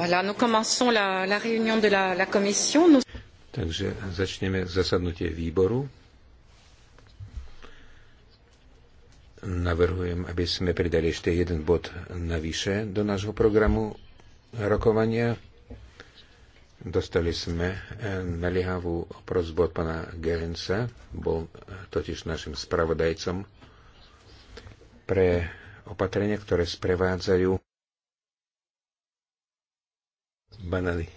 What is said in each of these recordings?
Voilà, nous commençons la, la réunion de la, la commission. Nous... Takže začneme zasadnutie výboru. Navrhujem, aby sme pridali ešte jeden bod navyše do nášho programu rokovania. Dostali sme eh, naliehavú prozbu od pána Gerensa, bol eh, totiž našim spravodajcom pre opatrenia, ktoré sprevádzajú banany.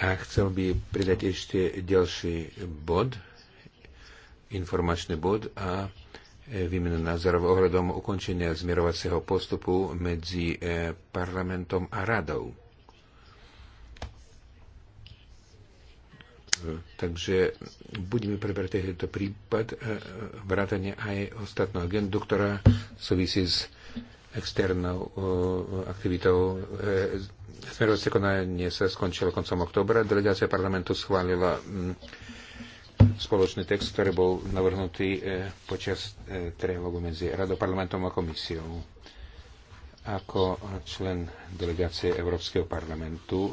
A chcel by pridať ešte ďalší bod, informačný bod a e, výmenu názorov ohľadom ukončenia zmierovacieho postupu medzi e, parlamentom a radou. Takže budeme preberať tento prípad e, vrátania aj ostatnú agendu, ktorá súvisí s externou aktivitou Smerujúce konanie sa skončilo koncom oktobra. Delegácia parlamentu schválila mm, spoločný text, ktorý bol navrhnutý e, počas e, trialogu medzi Radou parlamentom a komisiou. Ako člen delegácie Európskeho parlamentu e,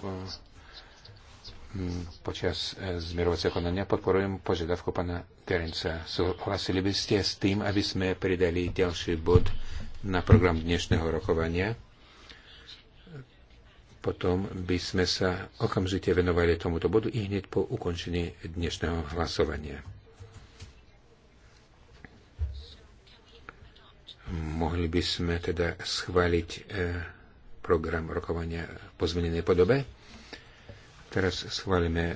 mm, počas zmierovacieho konania podporujem požiadavku pana Gerenca. Súhlasili by ste s tým, aby sme pridali ďalší bod na program dnešného rokovania? potom by sme sa okamžite venovali tomuto bodu i hneď po ukončení dnešného hlasovania. Mohli by sme teda schváliť e, program rokovania po zmenenej podobe. Teraz schválime e,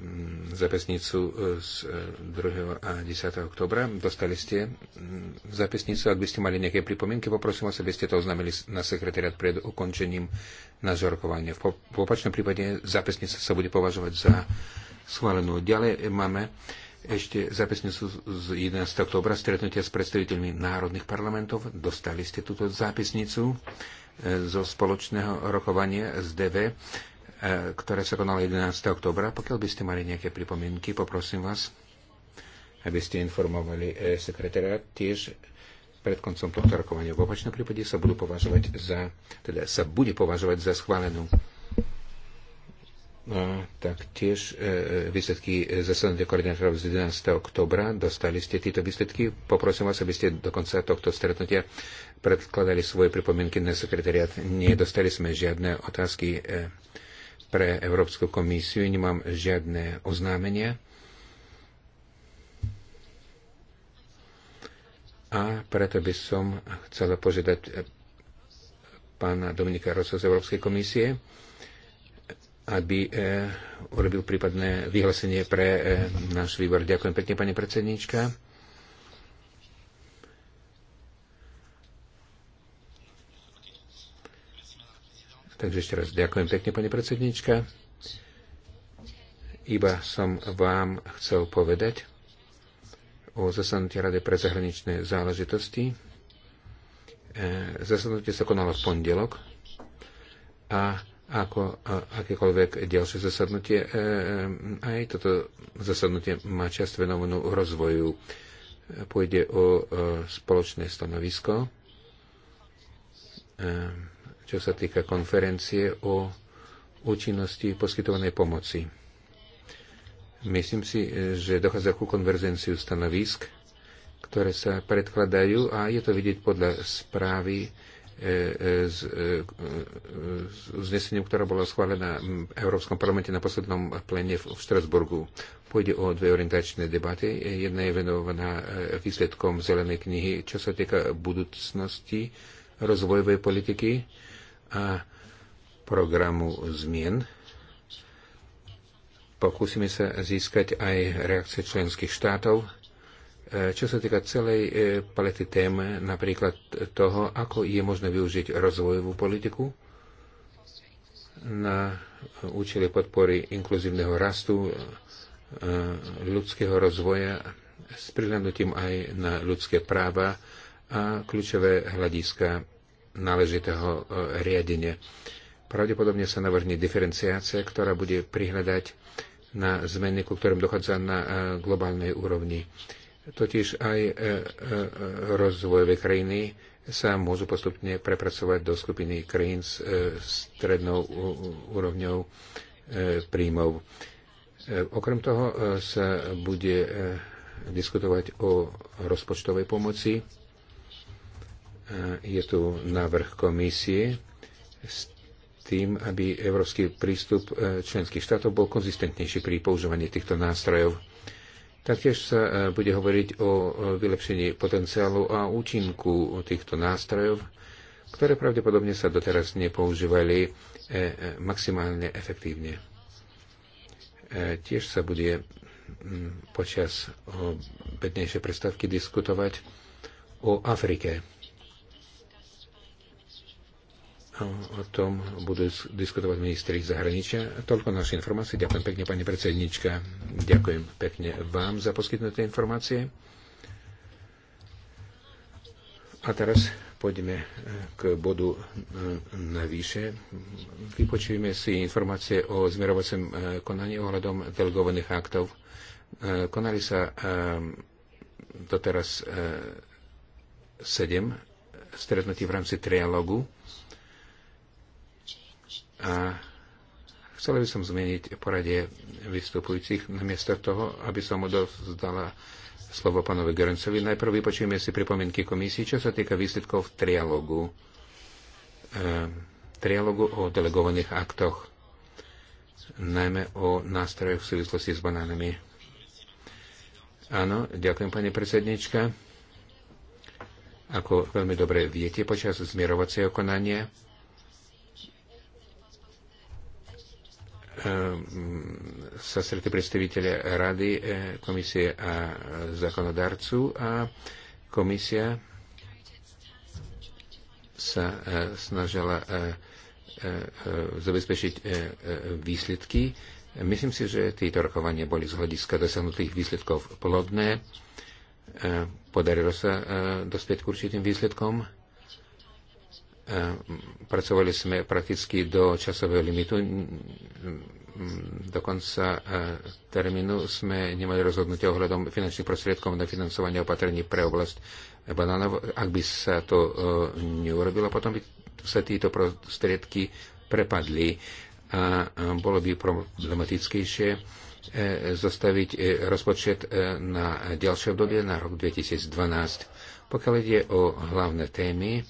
Mm, zapisnicu z 2. E, a 10. oktobra. Dostali ste mm, zapisnicu. Ak by ste mali nejaké pripomienky, poprosím vás, aby ste to oznámili na sekretariat pred ukončením nášho rokovania. V opačnom prípade zapisnica sa bude považovať za schválenú. Ďalej máme ešte zápisnicu z 11. oktobra stretnutia s predstaviteľmi národných parlamentov. Dostali ste túto zápisnicu e, zo spoločného rokovania z DV E, ktoré sa konalo 11. oktobra. Pokiaľ by ste mali nejaké pripomienky, poprosím vás, aby ste informovali e, sekretariat tiež pred koncom tohto rokovania. V opačnom prípade sa budú považovať za, teda sa bude považovať za schválenú a tiež e, výsledky zasadnutia koordinátorov z 11. oktobra. Dostali ste tieto výsledky. Poprosím vás, aby ste do konca tohto stretnutia predkladali svoje pripomienky na sekretariat. Nedostali sme žiadne otázky e, pre Európsku komisiu, nemám žiadne oznámenia. A preto by som chcela požiadať pána Dominika Rosa z Európskej komisie, aby eh, urobil prípadné vyhlásenie pre eh, náš výbor. Ďakujem pekne, pani predsednička. Takže ešte raz ďakujem pekne, pani predsednička. Iba som vám chcel povedať o zasadnutí Rady pre zahraničné záležitosti. E, zasadnutie sa konalo v pondelok a ako akékoľvek ďalšie zasadnutie, e, e, aj toto zasadnutie má časť venovanú rozvoju. Pôjde o spoločné stanovisko čo sa týka konferencie o účinnosti poskytovanej pomoci. Myslím si, že dochádza ku konverzenciu stanovisk, ktoré sa predkladajú a je to vidieť podľa správy s e, e, e, uznesením, ktorá bola schválená v Európskom parlamente na poslednom plene v Štrasburgu. Pôjde o dve orientačné debaty. Jedna je venovaná výsledkom zelenej knihy, čo sa týka budúcnosti rozvojovej politiky a programu zmien. Pokúsime sa získať aj reakcie členských štátov, e, čo sa týka celej e, palety tém, napríklad toho, ako je možné využiť rozvojovú politiku na účely podpory inkluzívneho rastu, e, ľudského rozvoja s prihľadnutím aj na ľudské práva a kľúčové hľadiska náležitého e, riadenia. Pravdepodobne sa navrhne diferenciácia, ktorá bude prihľadať na zmeny, ku ktorým dochádza na e, globálnej úrovni. Totiž aj e, rozvojové krajiny sa môžu postupne prepracovať do skupiny krajín s strednou úrovňou príjmov. Okrem toho sa bude diskutovať o rozpočtovej pomoci E, je tu návrh komisie s tým, aby európsky prístup e, členských štátov bol konzistentnejší pri používaní týchto nástrojov. Taktiež sa e, bude hovoriť o vylepšení potenciálu a účinku týchto nástrojov, ktoré pravdepodobne sa doteraz nepoužívali maximálne efektívne. Tiež sa bude počas bednejšej predstavky diskutovať o Afrike O tom budú diskutovať ministri zahraničia. Toľko naše informácie. Ďakujem pekne, pani predsednička. Ďakujem pekne vám za poskytnuté informácie. A teraz pôjdeme e, k bodu e, navýše. Vypočujeme si informácie o zmierovacom e, konaní ohľadom delegovaných aktov. Konali sa doteraz sedem stretnutí v rámci trialogu a chcela by som zmeniť poradie vystupujúcich. Namiesto toho, aby som odovzdala slovo pánovi Gerencovi, najprv vypočujeme si pripomienky komisii, čo sa týka výsledkov v trialogu. E, trialogu o delegovaných aktoch, najmä o nástrojoch v súvislosti s banánami. Áno, ďakujem, pani predsednička. Ako veľmi dobre viete, počas zmierovacieho konania Ehm, sa stretli predstaviteľe rady, e, komisie a zákonodarcu a komisia sa e, snažila e, zabezpečiť výsledky. Myslím si, že tieto rokovania boli z hľadiska dosiahnutých výsledkov plodné. Podarilo sa dospieť k určitým výsledkom Ehm, pracovali sme prakticky do časového limitu. dokonca eh, termínu sme nemali rozhodnutie ohľadom finančných prostriedkov na financovanie opatrení pre oblasť banánov. Ak by sa to eh, neurobilo, potom by sa títo prostriedky prepadli a eh, bolo by problematickejšie zostaviť rozpočet na ďalšie obdobie, na rok 2012. Pokiaľ ide o hlavné témy,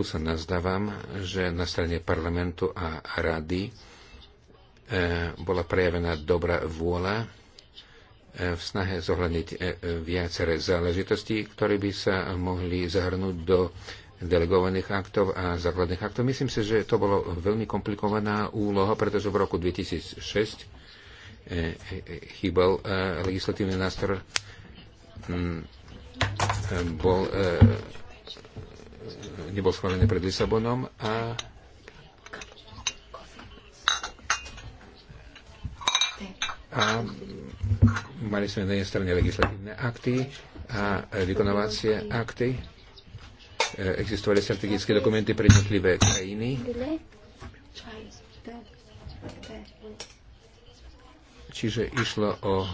tu sa nazdávam, že na strane parlamentu a rady e, bola prejavená dobrá vôľa e, v snahe zohľadniť e, viaceré záležitosti, ktoré by sa mohli zahrnúť do delegovaných aktov a základných aktov. Myslím si, že to bolo veľmi komplikovaná úloha, pretože v roku 2006 chýbal legislatívny nástroj, mm, bol nebol schválený pred Lisabonom a a mali sme na jednej strane legislatívne akty a vykonovacie akty. E, existovali strategické dokumenty pre jednotlivé krajiny. Čiže išlo o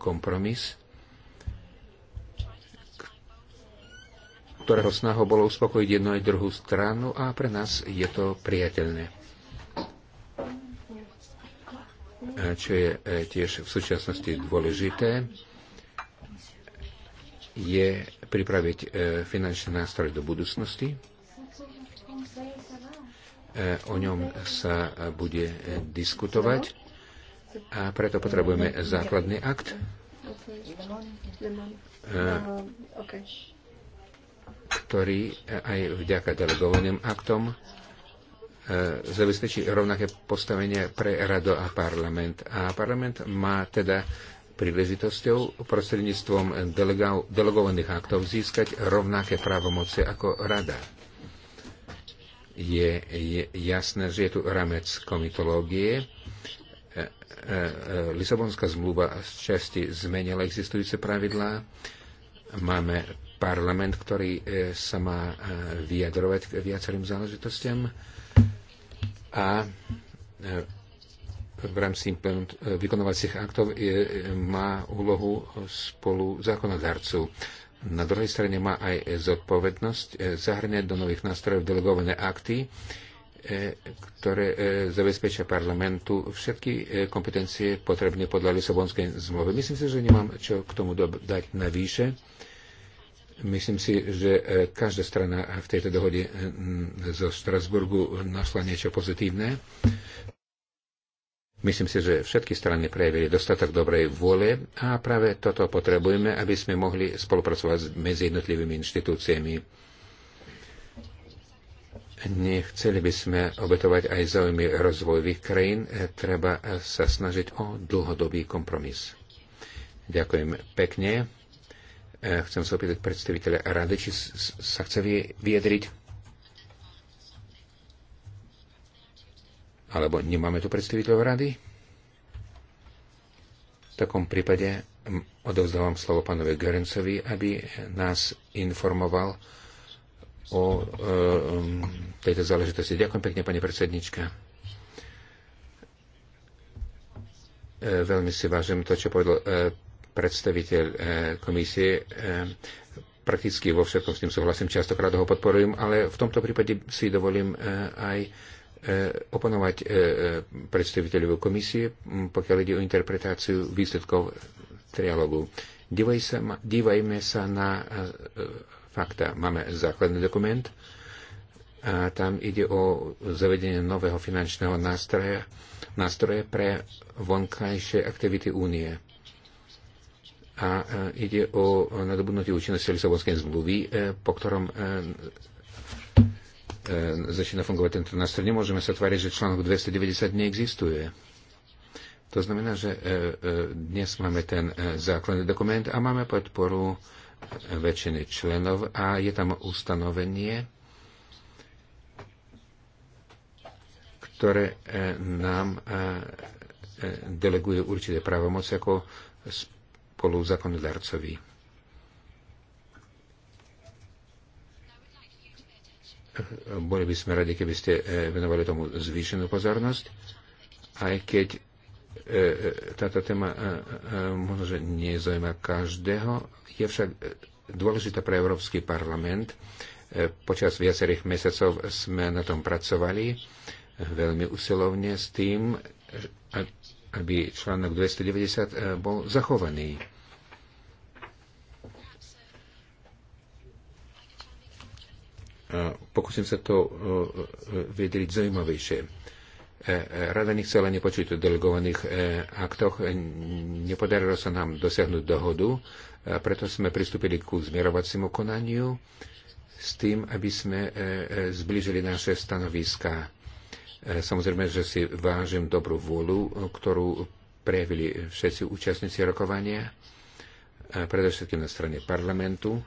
kompromis. ktorého snahou bolo uspokojiť jednu aj druhú stranu a pre nás je to priateľné. Čo je e, tiež v súčasnosti dôležité, je pripraviť e, finančný nástroj do budúcnosti. E, o ňom sa bude diskutovať a preto potrebujeme základný akt ktorý e, aj vďaka delegovaným aktom e, zabezpečí rovnaké postavenie pre rado a parlament. A parlament má teda príležitosťou prostredníctvom delegovaných aktov získať rovnaké právomoci ako rada. Je, je jasné, že je tu ramec komitológie. E, Lisabonská zmluva z časti zmenila existujúce pravidlá. Máme parlament, ktorý e, sa má e, vyjadrovať k viacerým záležitostiam a e, v rámci vykonovacích aktov je, má úlohu spolu zákonodarcu. Na druhej strane má aj zodpovednosť zahrňať do nových nástrojov delegované akty, ktoré zabezpečia parlamentu všetky kompetencie potrebné podľa Lisabonskej zmluvy. Myslím si, že nemám čo k tomu dodať navyše. Myslím si, že e, každá strana v tejto dohode e, zo Strasburgu našla niečo pozitívne. Myslím si, že všetky strany prejavili dostatok dobrej vôle a práve toto potrebujeme, aby sme mohli spolupracovať medzi jednotlivými inštitúciami. Nechceli by sme obetovať aj záujmy rozvojových krajín, e, treba sa snažiť o dlhodobý kompromis. Ďakujem pekne. E, chcem sa opýtať predstaviteľa rady, či sa chce vyjadriť. Alebo nemáme tu predstaviteľov rady? V takom prípade odovzdávam slovo pánovi Gerencovi, aby nás informoval o e, tejto záležitosti. Ďakujem pekne, pani predsednička. E, veľmi si vážim to, čo povedal e, predstaviteľ eh, komisie eh, prakticky vo všetkom s tým súhlasím, častokrát ho podporujem, ale v tomto prípade si dovolím eh, aj oponovať predstaviteľovi komisie, hm, pokiaľ ide o interpretáciu výsledkov trialogu. Dívaj sa, dívajme sa na fakta. Máme základný dokument a tam ide o zavedenie nového finančného nástroja, nástroje pre vonkajšie aktivity únie a e, ide o nadobudnutie účinnosti Lisabonskej zmluvy, e, po ktorom e, začína fungovať tento nástroj. Nemôžeme sa tváriť, že článok 290 neexistuje. To znamená, že dnes máme ten základný dokument a máme podporu väčšiny členov a je tam ustanovenie, ktoré nám deleguje určité právomoci ako spolu zákonodarcovi. Boli by sme radi, keby ste eh, venovali tomu zvýšenú pozornosť, aj keď eh, eh, táto téma možno, že nezaujíma každého, je však dôležitá pre Európsky parlament. Počas viacerých mesiacov sme na tom pracovali veľmi usilovne s tým, aby článok 290 bol zachovaný. Pokúsim sa to e, e, vedieť zaujímavejšie. E, rada nechcela nepočuť o delegovaných aktoch, nepodarilo sa nám dosiahnuť dohodu, preto sme pristúpili ku zmierovaciemu konaniu s tým, aby sme zbližili naše stanoviská. Samozrejme, že si vážim dobrú vôľu, ktorú prejavili všetci účastníci rokovania, predovšetkým na strane parlamentu.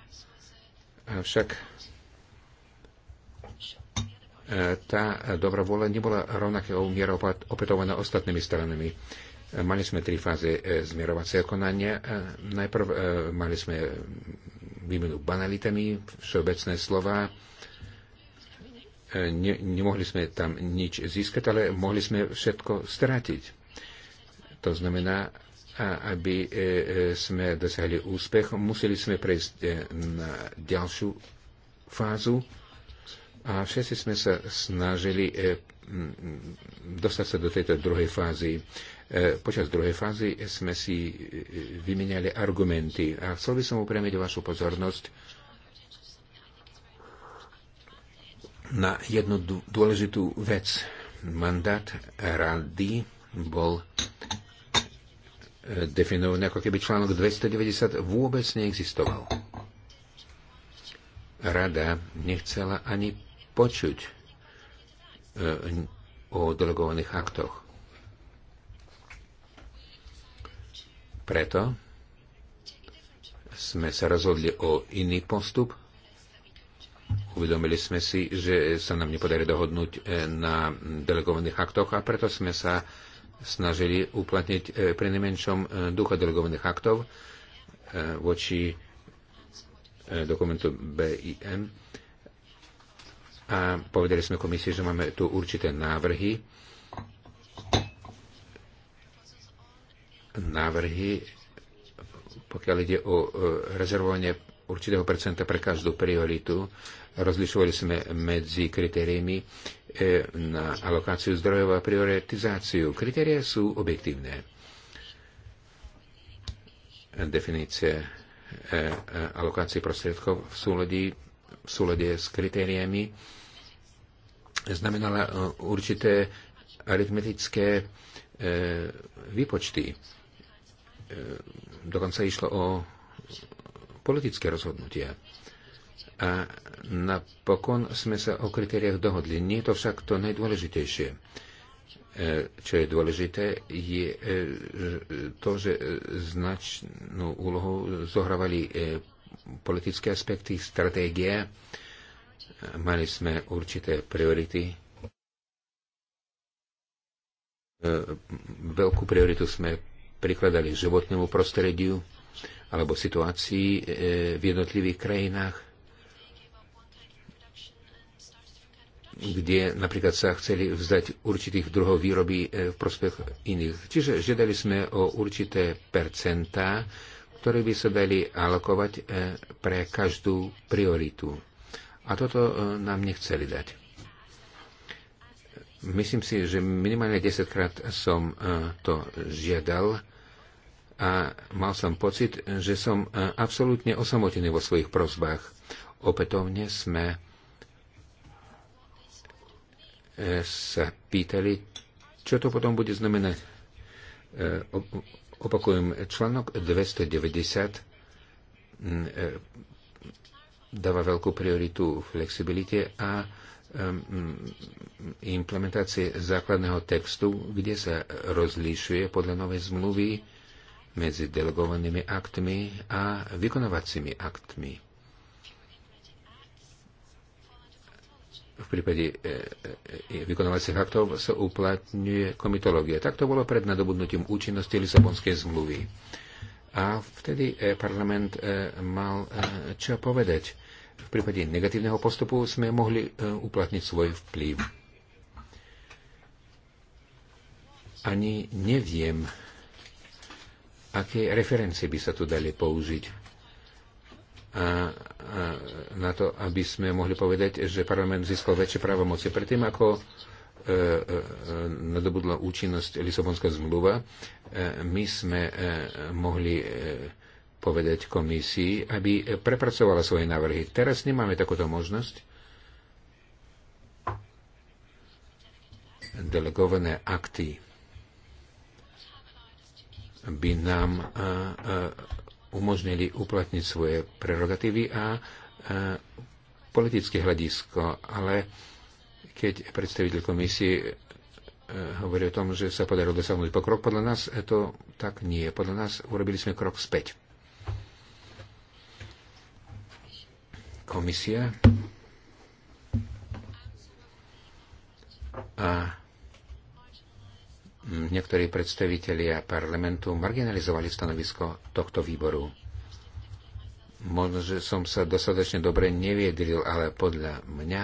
Avšak tá dobrá vôľa nebola rovnakého mierou opätovaná ostatnými stranami. Mali sme tri fáze zmierovacie konania. E, najprv e, mali sme výmenu banalitami, všeobecné slova. E, ne, nemohli sme tam nič získať, ale mohli sme všetko strátiť. To znamená, aby sme dosiahli úspech, museli sme prejsť na ďalšiu fázu a všetci sme sa snažili e, dostať sa do tejto druhej fázy. E, počas druhej fázy sme si e, vymenali argumenty a chcel by som upriamiť vašu pozornosť na jednu dôležitú vec. Mandát rady bol definovaný, ako keby článok 290 vôbec neexistoval. Rada nechcela ani počuť e, o delegovaných aktoch. Preto sme sa rozhodli o iný postup. Uvedomili sme si, že sa nám nepodarí dohodnúť e, na delegovaných aktoch a preto sme sa snažili uplatniť e, pri najmenšom ducha delegovaných aktov voči dokumentu BIM a povedali sme komisii, že máme tu určité návrhy. Návrhy, pokiaľ ide o e, rezervovanie určitého percenta pre každú prioritu, rozlišovali sme medzi kritériami e, na alokáciu zdrojov a prioritizáciu. Kritéria sú objektívne. Definície e, alokácie prostriedkov v súlede, v súlade s kritériami znamenala e, určité aritmetické e, výpočty. E, dokonca išlo o politické rozhodnutia. A napokon sme sa o kritériách dohodli. Nie je to však to najdôležitejšie. Čo je dôležité, je to, že značnú úlohu zohrávali politické aspekty, stratégie, Mali sme určité priority. E, veľkú prioritu sme prikladali životnému prostrediu alebo situácii e, v jednotlivých krajinách, kde napríklad sa chceli vzdať určitých druhov výroby e, v prospech iných. Čiže žiadali sme o určité percentá, ktoré by sa dali alokovať pre každú prioritu. A toto e, nám nechceli dať. Myslím si, že minimálne 10 krát som e, to žiadal a mal som pocit, že som e, absolútne osamotený vo svojich prozbách. Opätovne sme sa pýtali, čo to potom bude znamenať. Opakujem, článok 290 dáva veľkú prioritu flexibilite a mm, implementácie základného textu, kde sa rozlíšuje podľa novej zmluvy medzi delegovanými aktmi a vykonovacími aktmi. V prípade e, e, e, vykonovacích aktov sa uplatňuje komitológia. Tak to bolo pred nadobudnutím účinnosti Lisabonskej zmluvy. A vtedy e, parlament e, mal e, čo povedať. V prípade negatívneho postupu sme mohli uplatniť svoj vplyv. Ani neviem, aké referencie by sa tu dali použiť a, a na to, aby sme mohli povedať, že parlament získal väčšie právomoci. Predtým, ako E, e, nadobudla účinnosť Lisabonská zmluva, e, my sme mohli povedať komisii, aby prepracovala svoje návrhy. Teraz nemáme takúto možnosť. Delegované akty by nám umožnili uplatniť svoje prerogatívy a politické hľadisko, ale keď predstaviteľ komisie eh, hovorí o tom, že sa podarilo dosiahnuť pokrok, podľa nás to tak nie je. Podľa nás urobili sme krok späť. Komisia a niektorí predstavitelia parlamentu marginalizovali stanovisko tohto výboru. Možno, že som sa dostatočne dobre neviedril, ale podľa mňa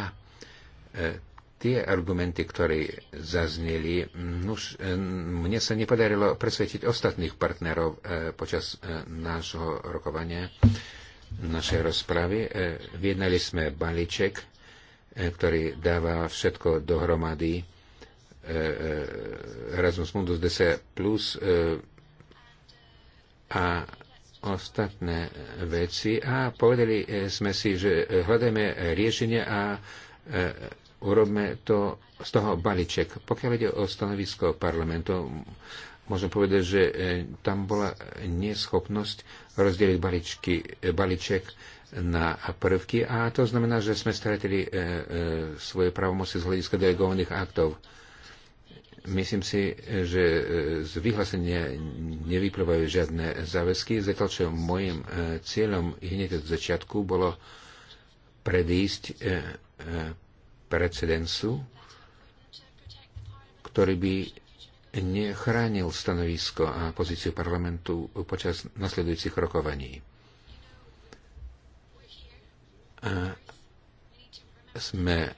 eh, Tie argumenty, ktoré zazneli, nuž, e, mne sa nepodarilo presvedčiť ostatných partnerov e, počas e, nášho rokovania, našej rozpravy. Vyjednali sme balíček, ktorý dáva všetko dohromady Erasmus Mundus DC plus a ostatné veci a povedali sme si, že hľadajme riešenie a urobme to z toho balíček. Pokiaľ ide o stanovisko parlamentu, môžem povedať, že e, tam bola neschopnosť rozdeliť balíčky, e, balíček na prvky a to znamená, že sme stratili e, svoje právomoci z hľadiska delegovaných aktov. Myslím si, že z vyhlásenia nevyplývajú žiadne záväzky, zatiaľ čo môjim cieľom hneď od začiatku bolo predísť precedensu, ktorý by nechránil stanovisko a pozíciu parlamentu počas nasledujúcich rokovaní. A sme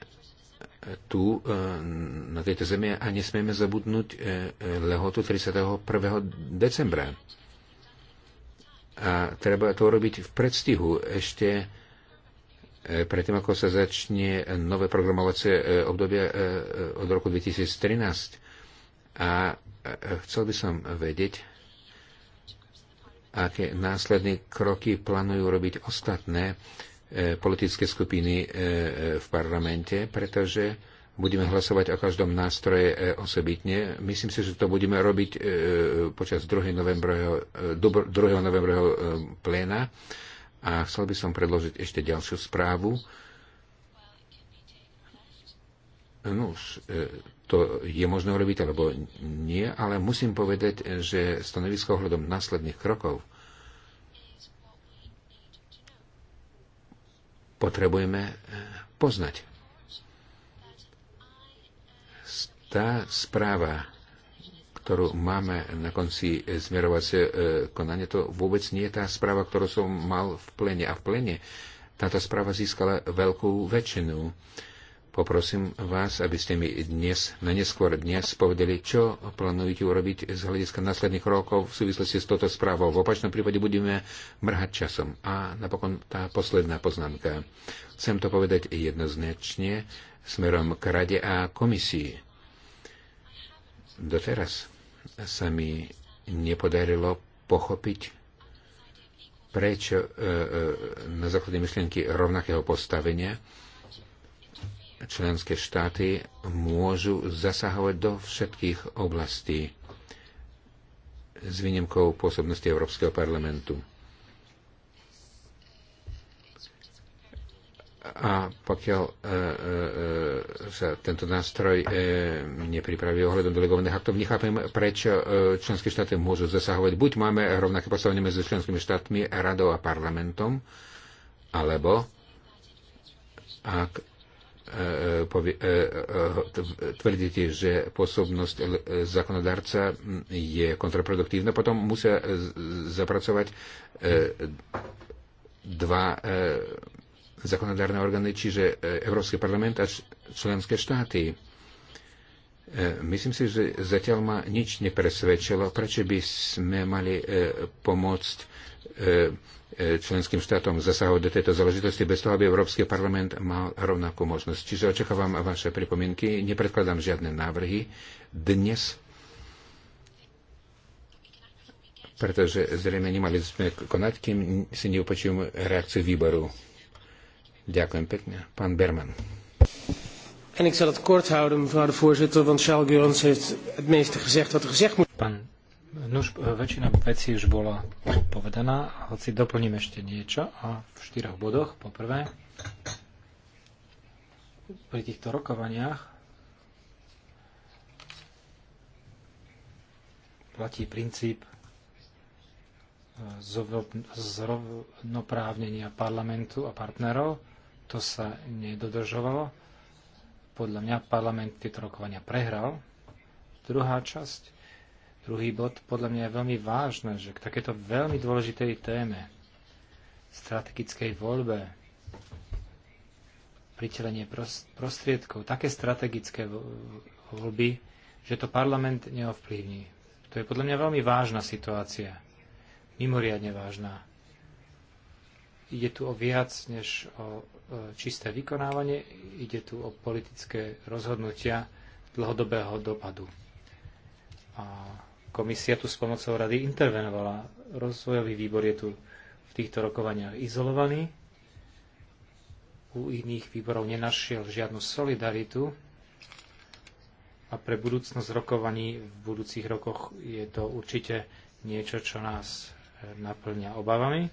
tu e, na tejto zemi a nesmieme zabudnúť e, lehotu 31. decembra. A treba to robiť v predstihu ešte E, predtým ako sa začne nové programovacie e, obdobie e, od roku 2013. A chcel by som vedieť, aké následné kroky plánujú robiť ostatné politické skupiny v parlamente, pretože budeme hlasovať o každom nástroje osobitne. Myslím si, že to budeme robiť počas 2. novembrového, 2. novembrového pléna a chcel by som predložiť ešte ďalšiu správu. No už e, to je možné urobiť alebo nie, ale musím povedať, že stanovisko ohľadom následných krokov potrebujeme e, poznať. Tá správa ktorú máme na konci zmierovacie e, e, konanie, to vôbec nie je tá správa, ktorú som mal v plene. A v plene táto správa získala veľkú väčšinu. Poprosím vás, aby ste mi dnes, na neskôr dnes, povedali, čo plánujete urobiť z hľadiska následných rokov v súvislosti s touto správou. V opačnom prípade budeme mrhať časom. A napokon tá posledná poznámka. Chcem to povedať jednoznačne smerom k Rade a komisii. Doteraz sa mi nepodarilo pochopiť, prečo e, e, na základe myšlienky rovnakého postavenia členské štáty môžu zasahovať do všetkých oblastí s výnimkou pôsobnosti Európskeho parlamentu. A pokiaľ e, e, e, sa tento nástroj e, nepripraví ohľadom delegovaných aktov, nechápem, prečo e, členské štáty môžu zasahovať. Buď máme rovnaké postavenie medzi členskými štátmi, radou a parlamentom, alebo ak e, e, tvrdíte, že pôsobnosť zákonodárca je kontraproduktívna, potom musia zapracovať dva zákonodárne orgány, čiže e, Európsky parlament a členské štáty. E, myslím si, že zatiaľ ma nič nepresvedčilo, prečo by sme mali e, pomôcť členským štátom zasahovať do tejto záležitosti bez toho, aby Európsky parlament mal rovnakú možnosť. Čiže očakávam vaše pripomienky, nepredkladám žiadne návrhy dnes, pretože zrejme nemali sme konať, kým si neupočujem reakciu výboru. Ďakujem pekne. Pán Berman. En ik zal het kort houden, mevrouw de voorzitter, want Charles Gurens heeft het meeste gezegd wat er gezegd moet. Pán, nuž, no e, väčšina vecí už bola povedaná, hoci doplním ešte niečo a v štyroch bodoch. Poprvé, pri týchto rokovaniach platí princíp e, zrovnoprávnenia parlamentu a partnerov to sa nedodržovalo. Podľa mňa parlament tieto rokovania prehral. Druhá časť, druhý bod, podľa mňa je veľmi vážne, že k takéto veľmi dôležitej téme, strategickej voľbe, pritelenie prostriedkov, také strategické voľby, že to parlament neovplyvní. To je podľa mňa veľmi vážna situácia. Mimoriadne vážna. Ide tu o viac než o e, čisté vykonávanie, ide tu o politické rozhodnutia dlhodobého dopadu. A komisia tu s pomocou rady intervenovala. Rozvojový výbor je tu v týchto rokovaniach izolovaný. U iných výborov nenašiel žiadnu solidaritu a pre budúcnosť rokovaní v budúcich rokoch je to určite niečo, čo nás naplňa obavami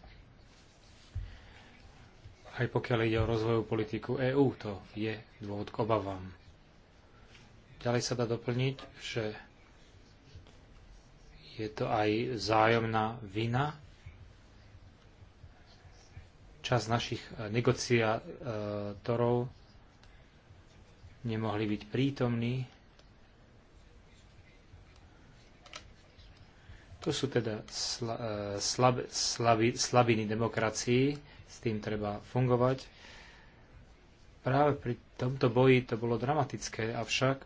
aj pokiaľ ide o rozvojovú politiku EÚ. To je dôvod k obavám. Ďalej sa dá doplniť, že je to aj zájomná vina. Čas našich eh, negociátorov nemohli byť prítomní. To sú teda sla, eh, slab, slab, slabiny demokracií s tým treba fungovať. Práve pri tomto boji to bolo dramatické, avšak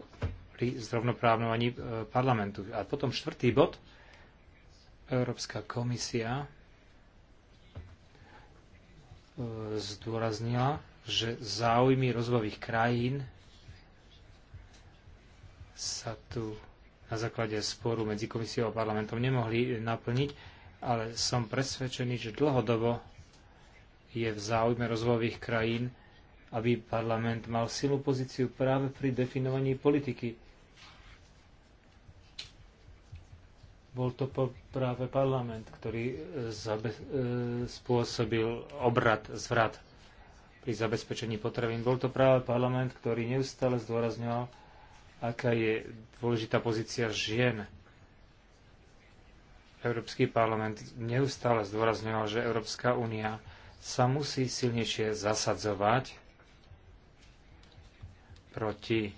pri zrovnoprávnovaní e, parlamentu. A potom štvrtý bod, Európska komisia e, zdôraznila, že záujmy rozvojových krajín sa tu na základe sporu medzi komisiou a parlamentom nemohli naplniť, ale som presvedčený, že dlhodobo je v záujme rozvojových krajín, aby parlament mal silnú pozíciu práve pri definovaní politiky. Bol to práve parlament, ktorý e, e, spôsobil obrad, zvrat pri zabezpečení potravín. Bol to práve parlament, ktorý neustále zdôrazňoval, aká je dôležitá pozícia žien. Európsky parlament neustále zdôrazňoval, že Európska únia sa musí silnejšie zasadzovať proti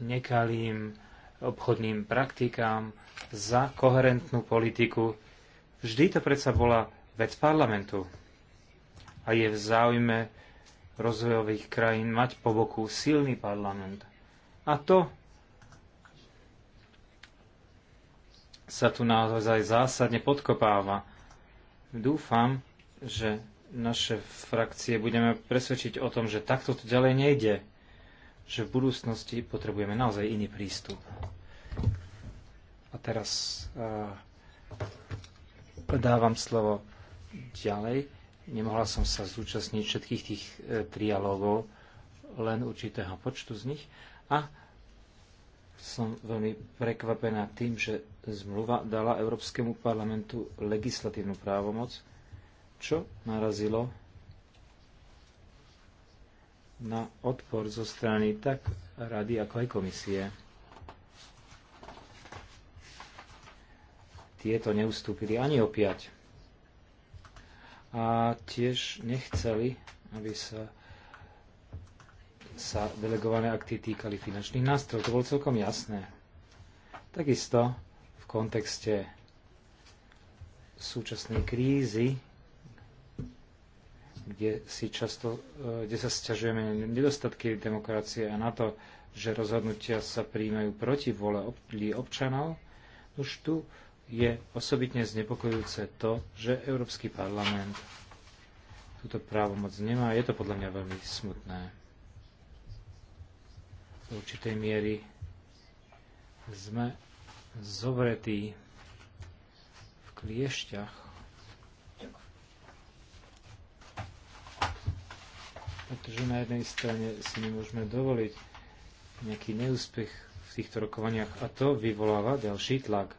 nekalým obchodným praktikám za koherentnú politiku. Vždy to predsa bola vec parlamentu. A je v záujme rozvojových krajín mať po boku silný parlament. A to sa tu naozaj zásadne podkopáva. Dúfam, že naše frakcie budeme presvedčiť o tom, že takto to ďalej nejde, že v budúcnosti potrebujeme naozaj iný prístup. A teraz uh, dávam slovo ďalej. Nemohla som sa zúčastniť všetkých tých e, trialógov, len určitého počtu z nich. A som veľmi prekvapená tým, že zmluva dala Európskemu parlamentu legislatívnu právomoc čo narazilo na odpor zo strany tak rady, ako aj komisie. Tieto neustúpili ani opiať. A tiež nechceli, aby sa, sa delegované akty týkali finančných nástrojov. To bolo celkom jasné. Takisto v kontexte súčasnej krízy kde, si často, e, kde sa sťažujeme na nedostatky demokracie a na to, že rozhodnutia sa príjmajú proti vole občanov, už tu je osobitne znepokojujúce to, že Európsky parlament túto právomoc nemá. Je to podľa mňa veľmi smutné. V určitej miery sme zovretí v kliešťach pretože na jednej strane si nemôžeme dovoliť nejaký neúspech v týchto rokovaniach a to vyvoláva ďalší tlak.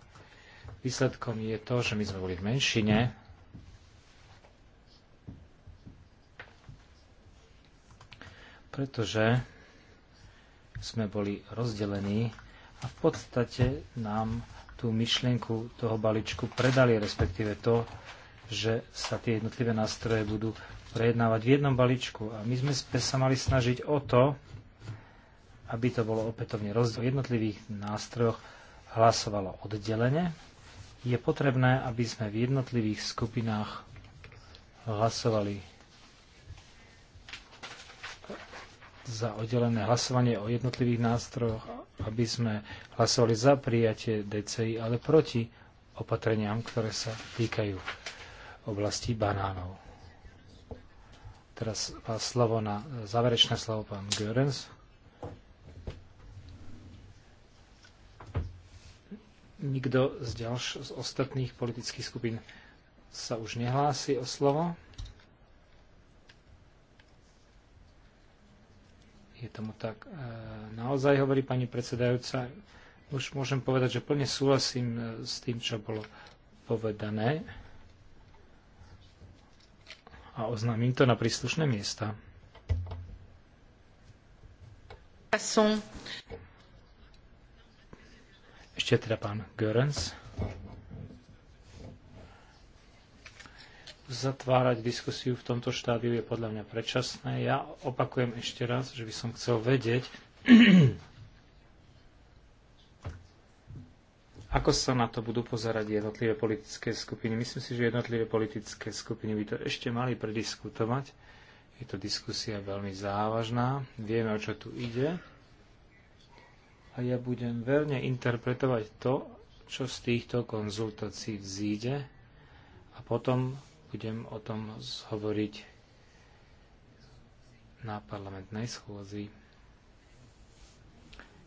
Výsledkom je to, že my sme boli v menšine, pretože sme boli rozdelení a v podstate nám tú myšlienku toho balíčku predali, respektíve to, že sa tie jednotlivé nástroje budú prejednávať v jednom balíčku. A my sme sa mali snažiť o to, aby to bolo opätovne rozdiel jednotlivých nástrojoch hlasovalo oddelenie. Je potrebné, aby sme v jednotlivých skupinách hlasovali za oddelené hlasovanie o jednotlivých nástrojoch, aby sme hlasovali za prijatie DCI, ale proti opatreniam, ktoré sa týkajú oblasti banánov. Teraz slovo na záverečné slovo pán Görens. Nikto z, ďalš- z ostatných politických skupín sa už nehlási o slovo. Je tomu tak. E, naozaj hovorí pani predsedajúca, už môžem povedať, že plne súhlasím e, s tým, čo bolo povedané a oznámim to na príslušné miesta. Ešte teda pán Görens. Zatvárať diskusiu v tomto štádiu je podľa mňa predčasné. Ja opakujem ešte raz, že by som chcel vedieť, Ako sa na to budú pozerať jednotlivé politické skupiny? Myslím si, že jednotlivé politické skupiny by to ešte mali prediskutovať. Je to diskusia veľmi závažná. Vieme, o čo tu ide. A ja budem verne interpretovať to, čo z týchto konzultácií vzíde a potom budem o tom hovoriť na parlamentnej schôzi.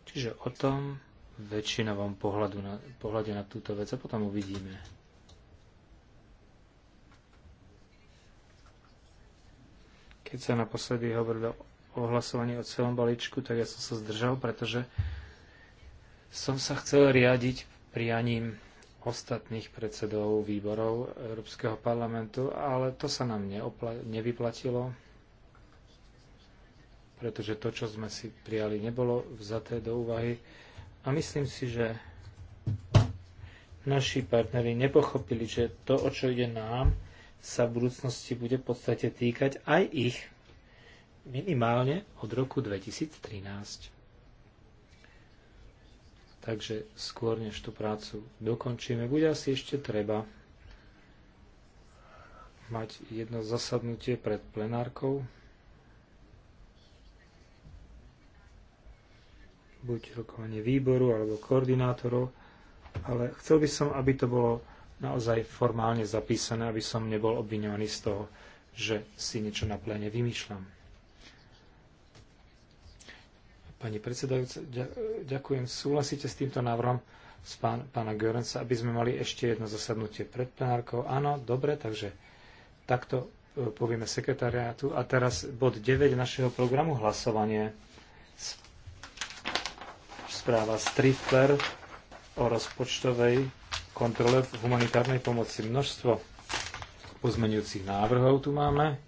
Čiže o tom, väčšinovom pohľadu na, pohľade na túto vec a potom uvidíme. Keď sa naposledy hovorilo o hlasovaní o celom balíčku, tak ja som sa zdržal, pretože som sa chcel riadiť prianím ostatných predsedov výborov Európskeho parlamentu, ale to sa nám nevyplatilo, pretože to, čo sme si prijali, nebolo vzaté do úvahy. A myslím si, že naši partneri nepochopili, že to, o čo ide nám, sa v budúcnosti bude v podstate týkať aj ich minimálne od roku 2013. Takže skôr než tú prácu dokončíme, bude asi ešte treba mať jedno zasadnutie pred plenárkou. buď rokovanie výboru alebo koordinátorov, ale chcel by som, aby to bolo naozaj formálne zapísané, aby som nebol obviňovaný z toho, že si niečo na pléne vymýšľam. Pani predsedajúca, ďakujem. Súhlasíte s týmto návrhom z pán, pána Görenca, aby sme mali ešte jedno zasadnutie pred plenárkou? Áno, dobre, takže takto e, povieme sekretariátu. A teraz bod 9 našeho programu hlasovanie správa Strifler o rozpočtovej kontrole v humanitárnej pomoci. Množstvo pozmenujúcich návrhov tu máme.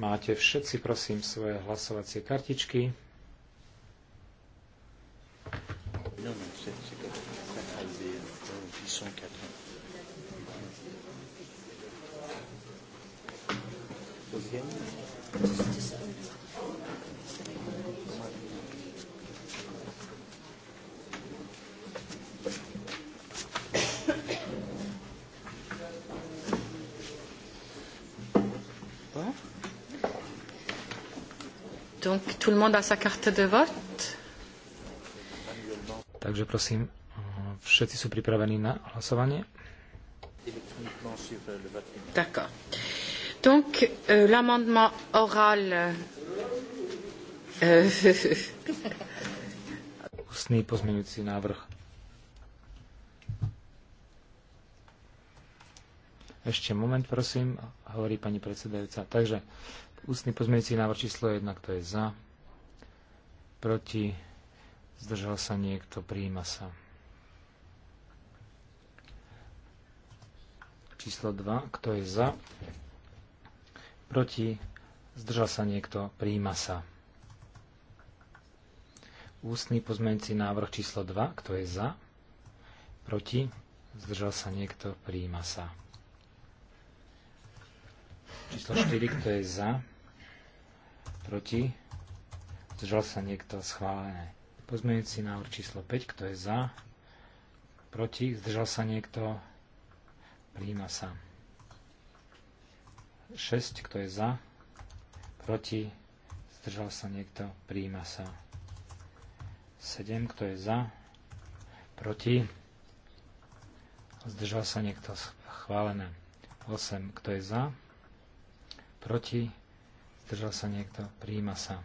Máte všetci, prosím, svoje hlasovacie kartičky. Deuxième. Donc, tout le monde a sa carte de vote. Takže prosím, všetci sú pripravení na hlasovanie. D'accord. Donc, euh, l'amendement oral... Euh, Ústný pozmeňujúci návrh. Ešte moment, prosím, hovorí pani predsedajúca. Takže Ústny pozmeňujúci návrh číslo 1, kto je za? Proti? Zdržal sa niekto? Prijíma sa. Číslo 2, kto je za? Proti? Zdržal sa niekto? Prijíma sa. Ústny pozmeňujúci návrh číslo 2, kto je za? Proti? Zdržal sa niekto? Prijíma sa. Číslo 4, kto je za? proti, zdržal sa niekto schválené. Pozmeňujúci návrh číslo 5, kto je za, proti, zdržal sa niekto, Príjima sa. 6, kto je za, proti, zdržal sa niekto, Príjima sa. 7, kto je za, proti, zdržal sa niekto, schválené. 8, kto je za, proti, Zdržal sa niekto? Prijíma sa.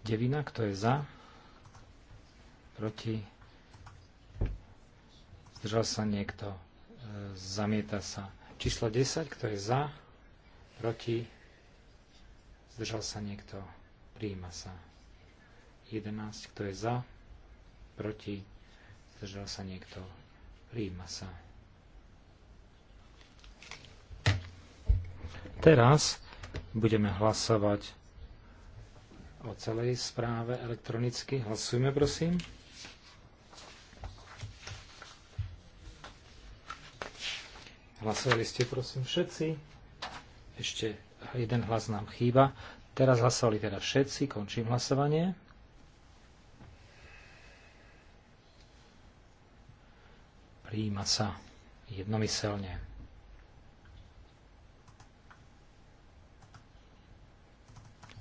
Devina, kto je za? Proti? Zdržal sa niekto? E, zamieta sa. Číslo 10, kto je za? Proti? Zdržal sa niekto? Prijíma sa. 11, kto je za? Proti? Zdržal sa niekto? Prijíma sa. Teraz budeme hlasovať o celej správe elektronicky. Hlasujme, prosím. Hlasovali ste, prosím, všetci. Ešte jeden hlas nám chýba. Teraz hlasovali teda všetci. Končím hlasovanie. Príjima sa jednomyselne.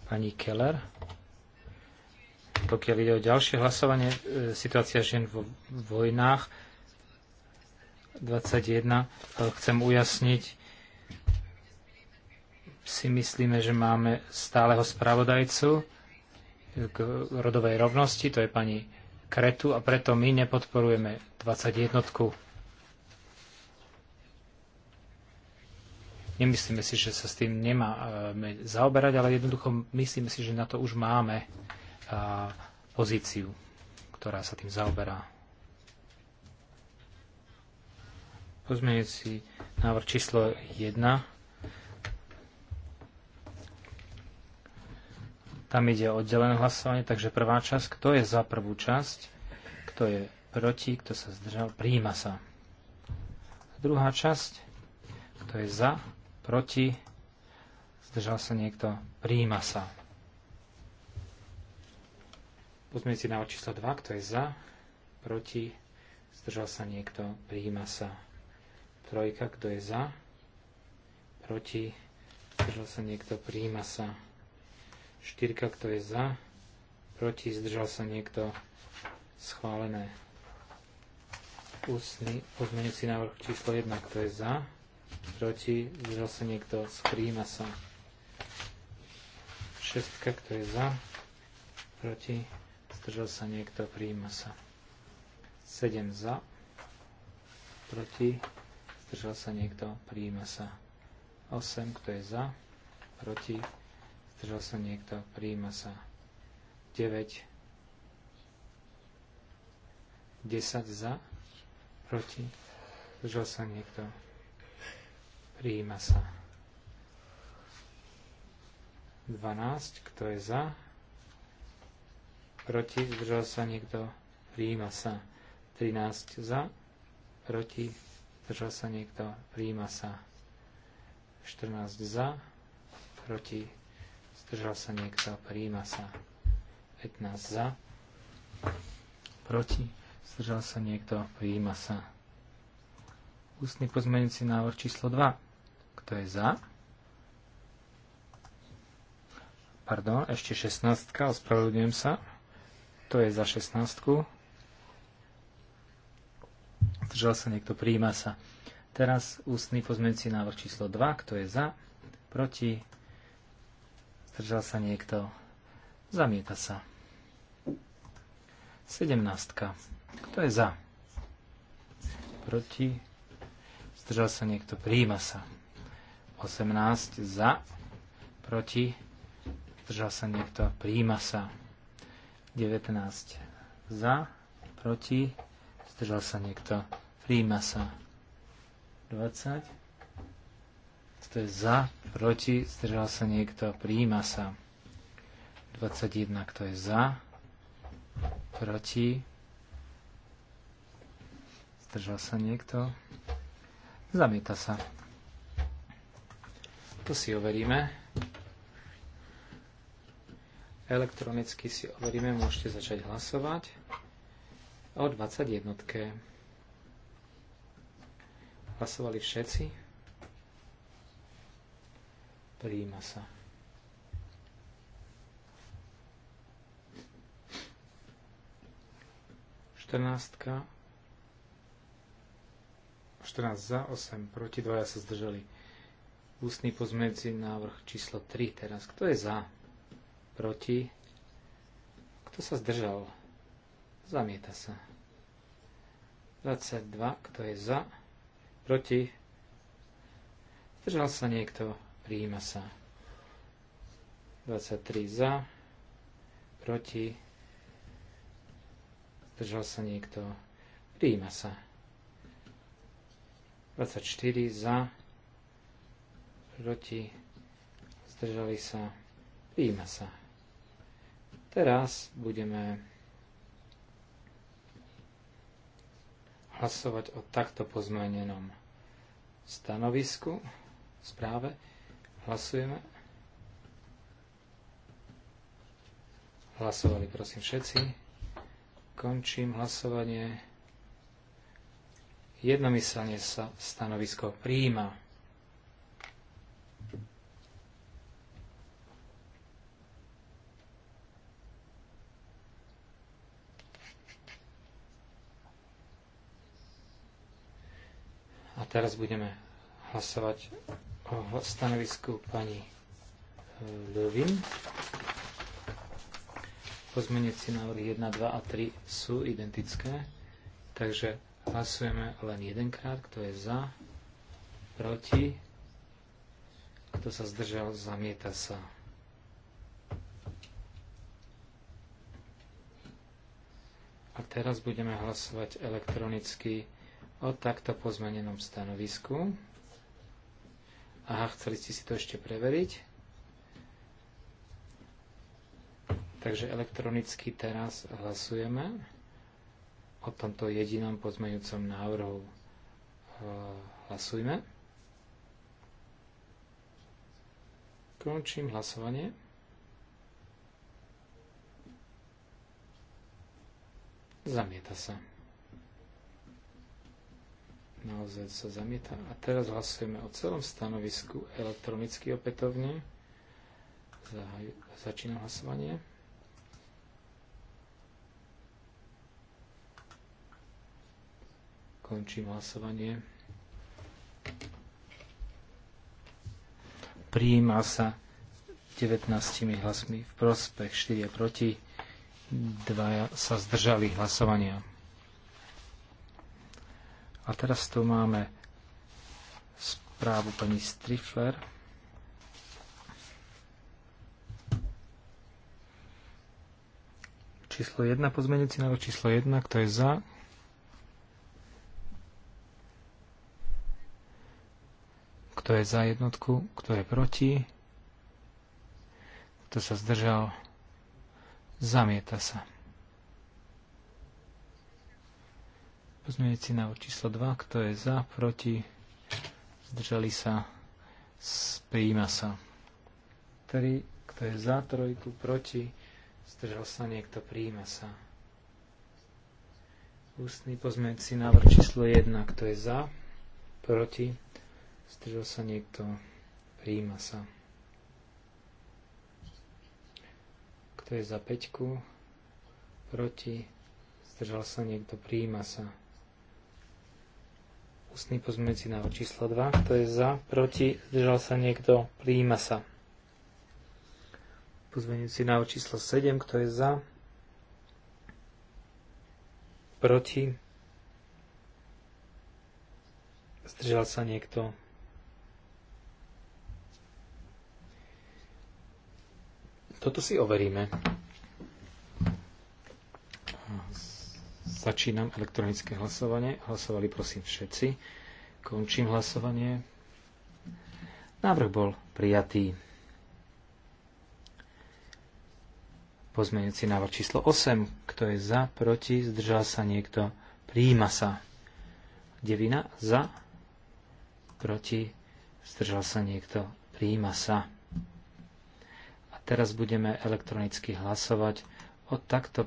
pani Keller. Pokiaľ ide o ďalšie hlasovanie, e, situácia žien vo vojnách 21, e, chcem ujasniť, si myslíme, že máme stáleho spravodajcu k rodovej rovnosti, to je pani Kretu, a preto my nepodporujeme 21. Nemyslíme si, že sa s tým nemáme zaoberať, ale jednoducho myslíme si, že na to už máme pozíciu, ktorá sa tým zaoberá. Pozmeňujúci návrh číslo 1. Tam ide o oddelené hlasovanie, takže prvá časť. Kto je za prvú časť? Kto je proti? Kto sa zdržal? Príjima sa. Druhá časť. Kto je za? proti, zdržal sa niekto, príjima sa. na návrh číslo 2, kto je za, proti, zdržal sa niekto, príjima sa. Trojka, kto je za, proti, zdržal sa niekto, príjima sa. Štyrka, kto je za, proti, zdržal sa niekto, schválené. Ústny pozmeňujúci návrh číslo 1, kto je za, proti, zdržal sa niekto, skrýma sa. Šestka, kto je za, proti, zdržal sa niekto, príjma sa. 7 za, proti, zdržal sa niekto, príjma sa. 8, kto je za, proti, zdržal sa niekto, príjma sa. 9, 10 za, proti, zdržal sa niekto, Prijíma sa. 12. Kto je za? Proti? Zdržal sa niekto? Prijíma sa. 13. Za? Proti? Zdržal sa niekto? Prijíma sa. 14. Za? Proti? Zdržal sa niekto? Prijíma sa. 15. Za? Proti? Zdržal sa niekto? Prijíma sa. Ústny pozmeňujúci návrh číslo 2 to je za? Pardon, ešte 16. Ospravedlňujem sa. To je za 16. Zdržal sa niekto, prijíma sa. Teraz ústny pozmeňujúci návrh číslo 2. Kto je za? Proti? Zdržal sa niekto? Zamieta sa. 17. Kto je za? Proti? Zdržal sa niekto? Prijíma sa. 18 za, proti, zdržal sa niekto, príjima sa. 19 za, proti, zdržal sa niekto, príjima sa. 20, to je za, proti, zdržal sa niekto, príjima sa. 21, kto je za, proti, zdržal sa niekto, zamieta sa. To si overíme. Elektronicky si overíme, môžete začať hlasovať o 21. Hlasovali všetci? Príjima sa. Štrnáctka. 14 za, 8 proti, 2 sa zdržali. Ústny pozmedzi návrh číslo 3 teraz. Kto je za? Proti? Kto sa zdržal? Zamieta sa. 22. Kto je za? Proti? Zdržal sa niekto? Prijíma sa. 23 za. Proti? Zdržal sa niekto? Prijíma sa. 24 za proti, zdržali sa, príjme sa. Teraz budeme hlasovať o takto pozmenenom stanovisku, správe. Hlasujeme. Hlasovali prosím všetci. Končím hlasovanie. Jednomyselne sa stanovisko príjma. teraz budeme hlasovať o stanovisku pani e, Lovin. Pozmeniaci návrhy 1, 2 a 3 sú identické, takže hlasujeme len jedenkrát, kto je za, proti, kto sa zdržal, zamieta sa. A teraz budeme hlasovať elektronicky o takto pozmenenom stanovisku. Aha, chceli ste si to ešte preveriť. Takže elektronicky teraz hlasujeme o tomto jedinom pozmeňujúcom návrhu. E, hlasujme. Končím hlasovanie. Zamieta sa naozaj sa zamieta. A teraz hlasujeme o celom stanovisku elektronicky opätovne. Zahaj, hlasovanie. Končím hlasovanie. Prijíma sa 19 hlasmi v prospech, 4 proti, 2 sa zdržali hlasovania. A teraz tu máme správu pani Strifler. Číslo 1, pozmenujúci návrh číslo 1, kto je za? Kto je za jednotku? Kto je proti? Kto sa zdržal? Zamieta sa. Pozmienujúci na číslo 2, kto je za, proti, zdržali sa, prijíma sa. 3, kto je za, trojku, proti, zdržal sa niekto, prijíma sa. Ústny pozmeňujúci návrh číslo 1, kto je za, proti, zdržal sa niekto, prijíma sa. Kto je za peťku, proti, zdržal sa niekto, prijíma sa ústny pozmeňujúci návrh číslo 2. Kto je za? Proti? Zdržal sa niekto? Prijíma sa. Pozmeňujúci návrh číslo 7. Kto je za? Proti? Zdržal sa niekto? Toto si overíme. Začínam elektronické hlasovanie. Hlasovali prosím všetci. Končím hlasovanie. Návrh bol prijatý. Pozmeňujúci návrh číslo 8. Kto je za, proti, zdržal sa niekto, prijíma sa. Devina za, proti, zdržal sa niekto, prijíma sa. A teraz budeme elektronicky hlasovať o takto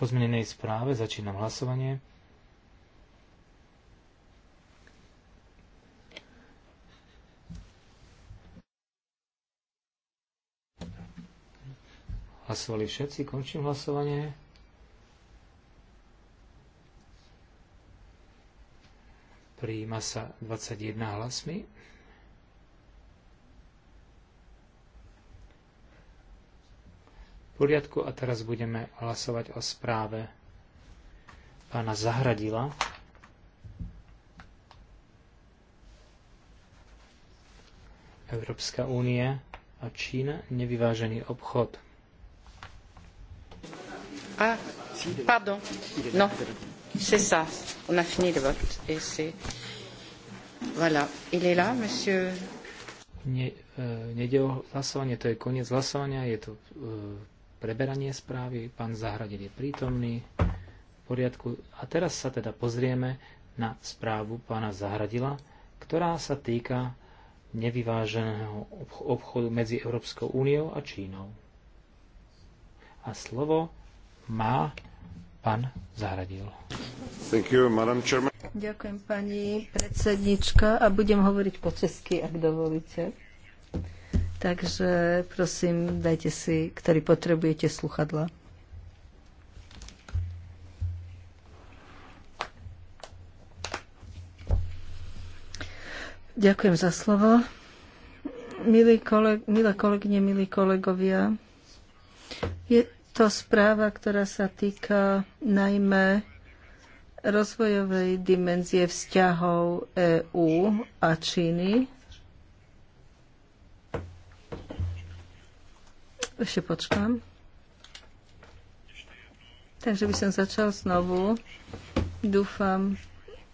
po zmenenej správe. Začínam hlasovanie. Hlasovali všetci, končím hlasovanie. Prijíma sa 21 hlasmi. poriadku a teraz budeme hlasovať o správe pána Zahradila. Európska únia a Čína nevyvážený obchod. A, pardon. No, c'est ça. On a fini le vote. Et c'est... Voilà. Il est là, monsieur... Ne, e, nede hlasovanie, to je koniec hlasovania, je to e, preberanie správy. Pán Zahradil je prítomný. V poriadku. A teraz sa teda pozrieme na správu pána Zahradila, ktorá sa týka nevyváženého obchodu medzi Európskou úniou a Čínou. A slovo má pán Zahradil. You, Ďakujem, pani predsednička, a budem hovoriť po česky, ak dovolíte. Takže prosím, dajte si, ktorý potrebujete, sluchadla. Ďakujem za slovo. Milí koleg- milé kolegyne, milí kolegovia, je to správa, ktorá sa týka najmä rozvojovej dimenzie vzťahov EÚ a Číny Ešte počkám. Takže by som začal znovu. Dúfam,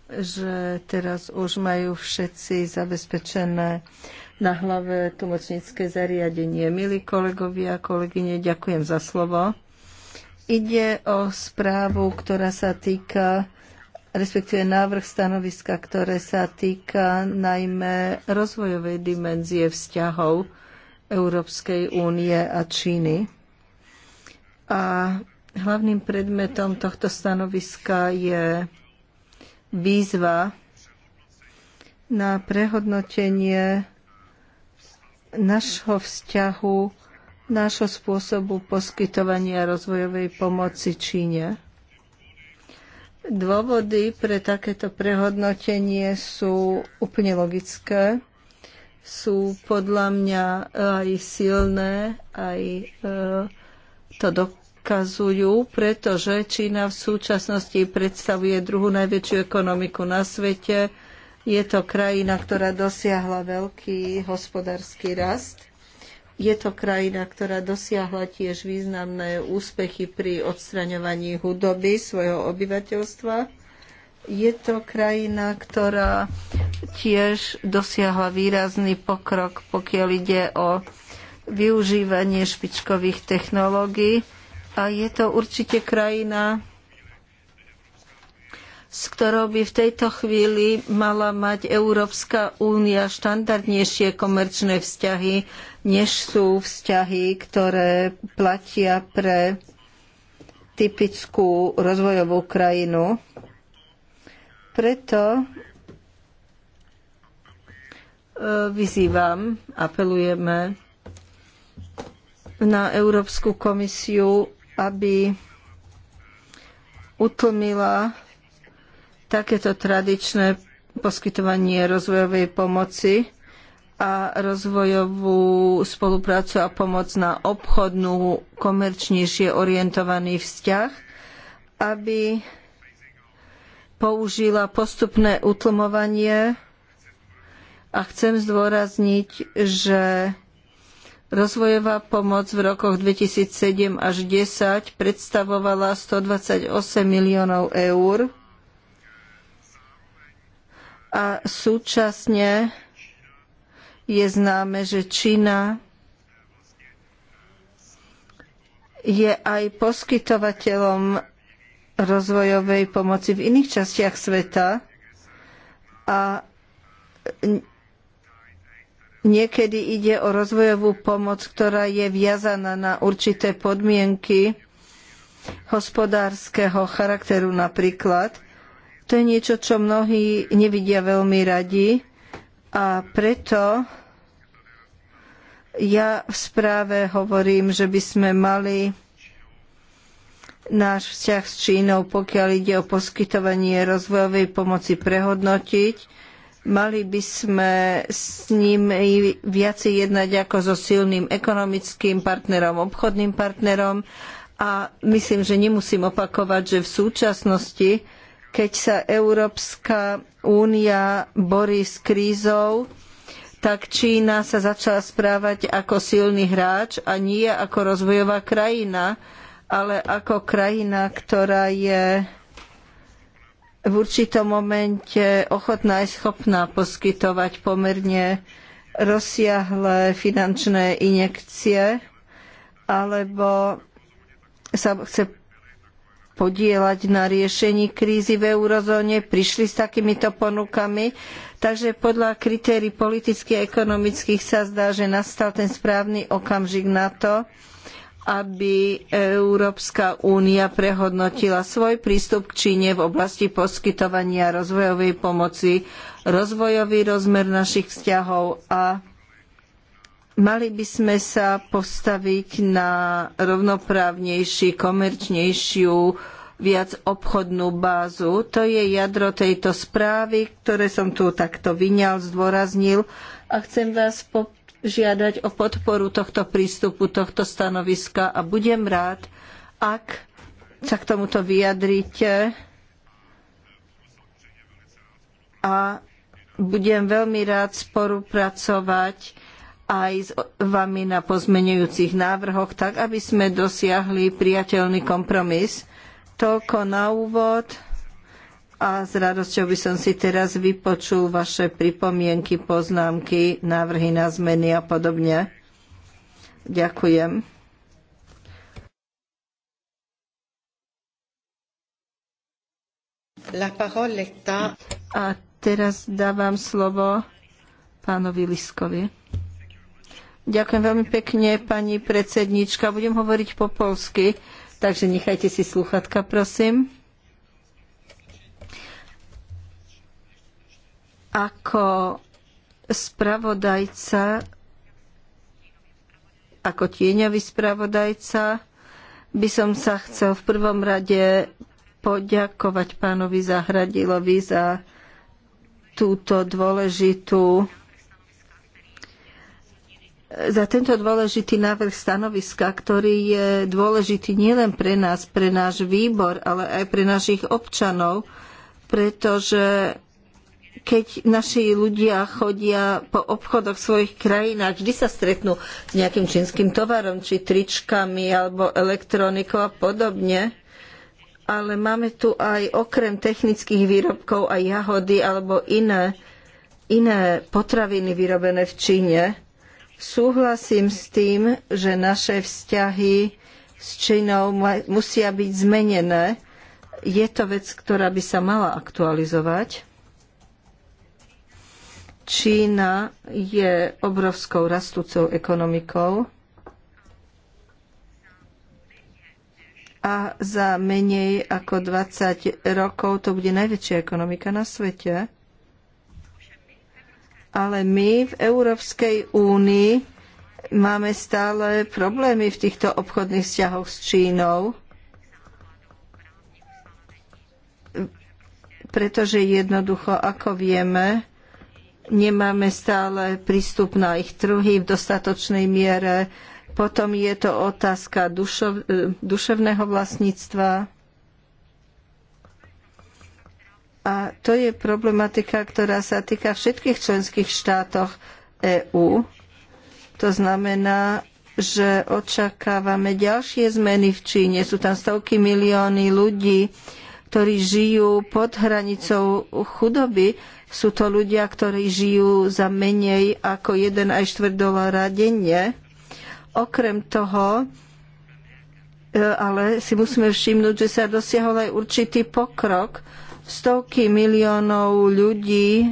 že teraz už majú všetci zabezpečené na hlave tlmočnícke zariadenie. Milí kolegovia a kolegyne, ďakujem za slovo. Ide o správu, ktorá sa týka respektíve návrh stanoviska, ktoré sa týka najmä rozvojovej dimenzie vzťahov Európskej únie a Číny. A hlavným predmetom tohto stanoviska je výzva na prehodnotenie našho vzťahu, nášho spôsobu poskytovania rozvojovej pomoci Číne. Dôvody pre takéto prehodnotenie sú úplne logické sú podľa mňa eh, aj silné, aj eh, to dokazujú, pretože Čína v súčasnosti predstavuje druhú najväčšiu ekonomiku na svete. Je to krajina, ktorá dosiahla veľký hospodársky rast. Je to krajina, ktorá dosiahla tiež významné úspechy pri odstraňovaní chudoby svojho obyvateľstva je to krajina, ktorá tiež dosiahla výrazný pokrok, pokiaľ ide o využívanie špičkových technológií a je to určite krajina, s ktorou by v tejto chvíli mala mať Európska únia štandardnejšie komerčné vzťahy, než sú vzťahy, ktoré platia pre typickú rozvojovú krajinu. Preto e, vyzývam, apelujeme na Európsku komisiu, aby utlmila takéto tradičné poskytovanie rozvojovej pomoci a rozvojovú spoluprácu a pomoc na obchodnú, komerčnejšie orientovaný vzťah, aby použila postupné utlmovanie a chcem zdôrazniť, že rozvojová pomoc v rokoch 2007 až 2010 predstavovala 128 miliónov eur a súčasne je známe, že Čína je aj poskytovateľom rozvojovej pomoci v iných častiach sveta a niekedy ide o rozvojovú pomoc, ktorá je viazaná na určité podmienky hospodárskeho charakteru napríklad. To je niečo, čo mnohí nevidia veľmi radi a preto ja v správe hovorím, že by sme mali náš vzťah s Čínou, pokiaľ ide o poskytovanie rozvojovej pomoci, prehodnotiť. Mali by sme s ním viacej jednať ako so silným ekonomickým partnerom, obchodným partnerom a myslím, že nemusím opakovať, že v súčasnosti, keď sa Európska únia borí s krízou, tak Čína sa začala správať ako silný hráč a nie ako rozvojová krajina ale ako krajina, ktorá je v určitom momente ochotná aj schopná poskytovať pomerne rozsiahle finančné injekcie, alebo sa chce podieľať na riešení krízy v eurozóne, prišli s takýmito ponukami. Takže podľa kritérií politických a ekonomických sa zdá, že nastal ten správny okamžik na to, aby Európska únia prehodnotila svoj prístup k Číne v oblasti poskytovania rozvojovej pomoci, rozvojový rozmer našich vzťahov a mali by sme sa postaviť na rovnoprávnejší, komerčnejšiu, viac obchodnú bázu. To je jadro tejto správy, ktoré som tu takto vyňal, zdôraznil a chcem vás poprosiť žiadať o podporu tohto prístupu, tohto stanoviska a budem rád, ak sa k tomuto vyjadrite a budem veľmi rád spolupracovať aj s vami na pozmenujúcich návrhoch, tak aby sme dosiahli prijateľný kompromis. Toľko na úvod a s radosťou by som si teraz vypočul vaše pripomienky, poznámky, návrhy na zmeny a podobne. Ďakujem. La parole est à... A teraz dávam slovo pánovi Liskovi. Ďakujem veľmi pekne, pani predsednička. Budem hovoriť po polsky, takže nechajte si sluchatka, prosím. Ako spravodajca, ako tieňový spravodajca, by som sa chcel v prvom rade poďakovať pánovi Zahradilovi za túto dôležitú za tento dôležitý návrh stanoviska, ktorý je dôležitý nielen pre nás, pre náš výbor, ale aj pre našich občanov, pretože keď naši ľudia chodia po obchodoch svojich krajinách, vždy sa stretnú s nejakým čínskym tovarom, či tričkami, alebo elektronikou a podobne. Ale máme tu aj okrem technických výrobkov aj jahody alebo iné, iné potraviny vyrobené v Číne. Súhlasím s tým, že naše vzťahy s Čínou musia byť zmenené. Je to vec, ktorá by sa mala aktualizovať Čína je obrovskou rastúcou ekonomikou a za menej ako 20 rokov to bude najväčšia ekonomika na svete. Ale my v Európskej únii máme stále problémy v týchto obchodných vzťahoch s Čínou. Pretože jednoducho, ako vieme, nemáme stále prístup na ich trhy v dostatočnej miere. Potom je to otázka dušo, duševného vlastníctva. A to je problematika, ktorá sa týka všetkých členských štátoch EÚ. To znamená, že očakávame ďalšie zmeny v Číne. Sú tam stovky milióny ľudí, ktorí žijú pod hranicou chudoby sú to ľudia, ktorí žijú za menej ako 1 aj 4 dolára denne. Okrem toho, e, ale si musíme všimnúť, že sa dosiahol aj určitý pokrok. Stovky miliónov ľudí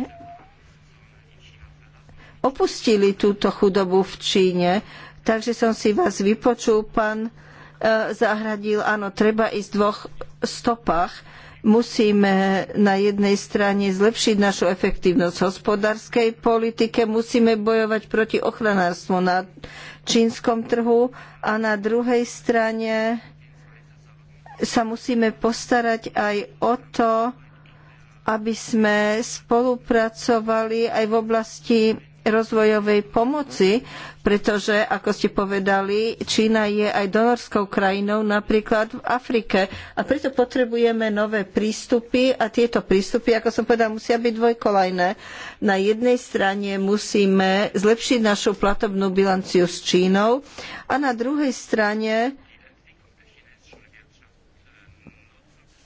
opustili túto chudobu v Číne. Takže som si vás vypočul, pán e, Zahradil, áno, treba ísť v dvoch stopách Musíme na jednej strane zlepšiť našu efektívnosť hospodárskej politike, musíme bojovať proti ochranárstvu na čínskom trhu a na druhej strane sa musíme postarať aj o to, aby sme spolupracovali aj v oblasti rozvojovej pomoci, pretože, ako ste povedali, Čína je aj donorskou krajinou napríklad v Afrike. A preto potrebujeme nové prístupy a tieto prístupy, ako som povedala, musia byť dvojkolajné. Na jednej strane musíme zlepšiť našu platobnú bilanciu s Čínou a na druhej strane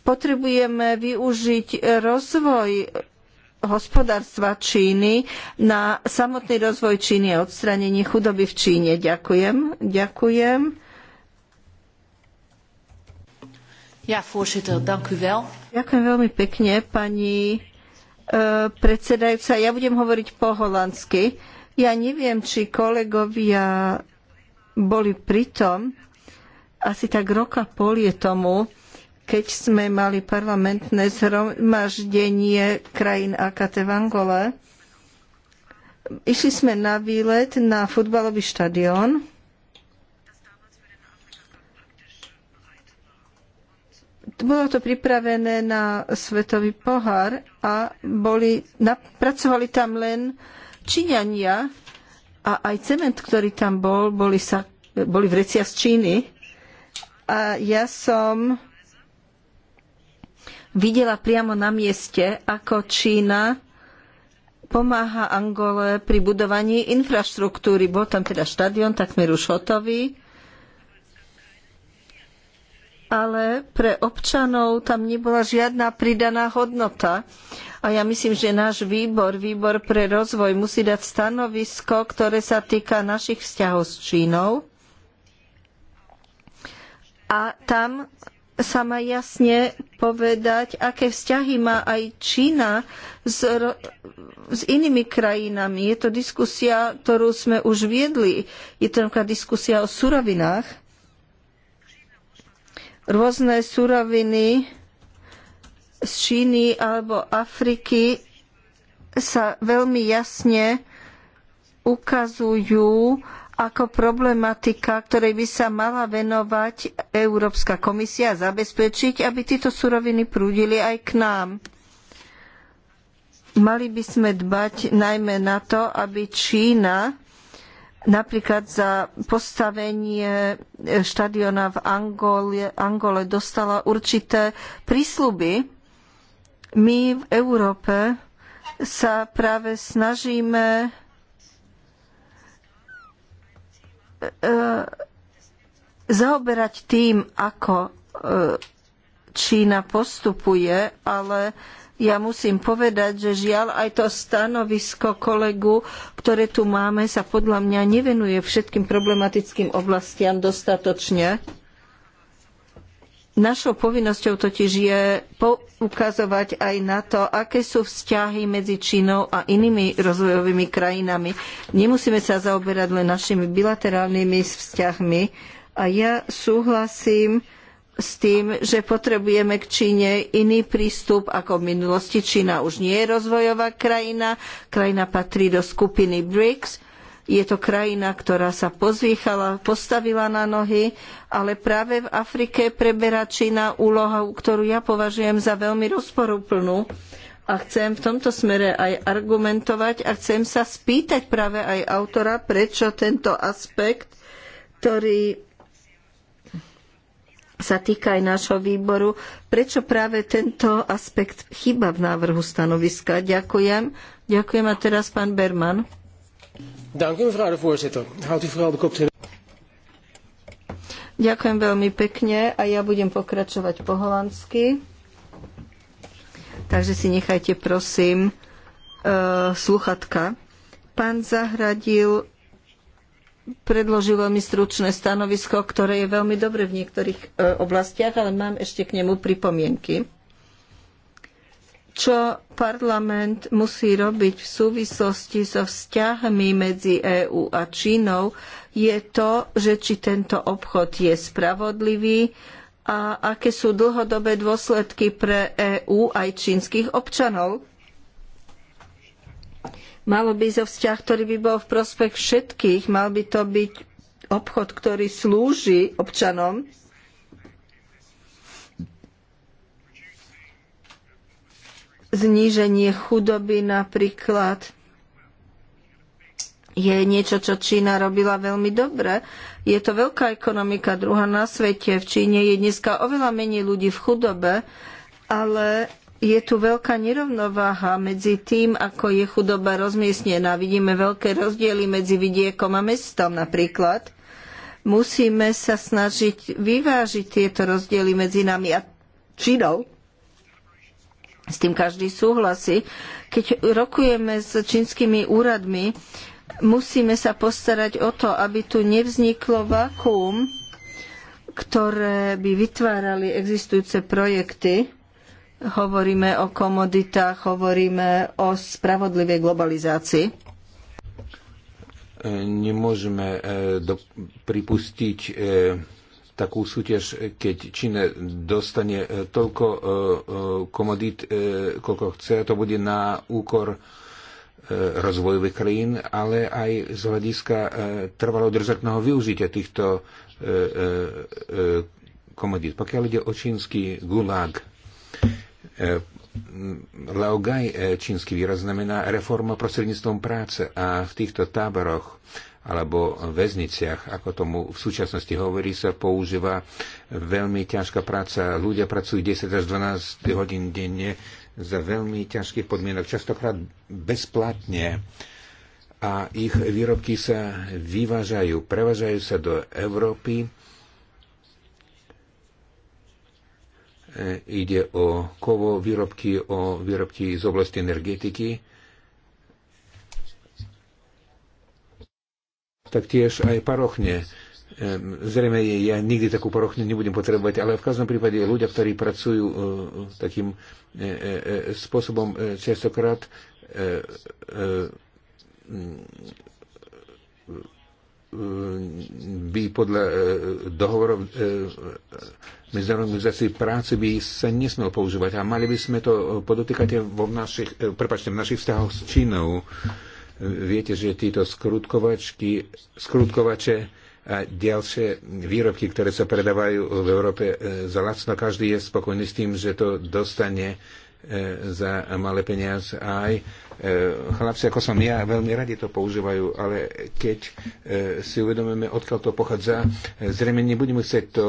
potrebujeme využiť rozvoj hospodárstva Číny na samotný rozvoj Číny a odstránenie chudoby v Číne. Ďakujem. Ďakujem. Ja, voorzitter, Ďakujem veľmi pekne, pani e, predsedajúca. Ja budem hovoriť po holandsky. Ja neviem, či kolegovia boli pritom. Asi tak roka pol je tomu, keď sme mali parlamentné zhromaždenie krajín AKT v Angole. Išli sme na výlet na futbalový štadión. Bolo to pripravené na svetový pohár a boli, pracovali tam len Číňania a aj cement, ktorý tam bol, boli, sa, boli vrecia z Číny. A ja som videla priamo na mieste, ako Čína pomáha Angole pri budovaní infraštruktúry. Bol tam teda štadión, takmer už hotový. Ale pre občanov tam nebola žiadna pridaná hodnota. A ja myslím, že náš výbor, výbor pre rozvoj, musí dať stanovisko, ktoré sa týka našich vzťahov s Čínou. A tam sa jasne povedať, aké vzťahy má aj Čína s, s inými krajinami. Je to diskusia, ktorú sme už viedli. Je to napríklad diskusia o surovinách. Rôzne suroviny z Číny alebo Afriky sa veľmi jasne ukazujú ako problematika, ktorej by sa mala venovať Európska komisia a zabezpečiť, aby tieto suroviny prúdili aj k nám. Mali by sme dbať najmä na to, aby Čína napríklad za postavenie štadiona v Angole, Angole dostala určité prísľuby. My v Európe sa práve snažíme E, zaoberať tým, ako e, Čína postupuje, ale ja musím povedať, že žiaľ aj to stanovisko kolegu, ktoré tu máme, sa podľa mňa nevenuje všetkým problematickým oblastiam dostatočne. Našou povinnosťou totiž je poukazovať aj na to, aké sú vzťahy medzi Čínou a inými rozvojovými krajinami. Nemusíme sa zaoberať len našimi bilaterálnymi vzťahmi. A ja súhlasím s tým, že potrebujeme k Číne iný prístup ako v minulosti. Čína už nie je rozvojová krajina, krajina patrí do skupiny BRICS je to krajina, ktorá sa pozvýchala, postavila na nohy, ale práve v Afrike preberá Čína úlohu, ktorú ja považujem za veľmi rozporuplnú. A chcem v tomto smere aj argumentovať a chcem sa spýtať práve aj autora, prečo tento aspekt, ktorý sa týka aj nášho výboru, prečo práve tento aspekt chýba v návrhu stanoviska. Ďakujem. Ďakujem a teraz pán Berman. Dank u, mevrouw de voorzitter. Houdt u vooral de Ďakujem veľmi pekne a ja budem pokračovať po holandsky. Takže si nechajte prosím uh, sluchatka. Pán Zahradil predložil veľmi stručné stanovisko, ktoré je veľmi dobre v niektorých uh, oblastiach, ale mám ešte k nemu pripomienky čo parlament musí robiť v súvislosti so vzťahmi medzi EÚ a Čínou, je to, že či tento obchod je spravodlivý a aké sú dlhodobé dôsledky pre EÚ aj čínskych občanov. Malo by zo vzťah, ktorý by bol v prospech všetkých, mal by to byť obchod, ktorý slúži občanom zníženie chudoby napríklad je niečo, čo Čína robila veľmi dobre. Je to veľká ekonomika, druhá na svete. V Číne je dneska oveľa menej ľudí v chudobe, ale je tu veľká nerovnováha medzi tým, ako je chudoba rozmiestnená. Vidíme veľké rozdiely medzi vidiekom a mestom napríklad. Musíme sa snažiť vyvážiť tieto rozdiely medzi nami a Čínou s tým každý súhlasí. Keď rokujeme s čínskymi úradmi, musíme sa postarať o to, aby tu nevzniklo vakuum, ktoré by vytvárali existujúce projekty. Hovoríme o komoditách, hovoríme o spravodlivej globalizácii. E, nemôžeme e, pripustiť e, takú súťaž, keď Čína dostane e, toľko e, e, komodít, koľko chce, to bude na úkor rozvojových krajín, ale aj z hľadiska trvalo držatného využitia týchto komodít. Pokiaľ ide o čínsky gulag, Laogaj, čínsky výraz, znamená reforma prostredníctvom práce a v týchto táboroch alebo väzniciach, ako tomu v súčasnosti hovorí, sa používa veľmi ťažká práca. Ľudia pracujú 10 až 12 hodín denne za veľmi ťažkých podmienok, častokrát bezplatne a ich výrobky sa vyvážajú, prevážajú sa do Európy. E, ide o kovo výrobky, o výrobky z oblasti energetiky Tak tiež aj parochne. Zrejme ja nikdy takú parochňu nebudem potrebovať, ale v každom prípade ľudia, ktorí pracujú e, takým e, e, spôsobom častokrát by podľa dohovorov Medzinárodnej organizácie práce by sa nesmel používať a mali by sme to podotýkať vo našich, prepačte, v našich vzťahoch s Čínou. Viete, že títo skrutkovačky, skrutkovače a ďalšie výrobky, ktoré sa predávajú v Európe e, za lacno, každý je spokojný s tým, že to dostane e, za malé peniaze aj E, chlapci, ako som ja, veľmi radi to používajú, ale keď e, si uvedomíme, odkiaľ to pochádza, e, zrejme nebudeme chcieť to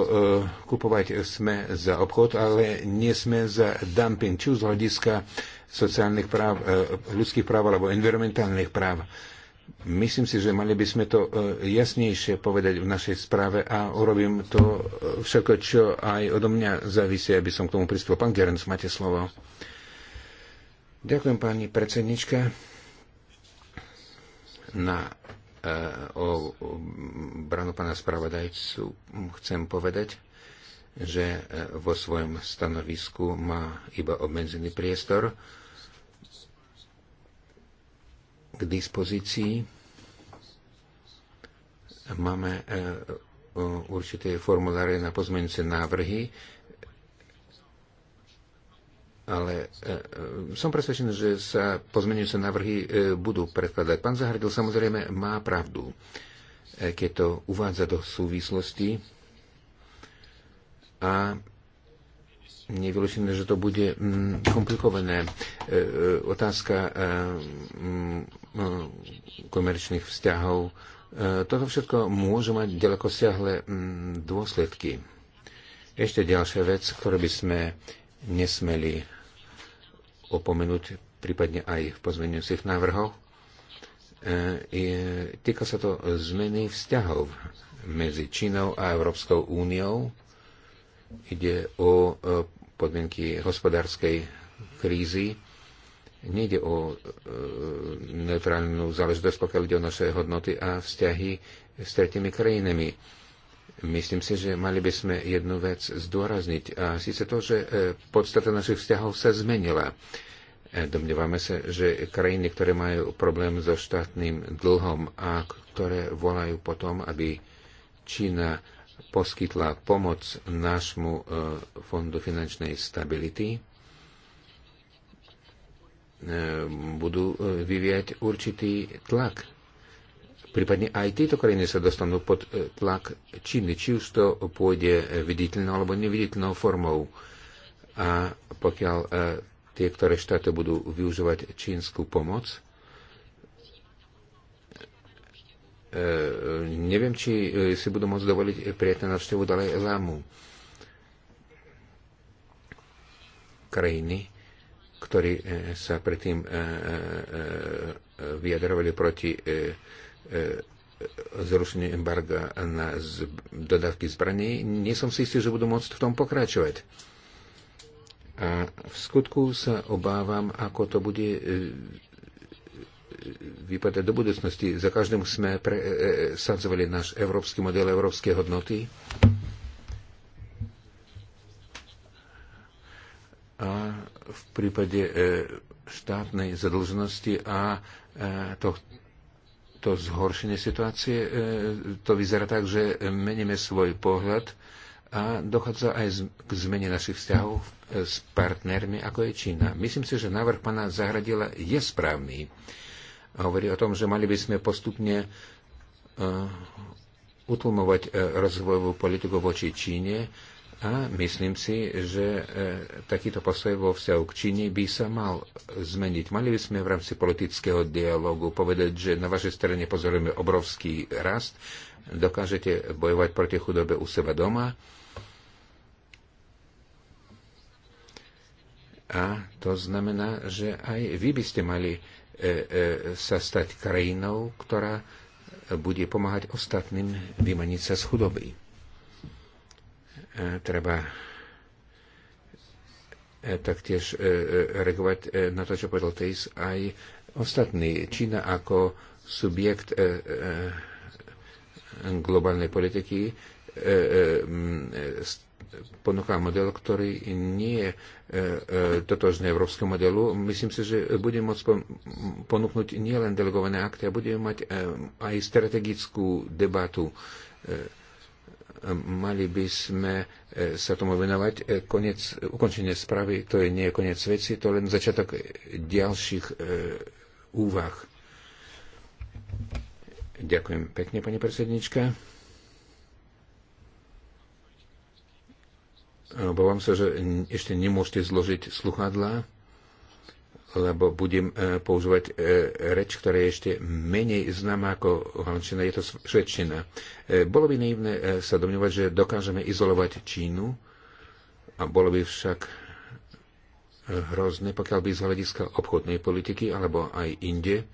kupovať. Sme za obchod, ale nie sme za dumping, či už z hľadiska sociálnych práv, ľudských práv alebo environmentálnych práv. Myslím si, že mali by sme to jasnejšie povedať v našej správe a urobím to všetko, čo aj odo mňa závisí, aby som k tomu prispel. Pán Gerenc, máte slovo. Ďakujem pani predsednička na e, o branu pána spravodajcu chcem povedať, že e, vo svojom stanovisku má iba obmedzený priestor k dispozícii. Máme e, určité formuláre na pozmeňujúce návrhy, ale e, e, som presvedčený, že sa pozmenujúce návrhy e, budú predkladať. Pán Zahradil samozrejme má pravdu, keď to uvádza do súvislosti a nevylučené, že to bude mm, komplikované. Otázka mm, komerčných vzťahov. Toto všetko môže mať ďaleko siahle mm, dôsledky. Ešte ďalšia vec, ktorú by sme nesmeli opomenúť, prípadne aj v pozmeňujúcich návrhoch. E, týka sa to zmeny vzťahov medzi Čínou a Európskou úniou. Ide o e, podmienky hospodárskej krízy. Nejde o e, neutrálnu záležitosť, pokiaľ ide o naše hodnoty a vzťahy s tretimi krajinami Myslím si, že mali by sme jednu vec zdôrazniť, a síce to, že e, podstata našich vzťahov sa zmenila. E, domnievame sa, že krajiny, ktoré majú problém so štátnym dlhom a ktoré volajú potom, aby Čína poskytla pomoc nášmu e, fondu finančnej stability, budú vyvíjať určitý tlak prípadne aj tieto krajiny sa dostanú pod e, tlak Číny, či už to pôjde e, viditeľnou alebo neviditeľnou formou. A pokiaľ e, tie, ktoré štáty budú využívať čínsku pomoc, neviem, či si budú môcť dovoliť prijať na návštevu Dalaj Lámu. Krajiny, ktorí sa predtým vyjadrovali proti E, e, zrušenie embarga na z, dodávky zbraní, nie som si istý, že budú môcť v tom pokračovať. A v skutku sa obávam, ako to bude e, vypadať do budúcnosti. Za každým sme e, sadzovali náš európsky model, európske hodnoty. A v prípade e, štátnej zadlženosti a e, to, to zhoršenie situácie, e, to vyzerá tak, že meníme svoj pohľad a dochádza aj k zmene našich vzťahov e, s partnermi, ako je Čína. Myslím si, že návrh pana Zahradila je správny. Hovorí o tom, že mali by sme postupne e, utlmovať rozvojovú politiku voči Číne a myslím si, že e, takýto postoj vo vzťahu k Číne by sa mal zmeniť. Mali by sme v rámci politického dialogu povedať, že na vašej strane pozorujeme obrovský rast, dokážete bojovať proti chudobe u seba doma a to znamená, že aj vy by ste mali e, e, sa stať krajinou, ktorá bude pomáhať ostatným vymaniť sa z chudoby treba e, taktiež e, e, reagovať na to, čo povedal Tejs, aj ostatní. Čína ako subjekt globálnej politiky ponúka model, ktorý nie je totožný európskemu modelu. Myslím si, že budeme môcť ponúknuť nielen delegované akty, a budeme mať aj strategickú debatu mali by sme e, sa tomu venovať. E, konec, ukončenie správy to je nie koniec veci, to je len začiatok ďalších e, úvah. Ďakujem pekne, pani predsednička. Obávam sa, že ešte nemôžete zložiť sluchadlá lebo budem e, používať e, reč, ktorá je ešte menej známa ako holandčina, je to švedčina. E, bolo by naivné sa domňovať, že dokážeme izolovať Čínu a bolo by však hrozné, pokiaľ by z hľadiska obchodnej politiky alebo aj inde,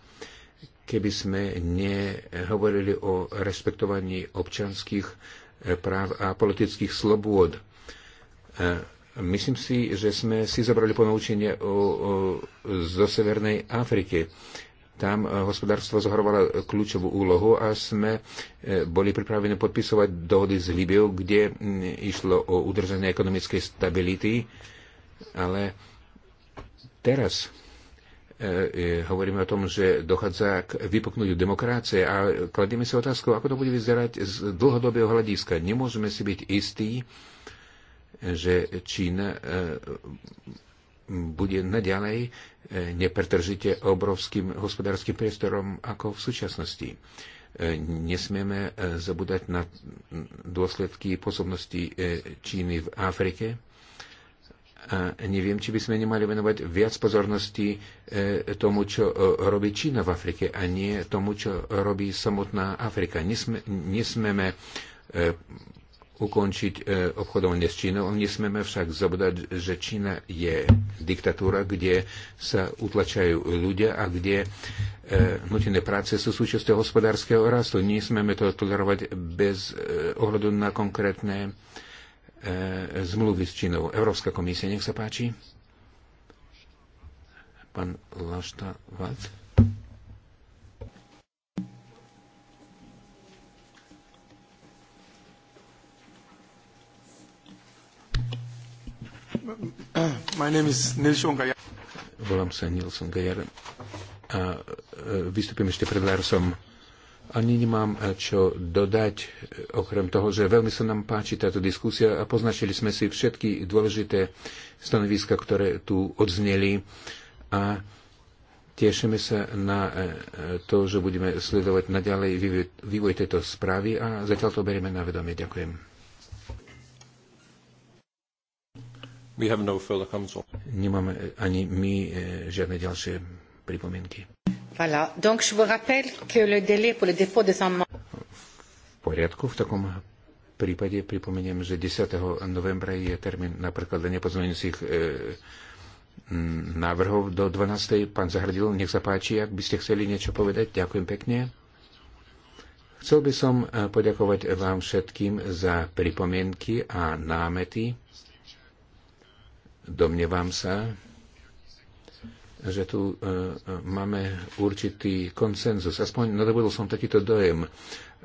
keby sme nehovorili o respektovaní občanských práv a politických slobôd Myslím si, že sme si zobrali ponaučenie o, o, zo Severnej Afriky. Tam eh, hospodárstvo zohrovalo kľúčovú úlohu a sme eh, boli pripravení podpisovať dohody s Libiou, kde mm, išlo o udržanie ekonomickej stability, ale teraz eh, hovoríme o tom, že dochádza k vypuknutiu demokracie a kladieme si otázku, ako to bude vyzerať z dlhodobého hľadiska. Nemôžeme si byť istí, že Čína e, bude naďalej e, nepretržite obrovským hospodárskym priestorom ako v súčasnosti. E, nesmieme zabúdať na dôsledky posobnosti Číny v Afrike. A neviem, či by sme nemali venovať viac pozornosti tomu, čo robí Čína v Afrike a nie tomu, čo robí samotná Afrika. Nesmieme ukončiť e, obchodovanie s Čínou. Nesmeme však zobrať, že Čína je diktatúra, kde sa utlačajú ľudia a kde e, nutené práce sú súčasťou hospodárskeho rastu. Nesmeme to tolerovať bez e, ohľadu na konkrétne zmluvy s Čínou. Európska komisia, nech sa páči. Pán Lašta Vác. My name is Nils Ungajar. Volám sa Nils Gajar a e, vystúpim ešte pred Larsom. Ani nemám e, čo dodať, e, okrem toho, že veľmi sa nám páči táto diskusia a poznačili sme si všetky dôležité stanoviska, ktoré tu odzneli a tešíme sa na to, že budeme sledovať naďalej vývoj tejto správy a zatiaľ to berieme na vedomie. Ďakujem. We have no further comments. Nemáme ani my e, žiadne ďalšie pripomienky. Voilà. Donc je vous rappelle que le délai pour le dépôt des amendements... V poriadku, v takom prípade pripomeniem, že 10. novembra je termín na prekladanie pozmeňujúcich e, návrhov do 12. Pán Zahradil, nech sa páči, ak by ste chceli niečo povedať. Ďakujem pekne. Chcel by som e, poďakovať vám všetkým za pripomienky a námety. Domnievam sa, že tu e, e, máme určitý konsenzus. Aspoň nadobudol som takýto dojem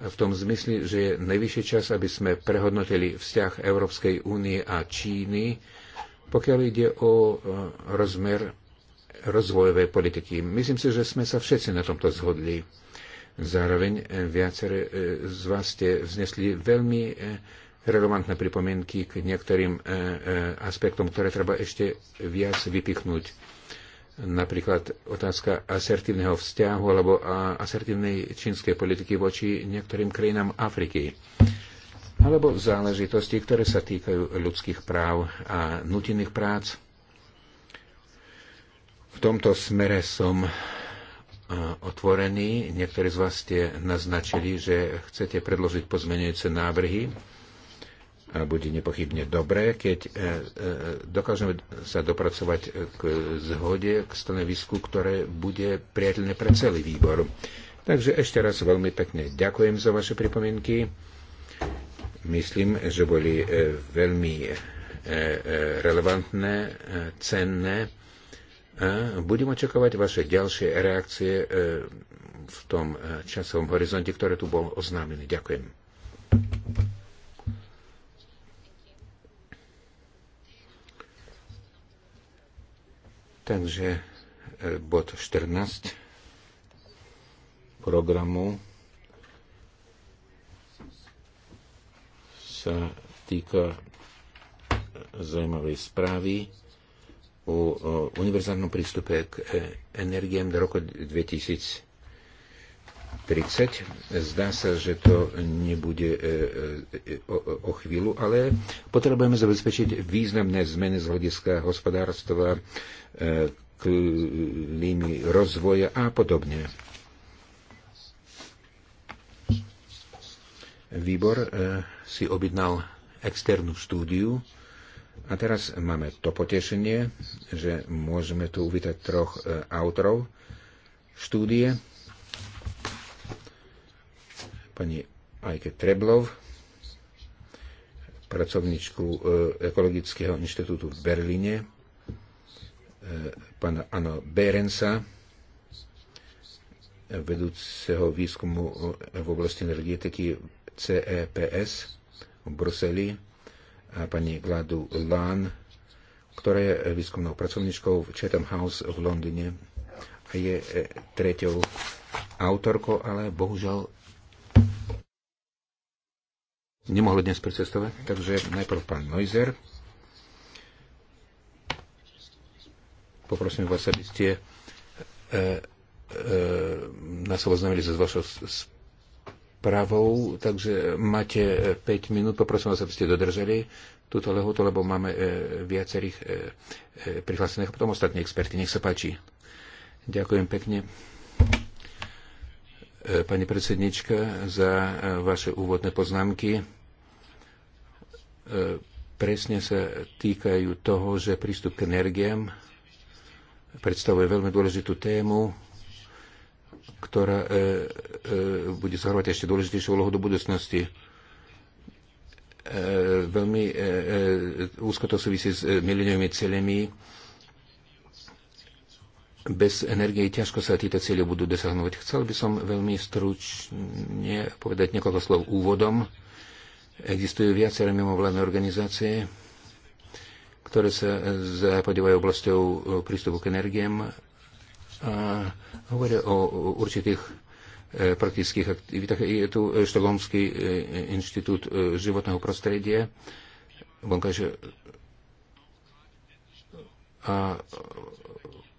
v tom zmysli, že je najvyšší čas, aby sme prehodnotili vzťah Európskej únie a Číny, pokiaľ ide o e, rozmer rozvojovej politiky. Myslím si, že sme sa všetci na tomto zhodli. Zároveň viaceré e, z vás ste vznesli veľmi e, relevantné pripomienky k niektorým e, e, aspektom, ktoré treba ešte viac vypichnúť. Napríklad otázka asertívneho vzťahu alebo asertívnej čínskej politiky voči niektorým krajinám Afriky. Alebo záležitosti, ktoré sa týkajú ľudských práv a nutinných prác. V tomto smere som e, otvorený, Niektorí z vás ste naznačili, že chcete predložiť pozmenujúce návrhy bude nepochybne dobré, keď e, e, dokážeme sa dopracovať k zhode, k stanovisku, ktoré bude priateľné pre celý výbor. Takže ešte raz veľmi pekne ďakujem za vaše pripomienky. Myslím, že boli e, veľmi relevantné, cenné. budem očakávať vaše ďalšie reakcie v tom časovom horizonte, ktoré tu bol oznámený. Ďakujem. Takže e, bod 14 programu sa týka e, zaujímavej správy o, o univerzálnom prístupe k e, energiám do roku 2000 30. Zdá sa, že to nebude e, e, o chvíľu, ale potrebujeme zabezpečiť významné zmeny z hľadiska hospodárstva, e, klímy rozvoja a podobne. Výbor si objednal externú štúdiu a teraz máme to potešenie, že môžeme tu uvítať troch autorov štúdie pani Ajke Treblov, pracovničku e, Ekologického inštitútu v Berlíne, e, pana Ano Berensa, vedúceho výskumu e, v oblasti energetiky CEPS v Bruseli a pani Gladu Lan, ktorá je výskumnou pracovničkou v Chatham House v Londýne a je tretou autorkou, ale bohužiaľ nemohli dnes precestovať, takže najprv pán Neuser. Poprosím vás, aby ste e, e, nás sa s vašou správou, takže máte 5 e, minút, poprosím vás, aby ste dodržali túto lehotu, lebo máme e, viacerých e, e, prihlásených a potom ostatní experti. Nech sa páči. Ďakujem pekne e, pani predsednička, za e, vaše úvodné poznámky presne sa týkajú toho, že prístup k energiám predstavuje veľmi dôležitú tému, ktorá e, e, bude zahrávať ešte dôležitejšiu úlohu do budúcnosti. E, veľmi e, e, úzko to súvisí s e, mileniovými cieľami. Bez energie ťažko sa tieto cieľe budú dosahnuť. Chcel by som veľmi stručne povedať niekoľko slov úvodom. E, Existujú viaceré mimovládne organizácie, ktoré sa zapodívajú oblasťou e, prístupu k energiám a hovoria o určitých e, praktických aktivitách. Je tu Štokholmský e, inštitút životného prostredia, vonkajšie a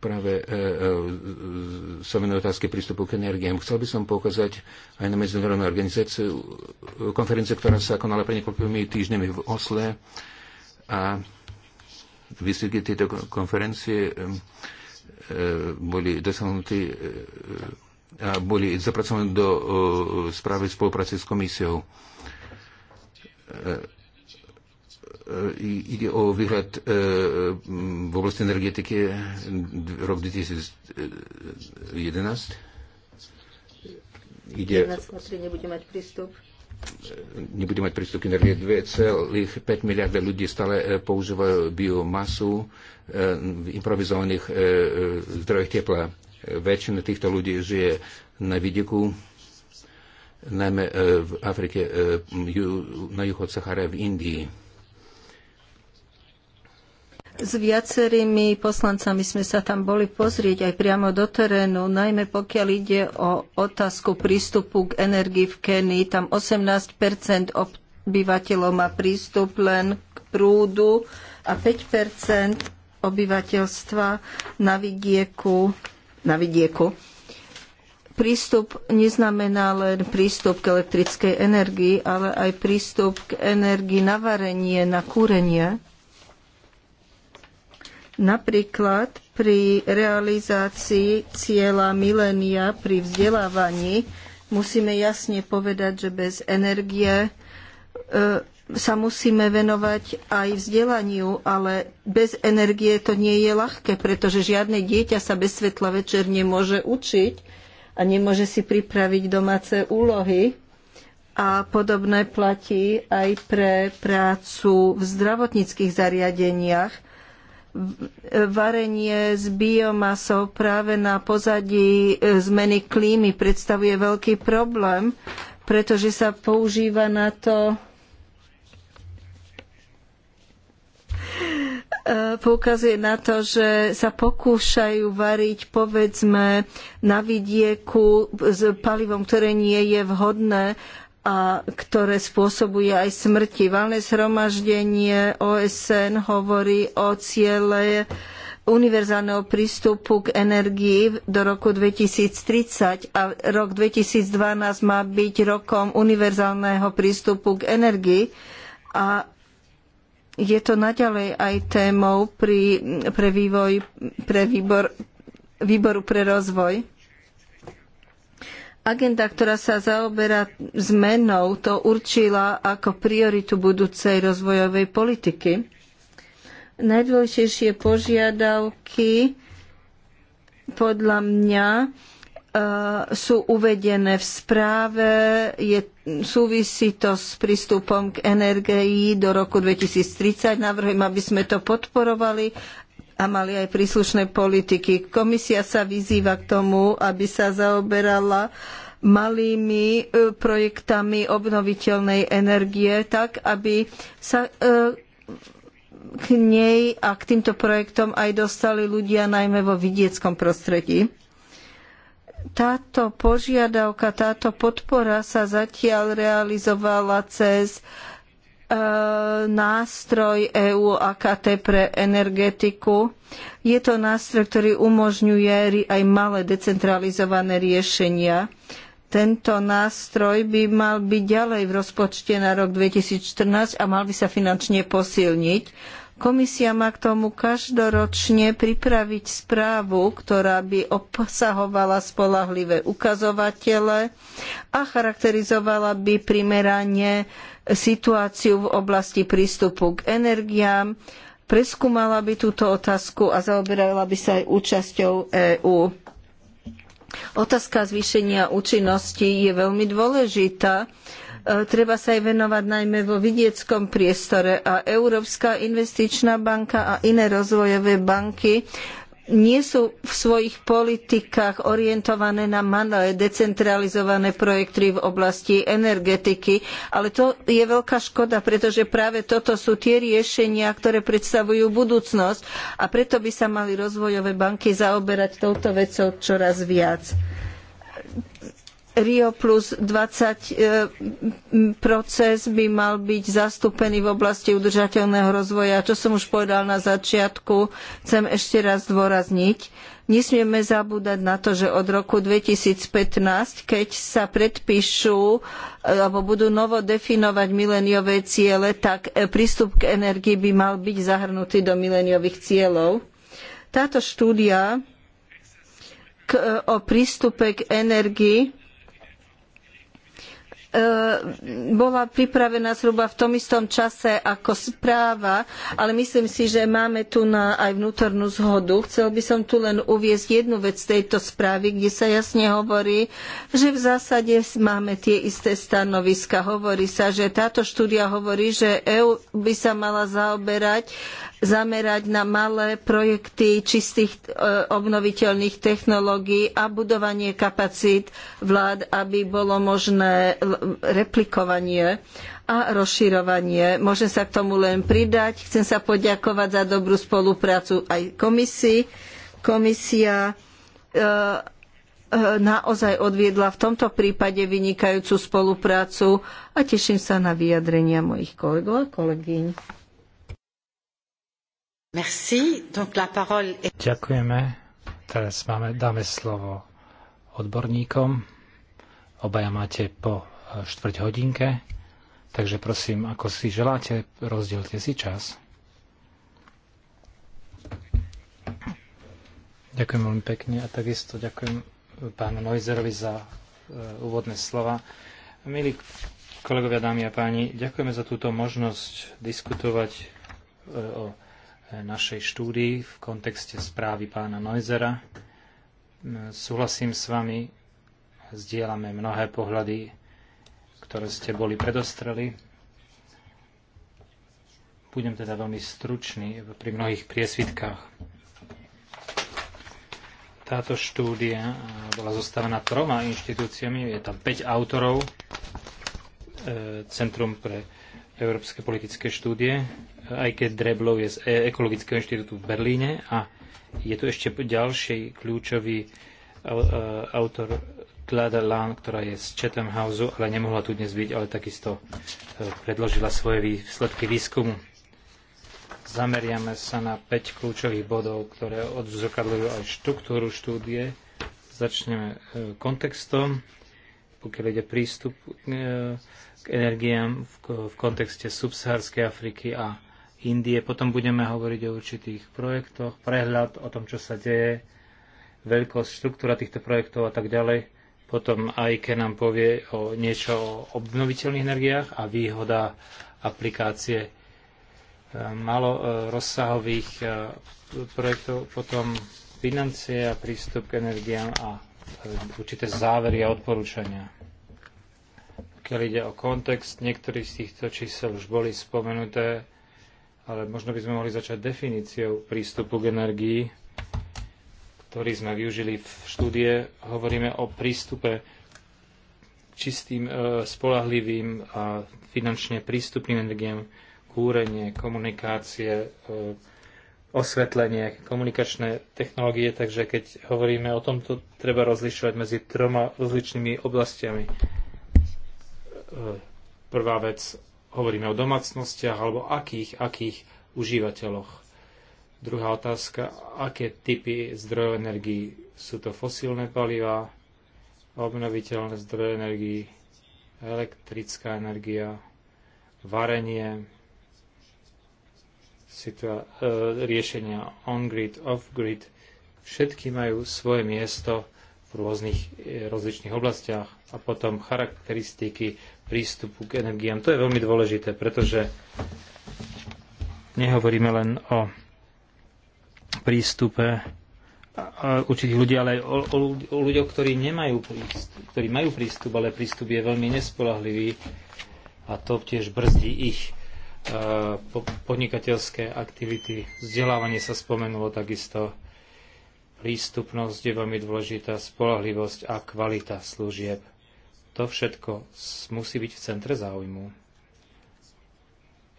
práve e, e, sa venuje otázke prístupu k energiám. Chcel by som poukázať aj na medzinárodnú organizáciu, konferenciu, ktorá sa konala pre niekoľkými týždňami v Osle a výsledky tejto konferencie e, boli dosiahnuté a boli zapracované do správy spolupráce s komisiou E, ide o výhľad e, v oblasti energetiky e, rok 2011. Ide, 11 nebude mať prístup nebude mať prístup k energie. 2,5 miliarda ľudí stále používajú biomasu v improvizovaných zdrojoch tepla. Väčšina týchto ľudí žije na vidiku, najmä v Afrike, na juhu od Sahara v Indii s viacerými poslancami sme sa tam boli pozrieť aj priamo do terénu, najmä pokiaľ ide o otázku prístupu k energii v Kenii. Tam 18 obyvateľov má prístup len k prúdu a 5 obyvateľstva na vidieku, na vidieku. Prístup neznamená len prístup k elektrickej energii, ale aj prístup k energii na varenie, na kúrenie Napríklad pri realizácii cieľa milénia pri vzdelávaní musíme jasne povedať, že bez energie e, sa musíme venovať aj vzdelaniu, ale bez energie to nie je ľahké, pretože žiadne dieťa sa bez svetla večer nemôže učiť a nemôže si pripraviť domáce úlohy. A podobné platí aj pre prácu v zdravotníckých zariadeniach, varenie s biomasou práve na pozadí e, zmeny klímy predstavuje veľký problém, pretože sa používa na to e, poukazuje na to, že sa pokúšajú variť povedzme na vidieku s palivom, ktoré nie je vhodné a ktoré spôsobuje aj smrti. Valné zhromaždenie OSN hovorí o ciele univerzálneho prístupu k energii do roku 2030 a rok 2012 má byť rokom univerzálneho prístupu k energii a je to naďalej aj témou pri, pre vývoj, pre výbor, výboru pre rozvoj. Agenda, ktorá sa zaoberá zmenou, to určila ako prioritu budúcej rozvojovej politiky. Najdôležitejšie požiadavky podľa mňa e, sú uvedené v správe, je, súvisí to s prístupom k energii do roku 2030. Navrhujem, aby sme to podporovali a mali aj príslušné politiky. Komisia sa vyzýva k tomu, aby sa zaoberala malými e, projektami obnoviteľnej energie, tak aby sa e, k nej a k týmto projektom aj dostali ľudia najmä vo vidieckom prostredí. Táto požiadavka, táto podpora sa zatiaľ realizovala cez uh, E, nástroj EU AKT pre energetiku. Je to nástroj, ktorý umožňuje aj malé decentralizované riešenia. Tento nástroj by mal byť ďalej v rozpočte na rok 2014 a mal by sa finančne posilniť. Komisia má k tomu každoročne pripraviť správu, ktorá by obsahovala spolahlivé ukazovatele a charakterizovala by primerane situáciu v oblasti prístupu k energiám, preskúmala by túto otázku a zaoberala by sa aj účasťou EÚ. Otázka zvýšenia účinnosti je veľmi dôležitá. E, treba sa aj venovať najmä vo vidieckom priestore a Európska investičná banka a iné rozvojové banky nie sú v svojich politikách orientované na malé decentralizované projekty v oblasti energetiky, ale to je veľká škoda, pretože práve toto sú tie riešenia, ktoré predstavujú budúcnosť a preto by sa mali rozvojové banky zaoberať touto vecou čoraz viac Rio plus 20 e, proces by mal byť zastúpený v oblasti udržateľného rozvoja. Čo som už povedal na začiatku, chcem ešte raz zdôrazniť. Nesmieme zabúdať na to, že od roku 2015, keď sa predpíšu e, alebo budú novo definovať mileniové ciele, tak e, prístup k energii by mal byť zahrnutý do mileniových cieľov. Táto štúdia o prístupe k energii E, bola pripravená zhruba v tom istom čase ako správa, ale myslím si, že máme tu na aj vnútornú zhodu. Chcel by som tu len uviezť jednu vec z tejto správy, kde sa jasne hovorí, že v zásade máme tie isté stanoviska. Hovorí sa, že táto štúdia hovorí, že EÚ by sa mala zaoberať zamerať na malé projekty čistých e, obnoviteľných technológií a budovanie kapacít vlád, aby bolo možné replikovanie a rozširovanie. Môžem sa k tomu len pridať. Chcem sa poďakovať za dobrú spoluprácu aj komisii. Komisia e, e, naozaj odviedla v tomto prípade vynikajúcu spoluprácu a teším sa na vyjadrenia mojich kolegov a kolegyň. Merci. Donc la parole est... Ďakujeme. Teraz máme, dáme slovo odborníkom. Obaja máte po e, štvrť hodinke. Takže prosím, ako si želáte, rozdielte si čas. Ďakujem veľmi pekne a takisto ďakujem e, pánu Noizerovi za e, úvodné slova. Milí kolegovia, dámy a páni, ďakujeme za túto možnosť diskutovať e, o našej štúdii v kontexte správy pána Neuzera. Súhlasím s vami, zdieľame mnohé pohľady, ktoré ste boli predostreli. Budem teda veľmi stručný pri mnohých priesvitkách. Táto štúdia bola zostavená troma inštitúciami, je tam 5 autorov, e, Centrum pre európske politické štúdie, aj keď Dreblov je z e- Ekologického inštitútu v Berlíne a je tu ešte ďalší kľúčový e, e, autor Klada Lán, ktorá je z Chatham Houseu, ale nemohla tu dnes byť, ale takisto predložila svoje výsledky výskumu. Zameriame sa na 5 kľúčových bodov, ktoré odzrkadľujú aj štruktúru štúdie. Začneme kontextom pokiaľ ide prístup e, k energiám v kontexte subsaharskej Afriky a Indie. Potom budeme hovoriť o určitých projektoch, prehľad o tom, čo sa deje, veľkosť, štruktúra týchto projektov a tak ďalej. Potom aj keď nám povie o niečo o obnoviteľných energiách a výhoda aplikácie e, e, rozsahových projektov, potom financie a prístup k energiám a určité závery a odporúčania. Pokiaľ ide o kontext, niektorí z týchto čísel už boli spomenuté, ale možno by sme mohli začať definíciou prístupu k energii, ktorý sme využili v štúdie. Hovoríme o prístupe čistým, e, spolahlivým a finančne prístupným energiám, kúrenie, komunikácie, e, osvetlenie, komunikačné technológie, takže keď hovoríme o tomto, treba rozlišovať medzi troma rozličnými oblastiami. E, prvá vec, hovoríme o domácnostiach alebo akých, akých užívateľoch. Druhá otázka, aké typy zdrojov energii sú to fosílne paliva, obnoviteľné zdroje energii, elektrická energia, varenie, situa- e, riešenia on-grid, off-grid, všetky majú svoje miesto v rôznych e, rozličných oblastiach a potom charakteristiky prístupu k energiám. To je veľmi dôležité, pretože nehovoríme len o prístupe určitých ľudí, ale aj o, o, o ľuďoch, ktorí nemajú prístup, ktorí majú prístup, ale prístup je veľmi nespolahlivý a to tiež brzdí ich podnikateľské aktivity. Vzdelávanie sa spomenulo takisto. Prístupnosť je veľmi dôležitá, spolahlivosť a kvalita služieb. To všetko musí byť v centre záujmu.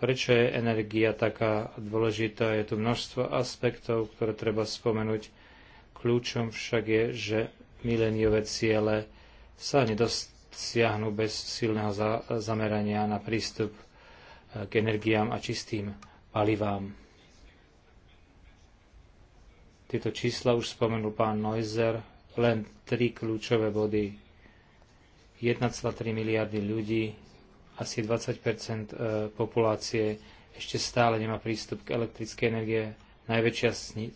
Prečo je energia taká dôležitá? Je tu množstvo aspektov, ktoré treba spomenúť. Kľúčom však je, že mileniové ciele sa nedosiahnu bez silného zamerania na prístup k energiám a čistým palivám. Tieto čísla už spomenul pán Neuser, len tri kľúčové body. 1,3 miliardy ľudí, asi 20 e, populácie ešte stále nemá prístup k elektrickej energie. Najväčšia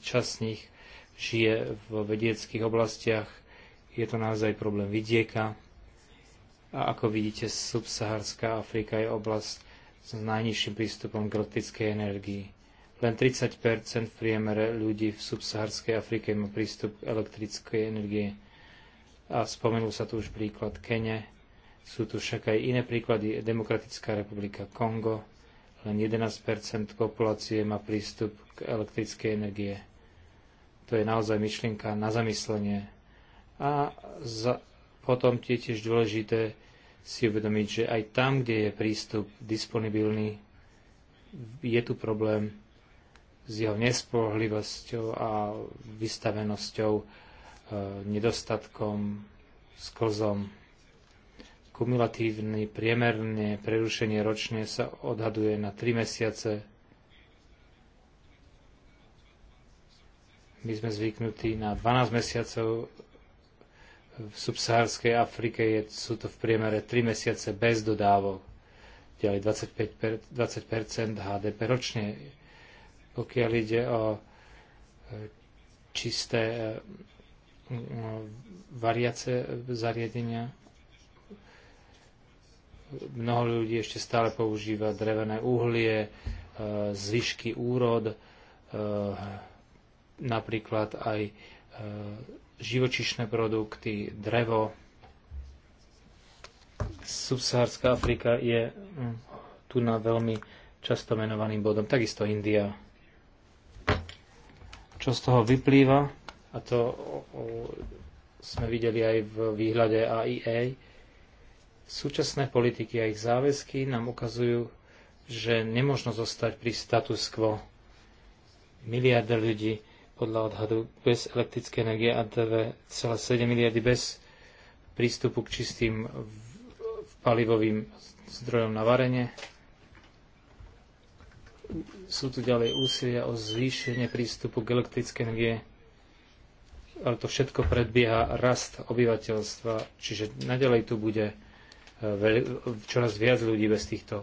časť z nich žije v vedieckých oblastiach. Je to naozaj problém vidieka. A ako vidíte, subsaharská Afrika je oblasť, s najnižším prístupom k elektrickej energii. Len 30 v priemere ľudí v subsaharskej Afrike má prístup k elektrickej energie. A spomenul sa tu už príklad Kene. Sú tu však aj iné príklady. Demokratická republika Kongo. Len 11 populácie má prístup k elektrickej energie. To je naozaj myšlienka na zamyslenie. A za, potom tiež dôležité si uvedomiť, že aj tam, kde je prístup disponibilný, je tu problém s jeho nespohlivosťou a vystavenosťou, e, nedostatkom, sklzom. Kumulatívne priemerné prerušenie ročne sa odhaduje na 3 mesiace. My sme zvyknutí na 12 mesiacov v subsahárskej Afrike je, sú to v priemere 3 mesiace bez dodávok, ďalej 25 per, 20 HDP ročne. Pokiaľ ide o e, čisté e, no, variace e, zariadenia, mnoho ľudí ešte stále používa drevené uhlie, zvyšky úrod, napríklad aj živočišné produkty, drevo. Subsahárska Afrika je mm, tu na veľmi často menovaným bodom, takisto India. Čo z toho vyplýva, a to sme videli aj v výhľade AIA, súčasné politiky a ich záväzky nám ukazujú, že nemôžno zostať pri status quo. Miliarda ľudí podľa odhadu bez elektrické energie a 2,7 miliardy bez prístupu k čistým palivovým zdrojom na varenie. Sú tu ďalej úsilia o zvýšenie prístupu k elektrické energie, ale to všetko predbieha rast obyvateľstva, čiže naďalej tu bude e, čoraz viac ľudí bez týchto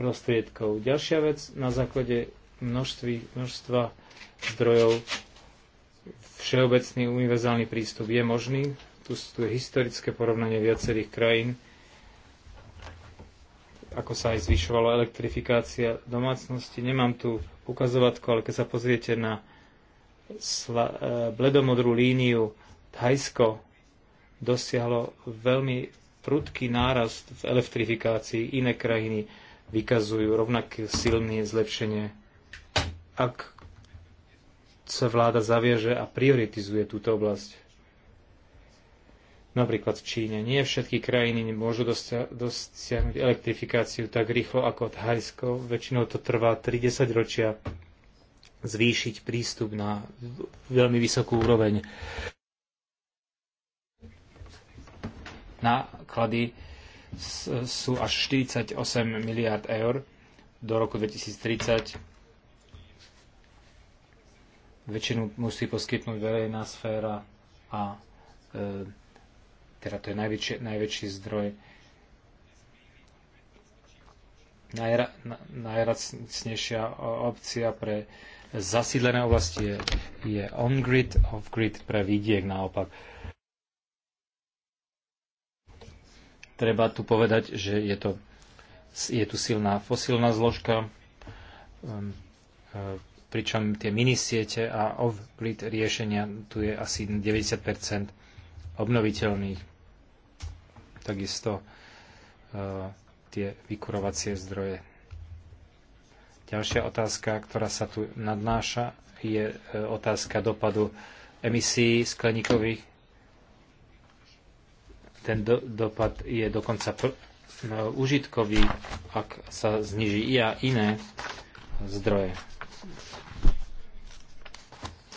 prostriedkov. Ďalšia vec, na základe množství, množstva zdrojov. Všeobecný univerzálny prístup je možný. Tu, tu je historické porovnanie viacerých krajín, ako sa aj zvyšovala elektrifikácia domácnosti. Nemám tu ukazovatko, ale keď sa pozriete na sla, e, bledomodrú líniu Thajsko dosiahlo veľmi prudký nárast v elektrifikácii. Iné krajiny vykazujú rovnaké silné zlepšenie ak sa vláda zavieže a prioritizuje túto oblasť. Napríklad v Číne. Nie všetky krajiny môžu dosiahnuť elektrifikáciu tak rýchlo ako Thajsko. Väčšinou to trvá 30 ročia zvýšiť prístup na veľmi vysokú úroveň. Náklady sú až 48 miliard eur do roku 2030 väčšinu musí poskytnúť verejná sféra a e, teda to je najväčší, najväčší zdroj. Najra, najracnejšia opcia pre zasídlené oblasti je, je on-grid, off-grid pre vidiek naopak. Treba tu povedať, že je, to, je tu silná fosílna zložka, ehm, ehm, pričom tie minisiete a off-grid riešenia tu je asi 90 obnoviteľných. Takisto uh, tie vykurovacie zdroje. Ďalšia otázka, ktorá sa tu nadnáša, je e, otázka dopadu emisí skleníkových. Ten do, dopad je dokonca pr- e, užitkový, ak sa zniží i a iné zdroje.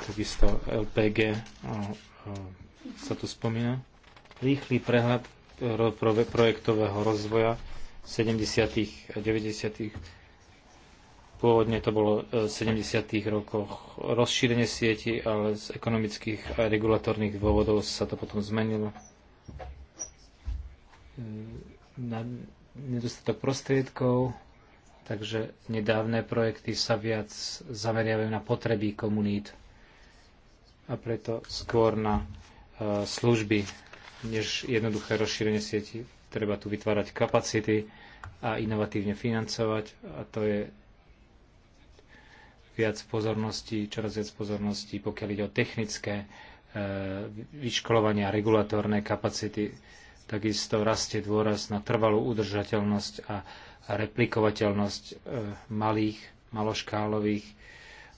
Takisto LPG sa tu spomína. Rýchly prehľad e, projektového rozvoja 70. a 90. Pôvodne to bolo e, v 70. rokoch rozšírenie sieti, ale z ekonomických a regulatórnych dôvodov sa to potom zmenilo. E, na nedostatok prostriedkov, takže nedávne projekty sa viac zameriavajú na potreby komunít a preto skôr na e, služby, než jednoduché rozšírenie sieti. Treba tu vytvárať kapacity a inovatívne financovať a to je viac pozornosti, čoraz viac pozornosti, pokiaľ ide o technické e, vyškolovanie a regulatórne kapacity Takisto rastie dôraz na trvalú udržateľnosť a replikovateľnosť e, malých, maloškálových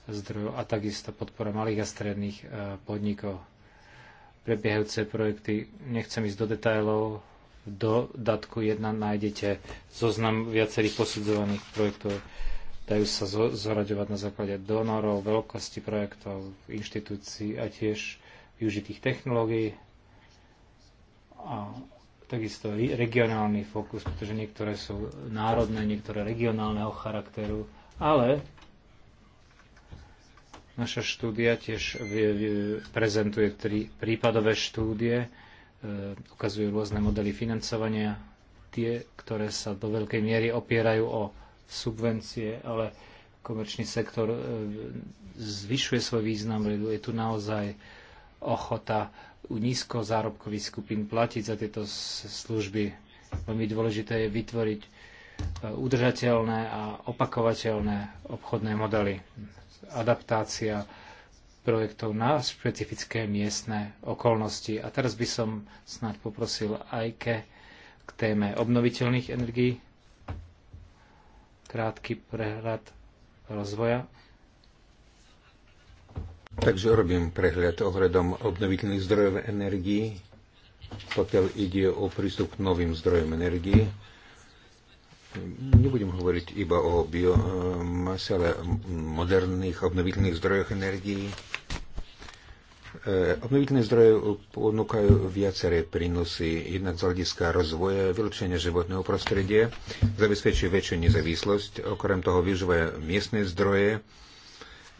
zdrojov a takisto podpora malých a stredných e, podnikov. Prebiehajúce projekty, nechcem ísť do detajlov, do datku 1 nájdete zoznam viacerých posudzovaných projektov. Dajú sa zoraďovať na základe donorov, veľkosti projektov, inštitúcií a tiež využitých technológií. A takisto regionálny fokus, pretože niektoré sú národné, niektoré regionálneho charakteru, ale naša štúdia tiež prezentuje tri prípadové štúdie, e, ukazujú rôzne modely financovania, tie, ktoré sa do veľkej miery opierajú o subvencie, ale komerčný sektor e, zvyšuje svoj význam, je tu naozaj ochota u nízko zárobkových skupín platiť za tieto služby. Veľmi dôležité je vytvoriť e, udržateľné a opakovateľné obchodné modely. Adaptácia projektov na špecifické miestne okolnosti. A teraz by som snad poprosil aj ke, k téme obnoviteľných energií krátky prehľad rozvoja Takže robím prehľad ohľadom obnoviteľných zdrojov energii, pokiaľ ide o prístup k novým zdrojom energii. Nebudem hovoriť iba o biomase, ale o moderných obnoviteľných zdrojoch energii. E, obnoviteľné zdroje ponúkajú viaceré prínosy, jednak z hľadiska rozvoja, vylepšenia životného prostredia, zabezpečuje väčšiu nezávislosť, okrem toho využívajú miestne zdroje,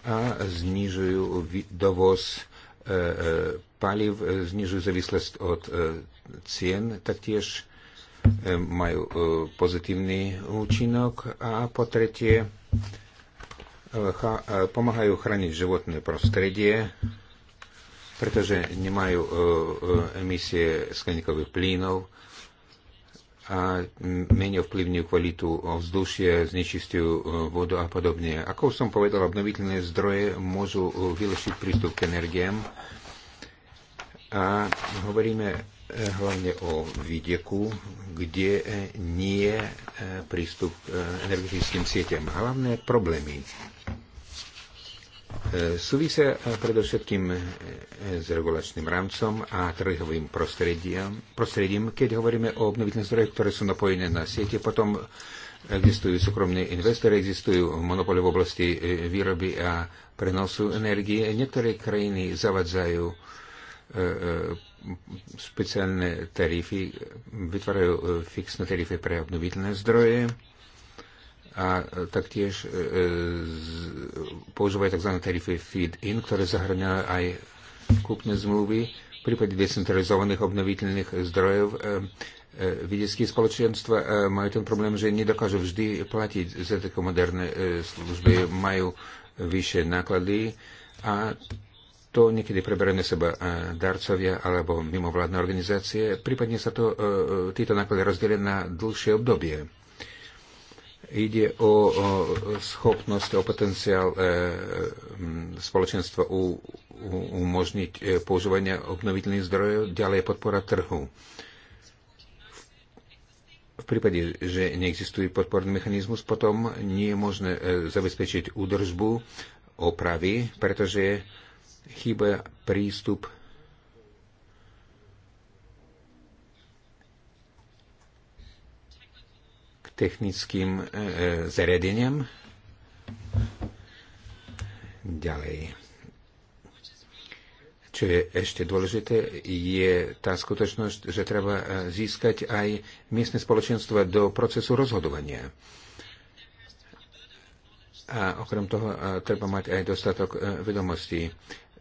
a znižujú dovoz e, e, paliv, e, znižujú závislosť od cien, taktiež majú pozitívny účinok a po tretie pomáhajú chrániť životné prostredie, pretože nemajú emisie skleníkových plynov, a menej ovplyvňujú kvalitu ovzdušie, znečistujú e, vodu a podobne. Ako som povedal, obnoviteľné zdroje môžu e, vylepšiť prístup k energiám a hovoríme e, hlavne o vidieku, kde nie je prístup k energetickým sieťam. Hlavné problémy E, súvisia e, predovšetkým e, s regulačným rámcom a trhovým prostredím, prostredím, keď hovoríme o obnoviteľných zdrojoch, ktoré sú napojené na siete, potom existujú súkromní investori, existujú monopoly v oblasti výroby a prenosu energie. Niektoré krajiny zavadzajú špeciálne tarify, vytvárajú fixné tarify pre obnoviteľné zdroje a e, taktiež e, e, používajú tzv. tarify feed-in, ktoré zahrňajú aj kúpne zmluvy. V prípade decentralizovaných obnoviteľných zdrojov vidiecké spoločenstva majú ten problém, že nedokážu vždy platiť za také moderné služby, majú vyššie náklady a to niekedy preberá na seba darcovia alebo mimovládne organizácie, prípadne sa to, títo náklady rozdelia na dlhšie obdobie Ide o, o schopnosť, o potenciál e, spoločenstva u, u, umožniť e, používanie obnoviteľných zdrojov, ďalej podpora trhu. V prípade, že neexistuje podporný mechanizmus, potom nie je možné e, zabezpečiť údržbu, opravy, pretože chýba prístup technickým e, e, zariadeniam. Ďalej. Čo je ešte dôležité, je tá skutočnosť, že treba e, získať aj miestne spoločenstva do procesu rozhodovania. A okrem toho e, treba mať aj dostatok vedomostí.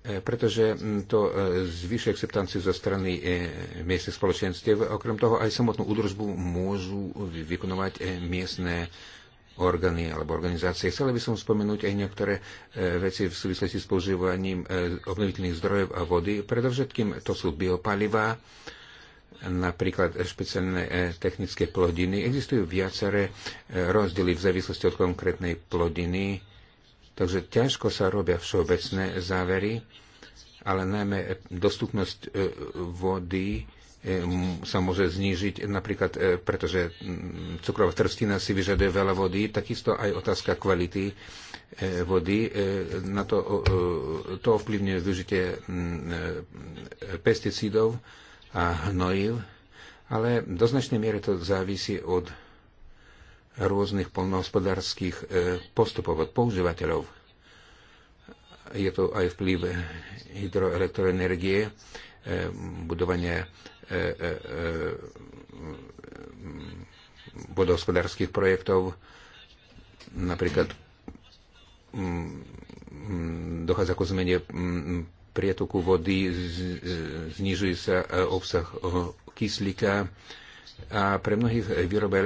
E, pretože to e, zvýši akceptanciu zo strany e, miestnych spoločenstiev. Okrem toho aj samotnú údržbu môžu vykonovať miestne orgány alebo organizácie. Chcel by som spomenúť aj niektoré veci v súvislosti s používaním obnoviteľných zdrojov a vody. Predovšetkým to sú biopalivá, napríklad špeciálne technické plodiny. Existujú viaceré rozdiely v závislosti od konkrétnej plodiny Takže ťažko sa robia všeobecné závery, ale najmä dostupnosť e, vody e, sa môže znížiť, napríklad e, pretože cukrová trstina si vyžaduje veľa vody, takisto aj otázka kvality vody. Na to, to ovplyvňuje využitie pesticídov a hnojiv, ale do značnej miery to závisí od rôznych polnohospodárských e, postupov od používateľov. Je to aj vplyv hydroelektroenergie, e, budovanie e, vodohospodárských projektov, napríklad mm, dochádza ku zmene mm, prietoku vody, znižuje sa obsah kyslíka, a pre mnohých výroba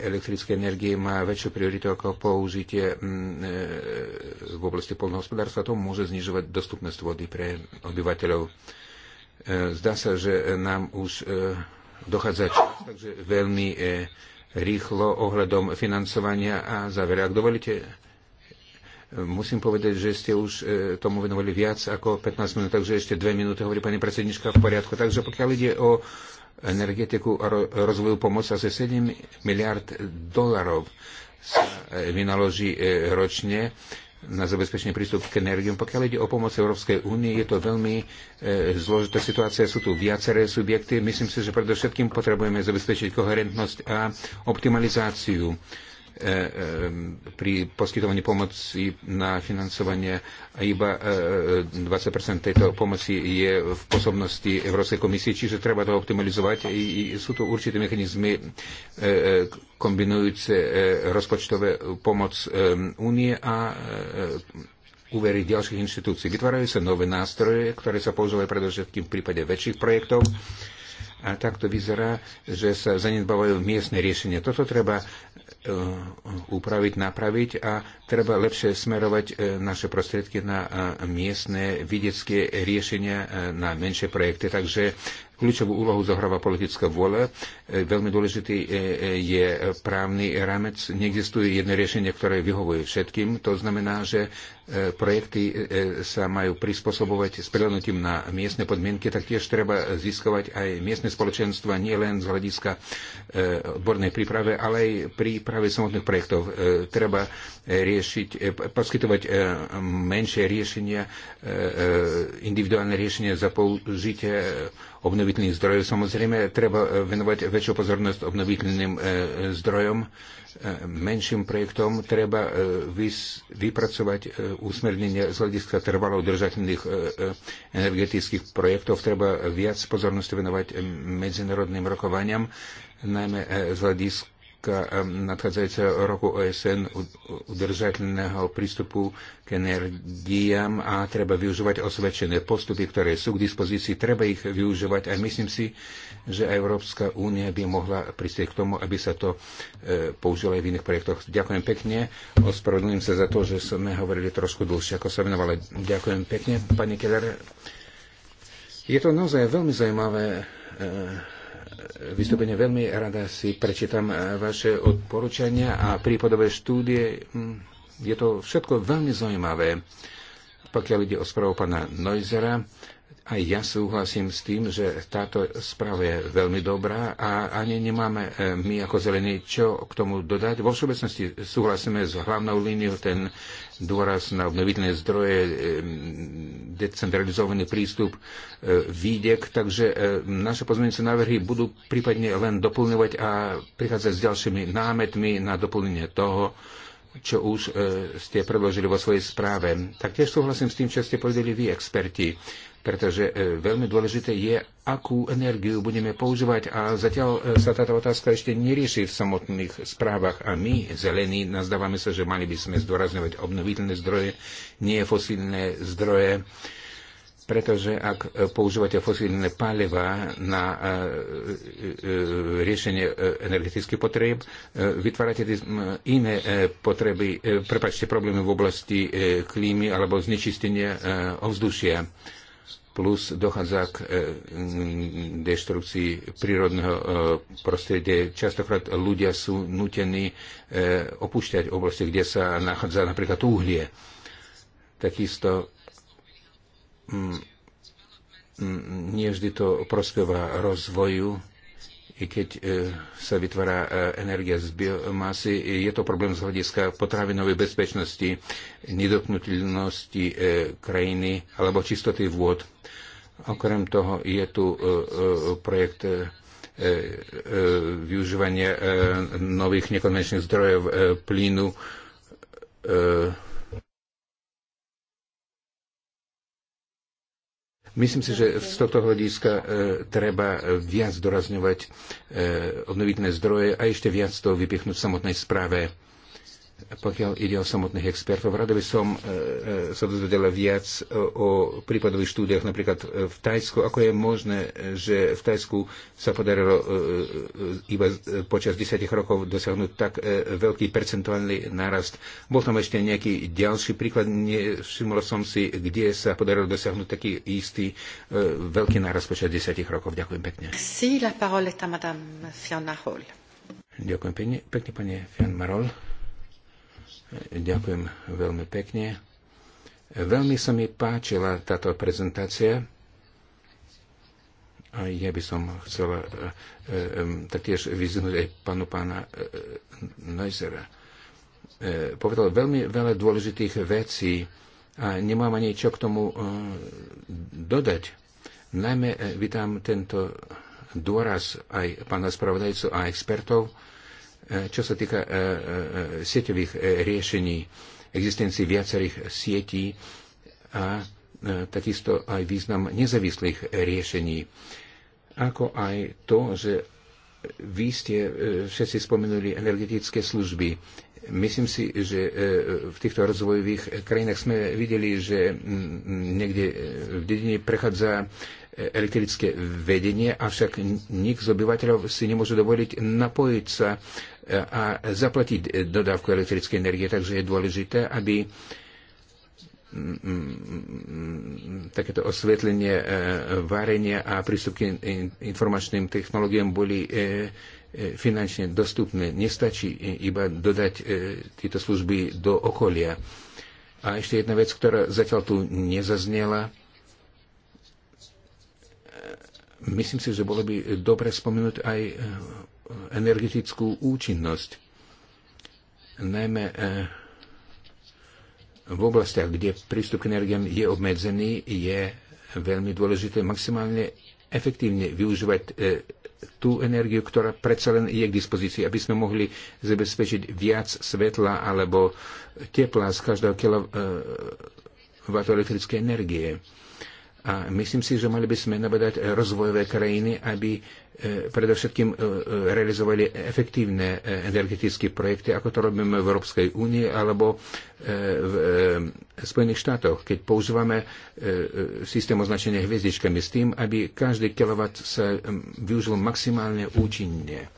elektrickej energie má väčšiu prioritu ako použitie mm, e, v oblasti polnohospodárstva. To môže znižovať dostupnosť vody pre obyvateľov. E, zdá sa, že nám už e, dochádza čas, takže veľmi rýchlo ohľadom financovania a závere. Ak dovolíte, musím povedať, že ste už tomu venovali viac ako 15 minút, takže ešte 2 minúty, hovorí pani predsednička, v poriadku. Takže pokiaľ ide o energetiku a rozvoju pomoc asi 7 miliard dolarov sa e, vynaloží e, ročne na zabezpečenie prístup k energiom. Pokiaľ ide o pomoc Európskej únie, je to veľmi e, zložitá situácia. Sú tu viaceré subjekty. Myslím si, že predovšetkým potrebujeme zabezpečiť koherentnosť a optimalizáciu. E, E, e, pri poskytovaní pomoci na financovanie a iba 20 e, tejto pomoci je v posobnosti Európskej komisie, čiže treba to optimalizovať. I sú tu určité mechanizmy kombinujúce rozpočtové pomoc únie a úvery ďalších inštitúcií. Vytvárajú sa nové nástroje, ktoré sa používajú predovšetkým v prípade väčších projektov a takto vyzerá, že sa zanedbávajú miestne riešenia. Toto treba e, upraviť, napraviť a treba lepšie smerovať e, naše prostriedky na e, miestne vidiecké riešenia, na menšie projekty. Takže kľúčovú úlohu zohráva politická vôľa. Veľmi dôležitý je právny rámec. Neexistuje jedno riešenie, ktoré vyhovuje všetkým. To znamená, že E, projekty e, e, sa majú prispôsobovať s prihľadnutím na miestne podmienky, tak tiež treba získovať aj miestne spoločenstva nie len z hľadiska odbornej príprave, ale aj príprave samotných projektov. Treba riešiť, poskytovať menšie riešenia, individuálne riešenia za použitie obnoviteľných zdrojov. Samozrejme, treba venovať väčšiu pozornosť obnoviteľným zdrojom E, menším projektom treba e, vypracovať úsmernenie e, z hľadiska trvalo udržateľných energetických projektov. Treba viac pozornosti venovať medzinárodným rokovaniam, najmä z hľadiska nadchádzajúceho roku OSN udržateľného prístupu k energiám a treba využívať osvedčené postupy, ktoré sú k dispozícii, treba ich využívať a myslím si, že Európska únia by mohla prispieť k tomu, aby sa to e, použilo aj v iných projektoch. Ďakujem pekne. Ospravedlňujem sa za to, že sme hovorili trošku dlhšie, ako sa venovali. Ďakujem pekne, pani Keller. Je to naozaj veľmi zaujímavé e, vystúpenie. Veľmi rada si prečítam e, vaše odporúčania a prípadové štúdie. Mm, je to všetko veľmi zaujímavé. Pokiaľ ide o správu pána Neuzera, aj ja súhlasím s tým, že táto správa je veľmi dobrá a ani nemáme e, my ako zelení čo k tomu dodať. Vo všeobecnosti súhlasíme s hlavnou líniou ten dôraz na obnoviteľné zdroje, e, decentralizovaný prístup, e, výdek, takže naše pozmeňujúce návrhy budú prípadne len doplňovať a prichádzať s ďalšími námetmi na doplnenie toho, čo už ste predložili vo svojej správe. Taktiež súhlasím s tým, čo ste povedali vy, experti pretože e, veľmi dôležité je, akú energiu budeme používať a zatiaľ e, sa táto otázka ešte nerieši v samotných správach a my, zelení, nazdávame sa, že mali by sme zdôrazňovať obnoviteľné zdroje, nie fosílne zdroje, pretože ak e, používate fosílne paliva na riešenie energetických potrieb, vytvárate iné potreby, prepačte, problémy v oblasti klímy alebo znečistenia ovzdušia plus dochádza k e, deštrukcii prírodného e, prostredia. Častokrát ľudia sú nutení e, opúšťať oblasti, kde sa nachádza napríklad uhlie. Takisto mm, mm, nie vždy to prospieva rozvoju keď e, sa vytvára e, energia z biomasy, je to problém z hľadiska potravinovej bezpečnosti, nedoknutelnosti e, krajiny alebo čistoty vôd. Okrem toho je tu projekt využívania nových nekonvenčných zdrojov plynu Myslím si, že z tohto hľadiska e, treba viac dorazňovať e, obnoviteľné zdroje a ešte viac to vypichnúť v samotnej správe. Pokiaľ ide o samotných expertov, rada by som e, e, sa dozvedela viac o prípadových štúdiách napríklad e, v Tajsku. Ako je možné, že v Tajsku sa podarilo iba počas 10 rokov dosiahnuť tak veľký percentuálny nárast? Bol tam ešte nejaký ďalší príklad, nevšimol som si, kde sa podarilo dosiahnuť taký istý veľký nárast počas 10 rokov. Ďakujem pekne. Si la parole madame Fiona Hall. Ďakujem pekne, pekne pani Fian Marol. Ďakujem veľmi pekne. Veľmi sa mi páčila táto prezentácia. A ja by som chcela e, e, taktiež vyzvihnúť aj panu pána e, Neusera. E, povedal veľmi veľa dôležitých vecí a nemám ani čo k tomu e, dodať. Najmä e, vítam tento dôraz aj pána spravodajcu a expertov, E, čo sa týka e, e, sieťových riešení, existencii viacerých sietí a takisto aj význam nezávislých riešení, ako aj to, že vy ste všetci spomenuli energetické služby. Myslím si, že v týchto rozvojových krajinách sme videli, že niekde v dedine prechádza elektrické vedenie, avšak nik z obyvateľov si nemôže dovoliť napojiť sa a zaplatiť dodávku elektrickej energie. Takže je dôležité, aby takéto osvetlenie, e, varenia a prístup k informačným technológiám boli e, e, finančne dostupné. Nestačí iba dodať tieto služby do okolia. A ešte jedna vec, ktorá zatiaľ tu nezaznela. Myslím si, že bolo by dobre spomenúť aj energetickú účinnosť. Najmä e, v oblastiach, kde prístup k energiám je obmedzený, je veľmi dôležité maximálne efektívne využívať e, tú energiu, ktorá predsa len je k dispozícii, aby sme mohli zabezpečiť viac svetla alebo tepla z každého kilovatu elektrickej energie. A myslím si, že mali by sme nabadať rozvojové krajiny, aby E, predovšetkým e, e, realizovali efektívne energetické projekty, ako to robíme v Európskej únii alebo v Spojených štátoch, keď používame systém označenia hviezdičkami s tým, aby každý kilowatt sa využil maximálne účinne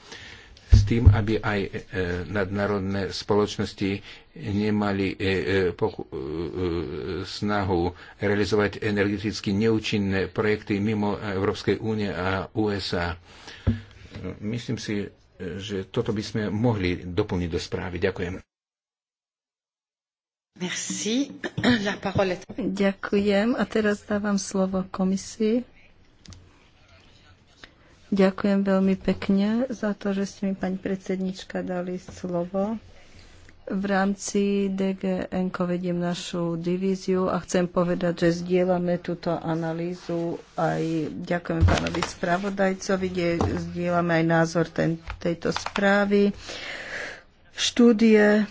s tým, aby aj e, nadnárodné spoločnosti nemali e, e, snahu realizovať energeticky neúčinné projekty mimo Európskej únie a USA. Myslím si, že toto by sme mohli doplniť do správy. Ďakujem. Merci. La parole est... Ďakujem a teraz dávam slovo komisii. Ďakujem veľmi pekne za to, že ste mi, pani predsednička, dali slovo. V rámci DGN vediem našu divíziu a chcem povedať, že zdieľame túto analýzu aj ďakujem pánovi spravodajcovi, kde zdieľame aj názor ten, tejto správy, štúdie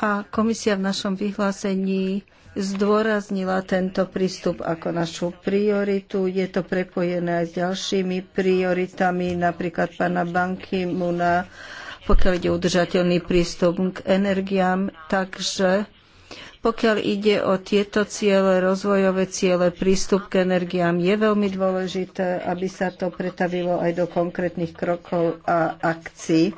a komisia v našom vyhlásení zdôraznila tento prístup ako našu prioritu. Je to prepojené aj s ďalšími prioritami, napríklad pána Banky Muna, pokiaľ ide udržateľný prístup k energiám. Takže pokiaľ ide o tieto ciele, rozvojové ciele, prístup k energiám, je veľmi dôležité, aby sa to pretavilo aj do konkrétnych krokov a akcií.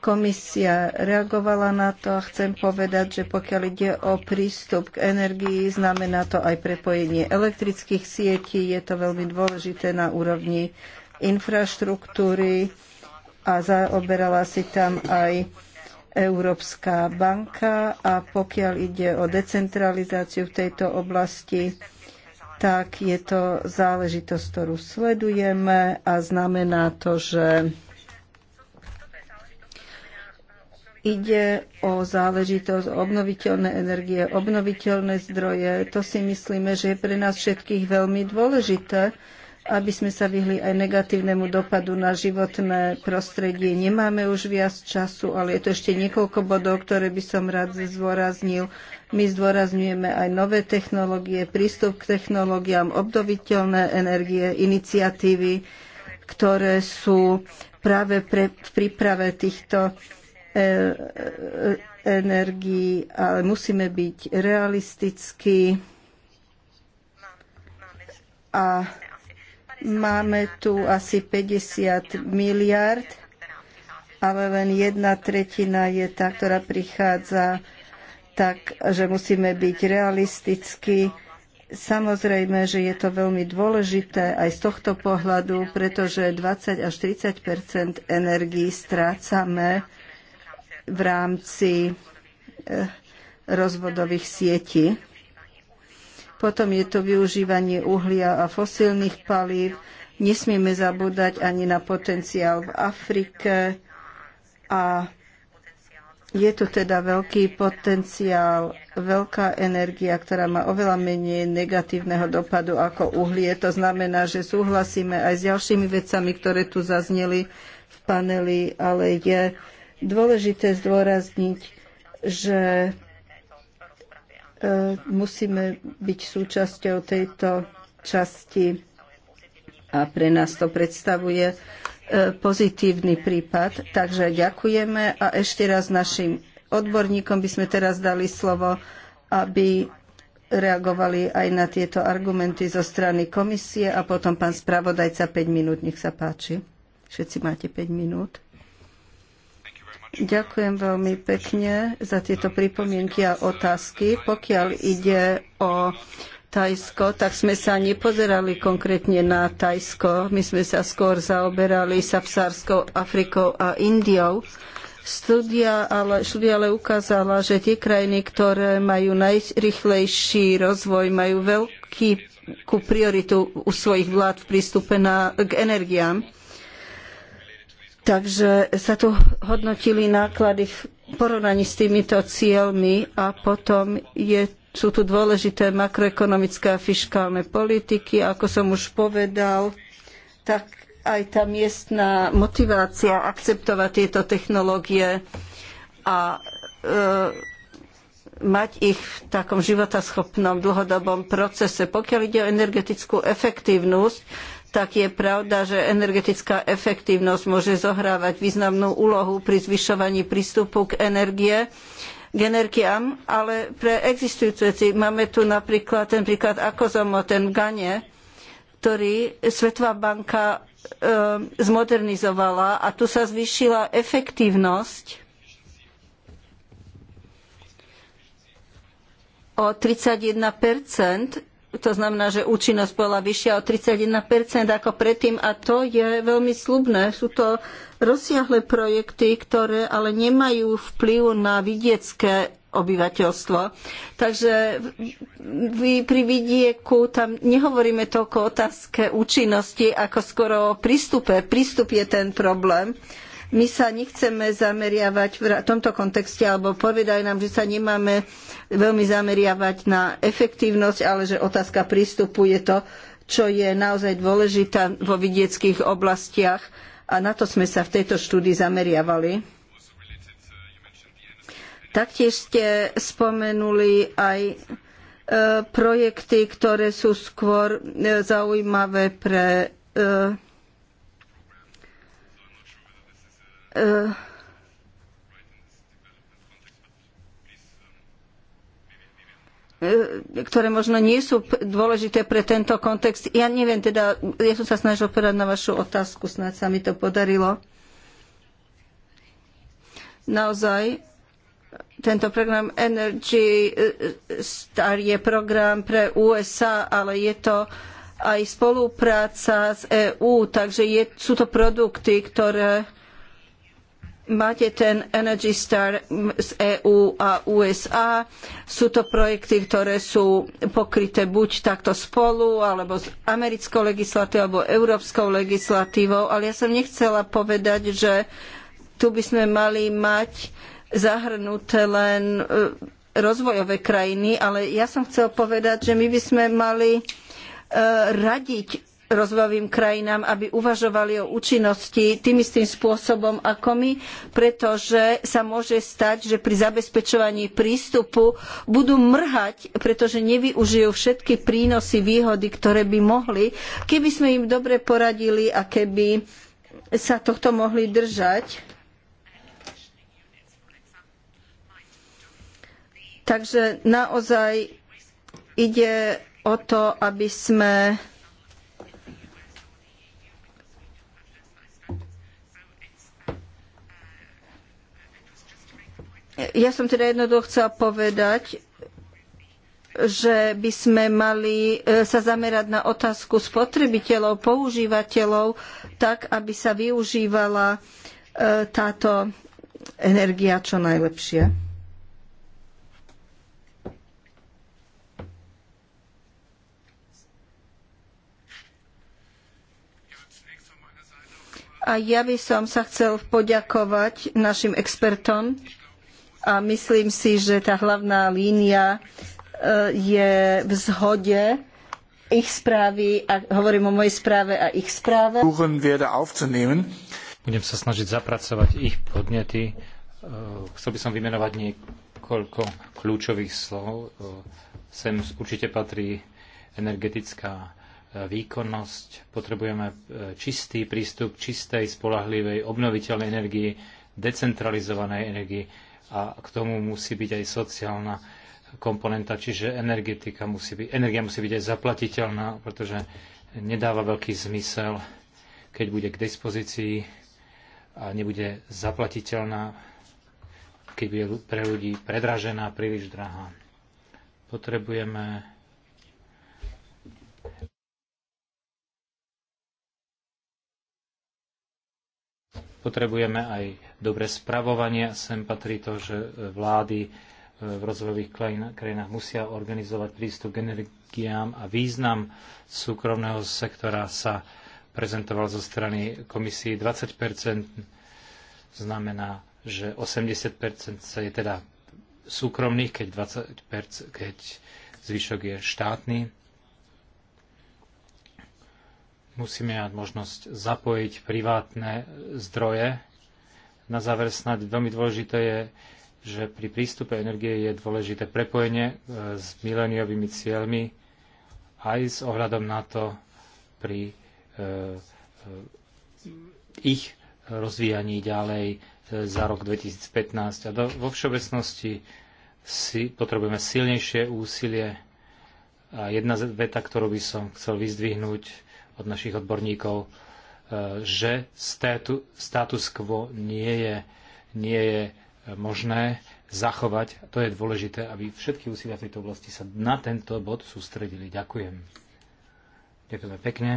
Komisia reagovala na to a chcem povedať, že pokiaľ ide o prístup k energii, znamená to aj prepojenie elektrických sietí. Je to veľmi dôležité na úrovni infraštruktúry a zaoberala si tam aj Európska banka a pokiaľ ide o decentralizáciu v tejto oblasti, tak je to záležitosť, ktorú sledujeme a znamená to, že Ide o záležitosť obnoviteľné energie, obnoviteľné zdroje. To si myslíme, že je pre nás všetkých veľmi dôležité, aby sme sa vyhli aj negatívnemu dopadu na životné prostredie. Nemáme už viac času, ale je to ešte niekoľko bodov, ktoré by som rád zdôraznil. My zdôrazňujeme aj nové technológie, prístup k technológiám, obnoviteľné energie, iniciatívy, ktoré sú práve pre, v príprave týchto E, e, energií, ale musíme byť realistickí a máme tu asi 50 miliard, ale len jedna tretina je tá, ktorá prichádza tak, že musíme byť realistickí. Samozrejme, že je to veľmi dôležité aj z tohto pohľadu, pretože 20 až 30 energií strácame v rámci e, rozvodových sietí. Potom je to využívanie uhlia a fosílnych palív. Nesmieme zabúdať ani na potenciál v Afrike a je tu teda veľký potenciál, veľká energia, ktorá má oveľa menej negatívneho dopadu ako uhlie. To znamená, že súhlasíme aj s ďalšími vecami, ktoré tu zazneli v paneli, ale je dôležité zdôrazniť, že e, musíme byť súčasťou tejto časti a pre nás to predstavuje e, pozitívny prípad. Takže ďakujeme a ešte raz našim odborníkom by sme teraz dali slovo, aby reagovali aj na tieto argumenty zo strany komisie a potom pán spravodajca 5 minút, nech sa páči. Všetci máte 5 minút. Ďakujem veľmi pekne za tieto pripomienky a otázky. Pokiaľ ide o Tajsko, tak sme sa nepozerali konkrétne na Tajsko. My sme sa skôr zaoberali Sapsárskou Afrikou a Indiou. Studia ale, štúdia ale ukázala, že tie krajiny, ktoré majú najrychlejší rozvoj, majú veľkú prioritu u svojich vlád v prístupe na, k energiám Takže sa tu hodnotili náklady v porovnaní s týmito cieľmi a potom je, sú tu dôležité makroekonomické a fiškálne politiky. Ako som už povedal, tak aj tá miestna motivácia akceptovať tieto technológie a e, mať ich v takom životaschopnom dlhodobom procese. Pokiaľ ide o energetickú efektívnosť, tak je pravda, že energetická efektívnosť môže zohrávať významnú úlohu pri zvyšovaní prístupu k energie k energiám, ale pre existujúce veci máme tu napríklad ten príklad Akozomo, ten v Gane, ktorý Svetová banka e, zmodernizovala a tu sa zvýšila efektívnosť o 31 to znamená, že účinnosť bola vyššia o 31% ako predtým a to je veľmi slubné. Sú to rozsiahle projekty, ktoré ale nemajú vplyv na vidiecké obyvateľstvo. Takže vy pri vidieku tam nehovoríme toľko o otázke účinnosti, ako skoro o prístupe. Prístup je ten problém. My sa nechceme zameriavať v tomto kontexte, alebo povedali nám, že sa nemáme veľmi zameriavať na efektívnosť, ale že otázka prístupu je to, čo je naozaj dôležitá vo vidieckých oblastiach a na to sme sa v tejto štúdii zameriavali. Taktiež ste spomenuli aj e, projekty, ktoré sú skôr e, zaujímavé pre e, E, e, ktoré možno nie sú dôležité pre tento kontext. Ja neviem, teda, ja som sa snažil povedať na vašu otázku, snáď sa mi to podarilo. Naozaj, tento program Energy e, Star je program pre USA, ale je to aj spolupráca s EÚ, takže je, sú to produkty, ktoré máte ten Energy Star z EÚ a USA. Sú to projekty, ktoré sú pokryté buď takto spolu, alebo s americkou legislatívou, alebo európskou legislatívou. Ale ja som nechcela povedať, že tu by sme mali mať zahrnuté len e, rozvojové krajiny, ale ja som chcela povedať, že my by sme mali e, radiť rozvojovým krajinám, aby uvažovali o účinnosti tým istým spôsobom ako my, pretože sa môže stať, že pri zabezpečovaní prístupu budú mrhať, pretože nevyužijú všetky prínosy, výhody, ktoré by mohli, keby sme im dobre poradili a keby sa tohto mohli držať. Takže naozaj ide o to, aby sme Ja som teda jednoducho chcela povedať, že by sme mali e, sa zamerať na otázku spotrebiteľov, používateľov, tak, aby sa využívala e, táto energia čo najlepšie. A ja by som sa chcel poďakovať našim expertom a myslím si, že tá hlavná línia e, je v zhode ich správy, a hovorím o mojej správe a ich správe. Budem sa snažiť zapracovať ich podnety. E, chcel by som vymenovať niekoľko kľúčových slov. E, sem určite patrí energetická výkonnosť, potrebujeme čistý prístup k čistej, spolahlivej, obnoviteľnej energii, decentralizovanej energii a k tomu musí byť aj sociálna komponenta, čiže energetika musí byť, energia musí byť aj zaplatiteľná, pretože nedáva veľký zmysel, keď bude k dispozícii a nebude zaplatiteľná, keď bude pre ľudí predražená, príliš drahá. Potrebujeme potrebujeme aj dobré spravovanie. Sem patrí to, že e, vlády e, v rozvojových krajinách musia organizovať prístup k energiám a význam súkromného sektora sa prezentoval zo strany komisie 20 znamená, že 80 sa je teda súkromných, keď, 20 keď zvyšok je štátny. Musíme mať možnosť zapojiť privátne zdroje na záver snáď veľmi dôležité je, že pri prístupe energie je dôležité prepojenie e, s mileniovými cieľmi aj s ohľadom na to pri e, e, ich rozvíjaní ďalej za rok 2015. A do, vo všeobecnosti si potrebujeme silnejšie úsilie. A jedna veta, ktorú by som chcel vyzdvihnúť od našich odborníkov, že status quo nie je, nie je e, možné zachovať. To je dôležité, aby všetky úsilia v tejto oblasti sa na tento bod sústredili. Ďakujem. Ďakujem pekne.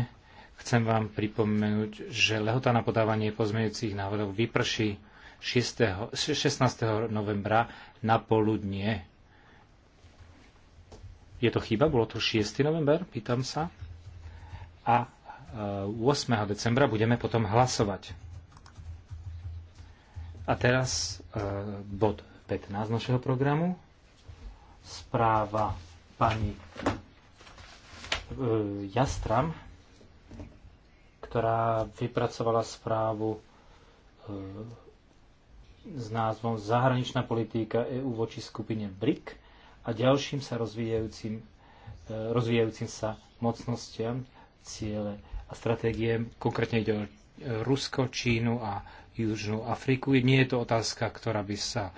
Chcem vám pripomenúť, že lehota na podávanie pozmeňujúcich návrhov vyprší 6. 16. novembra na poludnie. Je to chyba? Bolo to 6. november? Pýtam sa. A 8. E, decembra budeme potom hlasovať. A teraz e, bod 15 našeho programu. Správa pani e, Jastram, ktorá vypracovala správu s názvom Zahraničná politika EU voči skupine BRIC a ďalším sa rozvíjajúcim, rozvíjajúcim sa mocnostiam ciele stratégie. Konkrétne ide o e, Rusko, Čínu a Južnú Afriku. Nie je to otázka, ktorá by sa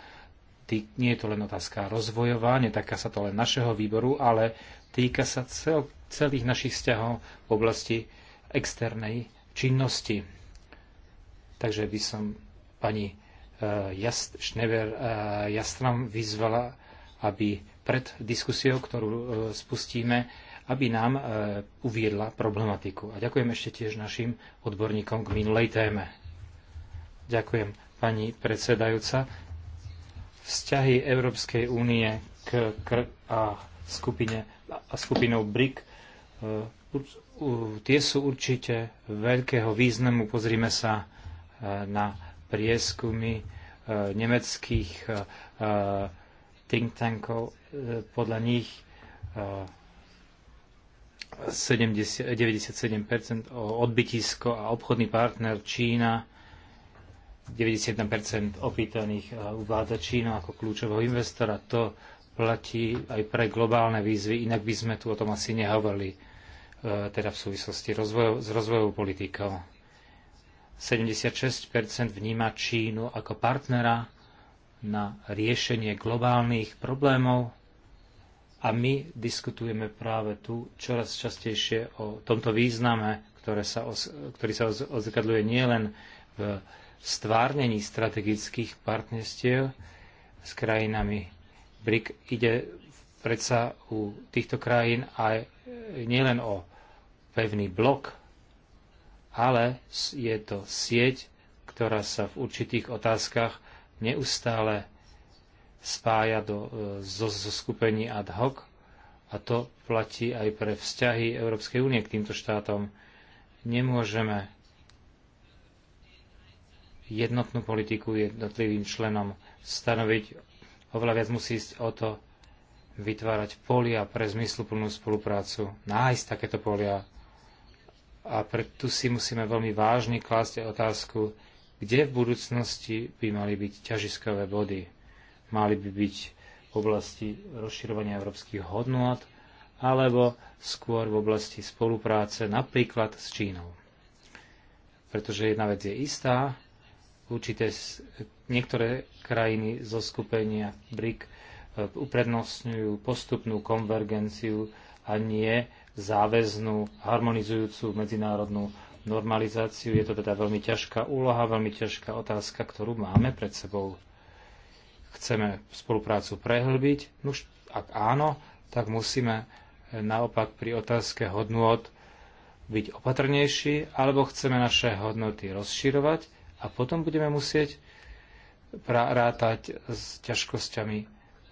nie je to len otázka rozvojová, taká sa to len našeho výboru, ale týka sa cel, celých našich vzťahov v oblasti externej činnosti. Takže by som pani uh, Jast, Šnever uh, Jastram vyzvala, aby pred diskusiou, ktorú spustíme, aby nám e, uviedla problematiku. A ďakujem ešte tiež našim odborníkom k minulej téme. Ďakujem, pani predsedajúca. Vzťahy Európskej únie k, k a, skupine, a skupinou BRIC e, tie sú určite veľkého významu. Pozrime sa e, na prieskumy nemeckých think tankov. Podľa nich 97% odbytisko a obchodný partner Čína 91% opýtaných uvádza e, Čínu ako kľúčového investora. To platí aj pre globálne výzvy, inak by sme tu o tom asi nehovorili, e, teda v súvislosti rozvoj, s rozvojovou politikou. 76% vníma Čínu ako partnera na riešenie globálnych problémov a my diskutujeme práve tu čoraz častejšie o tomto význame, ktoré sa os- ktorý sa oz- odzrkadľuje nielen v stvárnení strategických partnerstiev s krajinami BRIC. Ide predsa u týchto krajín aj nielen o pevný blok, ale je to sieť, ktorá sa v určitých otázkach neustále spája do, e, zo, zo skupení ad hoc a to platí aj pre vzťahy Európskej únie k týmto štátom. Nemôžeme jednotnú politiku jednotlivým členom stanoviť. Oveľa viac musí ísť o to vytvárať polia pre zmysluplnú spoluprácu, nájsť takéto polia. A pre, tu si musíme veľmi vážne klásť otázku, kde v budúcnosti by mali byť ťažiskové body mali by byť v oblasti rozširovania európskych hodnôt alebo skôr v oblasti spolupráce napríklad s Čínou. Pretože jedna vec je istá, určite niektoré krajiny zo skupenia BRIC e, uprednostňujú postupnú konvergenciu a nie záväznú, harmonizujúcu medzinárodnú normalizáciu. Je to teda veľmi ťažká úloha, veľmi ťažká otázka, ktorú máme pred sebou chceme spoluprácu prehlbiť? Nuž, ak áno, tak musíme e, naopak pri otázke hodnôt byť opatrnejší, alebo chceme naše hodnoty rozširovať a potom budeme musieť rátať s ťažkosťami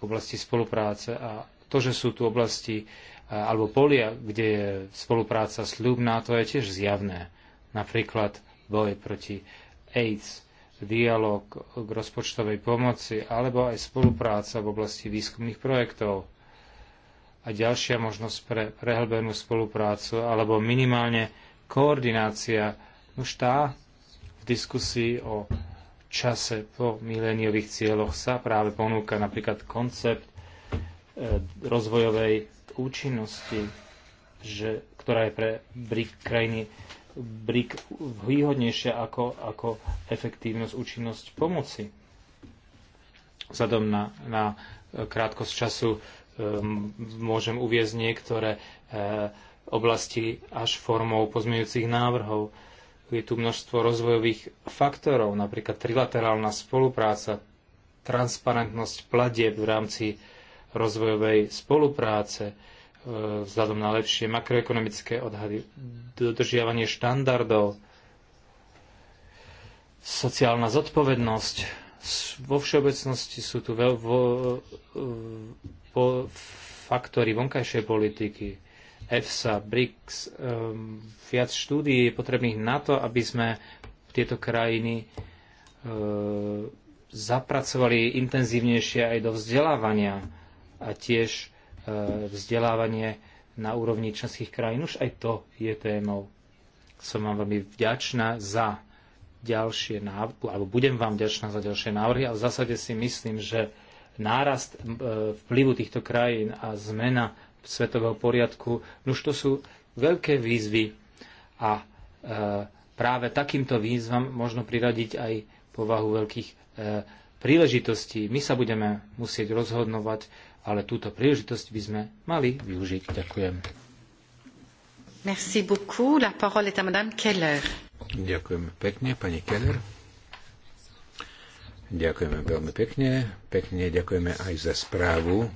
v oblasti spolupráce a to, že sú tu oblasti e, alebo polia, kde je spolupráca sľubná, to je tiež zjavné. Napríklad boj proti AIDS, dialog k rozpočtovej pomoci alebo aj spolupráca v oblasti výskumných projektov a ďalšia možnosť pre prehlbenú spoluprácu alebo minimálne koordinácia už tá v diskusii o čase po miléniových cieľoch sa práve ponúka napríklad koncept e, rozvojovej účinnosti, že, ktorá je pre BRIC krajiny brik výhodnejšia ako, ako efektívnosť, účinnosť pomoci. Vzhľadom na, na krátkosť času eh, môžem uviezť niektoré eh, oblasti až formou pozmeňujúcich návrhov. Je tu množstvo rozvojových faktorov, napríklad trilaterálna spolupráca, transparentnosť platieb v rámci rozvojovej spolupráce, E, vzhľadom na lepšie makroekonomické odhady, dodržiavanie štandardov, sociálna zodpovednosť. Vo všeobecnosti sú tu veľ, vo, vo, e, faktory vonkajšej politiky, EFSA, BRICS, um, viac štúdií je potrebných na to, aby sme tieto krajiny uh, zapracovali intenzívnejšie aj do vzdelávania a tiež E, vzdelávanie na úrovni členských krajín. Už aj to je témou. Som vám veľmi vďačná za ďalšie návrhy, alebo budem vám vďačná za ďalšie návrhy, ale v zásade si myslím, že nárast e, vplyvu týchto krajín a zmena svetového poriadku, no už to sú veľké výzvy a e, práve takýmto výzvam možno priradiť aj povahu veľkých príležitostí. My sa budeme musieť rozhodnovať, ale túto príležitosť by sme mali využiť. Ďakujem. Merci beaucoup. La parole est à Madame Keller. Ďakujem pekne, pani Keller. Ďakujeme veľmi pekne. Pekne ďakujeme aj za správu.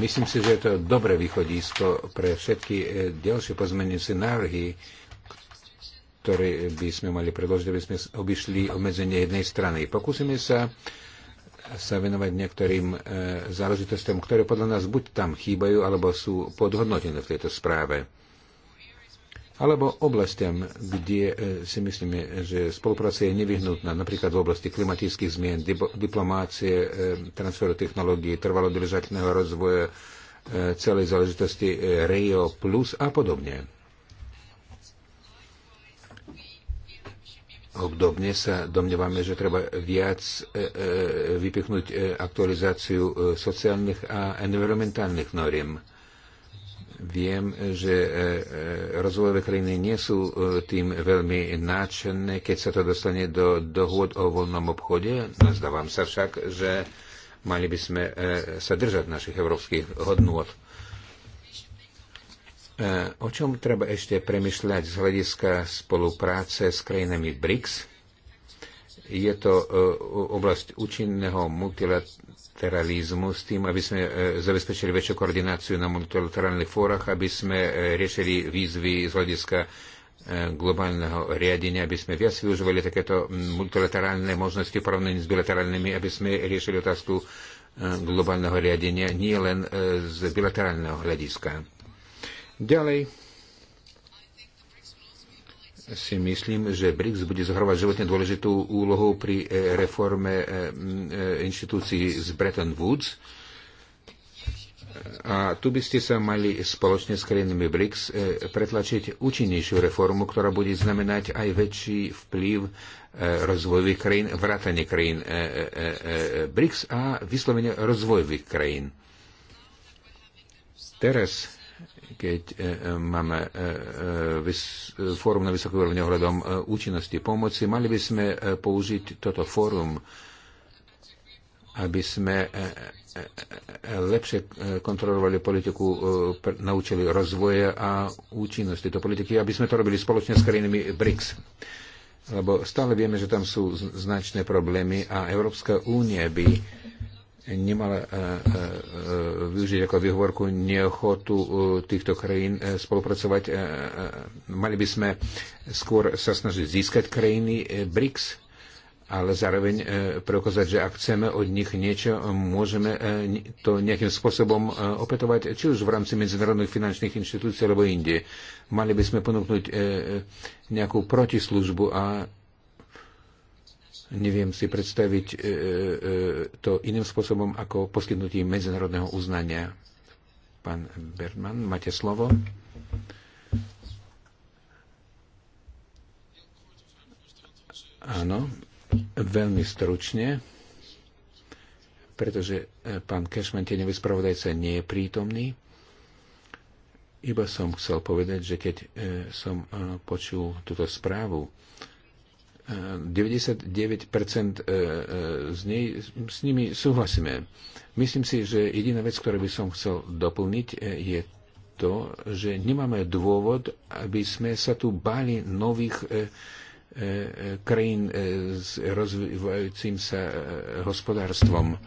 Myslím si, že je to dobré východisko pre všetky e, ďalšie pozmenujúce návrhy, ktoré by sme mali predložiť, aby sme obišli obmedzenie jednej strany. Pokúsime sa sa venovať niektorým e, záležitostiam, ktoré podľa nás buď tam chýbajú, alebo sú podhodnotené v tejto správe. Alebo oblastiam, kde e, si myslíme, že spolupráca je nevyhnutná, napríklad v oblasti klimatických zmien, dip- diplomácie, e, transferu technológií, trvalodržateľného rozvoja, e, celej záležitosti e, Rio Plus a podobne. Obdobne sa domnievame, že treba viac e, e, vypichnúť e, aktualizáciu sociálnych a environmentálnych noriem. Viem, že rozvojové krajiny nie sú tým veľmi náčené, keď sa to dostane do dohôd o voľnom obchode. Zdávam sa však, že mali by sme sa držať našich európskych hodnôt. E, o čom treba ešte premyšľať z hľadiska spolupráce s krajinami BRICS? Je to e, oblasť účinného multilateralizmu s tým, aby sme e, zabezpečili väčšiu koordináciu na multilaterálnych fórach, aby sme riešili výzvy z hľadiska globálneho riadenia, aby sme viac využívali takéto multilaterálne možnosti v porovnaní s bilaterálnymi, aby sme riešili otázku globálneho riadenia nie len z bilaterálneho hľadiska Ďalej si myslím, že BRICS bude zohrávať životne dôležitú úlohu pri eh, reforme eh, eh, inštitúcií z Bretton Woods. A tu by ste sa mali spoločne s krajinami BRICS pretlačiť účinnejšiu reformu, ktorá bude znamenať aj väčší vplyv rozvojových krajín, vrátanie krajín BRICS a vyslovene rozvojových krajín. Teraz keď e, e, máme e, fórum na vysokej úrovni ohľadom účinnosti pomoci, mali by sme použiť toto fórum, aby sme lepšie kontrolovali politiku, naučili rozvoje a účinnosť tejto politiky, aby sme to robili spoločne s krajinami BRICS. Lebo stále vieme, že tam sú značné problémy a Európska únia by nemala e, e, e, využiť ako výhovorku neochotu týchto krajín spolupracovať. Mali by sme skôr sa snažiť získať krajiny BRICS, ale zároveň preukázať, že ak chceme od nich niečo, môžeme to nejakým spôsobom opetovať, či už v rámci medzinárodných finančných inštitúcií alebo inde. Mali by sme ponúknuť nejakú protislužbu a Neviem si predstaviť e, e, to iným spôsobom ako poskytnutím medzinárodného uznania. Pán Bergman, máte slovo. Áno, veľmi stručne, pretože e, pán Kešman, tenevý spravodajca, nie je prítomný. Iba som chcel povedať, že keď som počul túto správu, 99% e, e, z nej, s nimi súhlasíme. Myslím si, že jediná vec, ktorú by som chcel doplniť, e, je to, že nemáme dôvod, aby sme sa tu báli nových krajín s rozvíjajúcim sa hospodárstvom.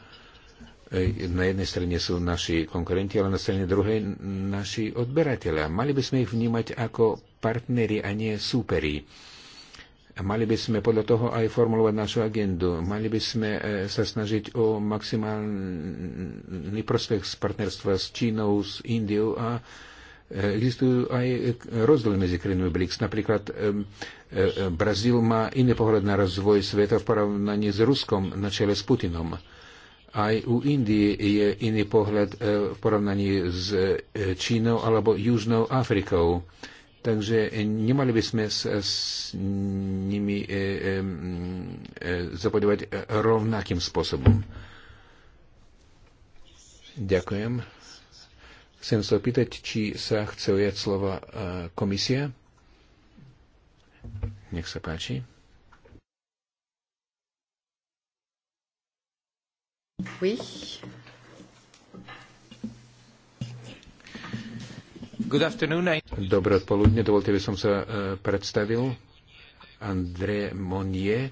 Na jednej strane sú naši konkurenti, ale na strane druhej naši odberatelia. Mali by sme ich vnímať ako partneri a nie súperi a Mali by sme podľa toho aj formulovať našu agendu. Mali by sme e, sa snažiť o maximálny prospech z partnerstva s Čínou, s Indiou a e, existujú aj rozdiely medzi krajinami BRICS. Napríklad e, Brazíl má iný pohľad na rozvoj sveta v porovnaní s Ruskom na čele s Putinom. Aj u Indie je iný pohľad v porovnaní s Čínou alebo Južnou Afrikou. Takže e, nemali by sme s, s nimi e, e, e, zapodovať e, rovnakým spôsobom. Ďakujem. Chcem sa opýtať, či sa chce ujať slova e, komisia. Nech sa páči. Oui. Dobré odpoludne, dovolte by som sa e, predstavil. André Monnier.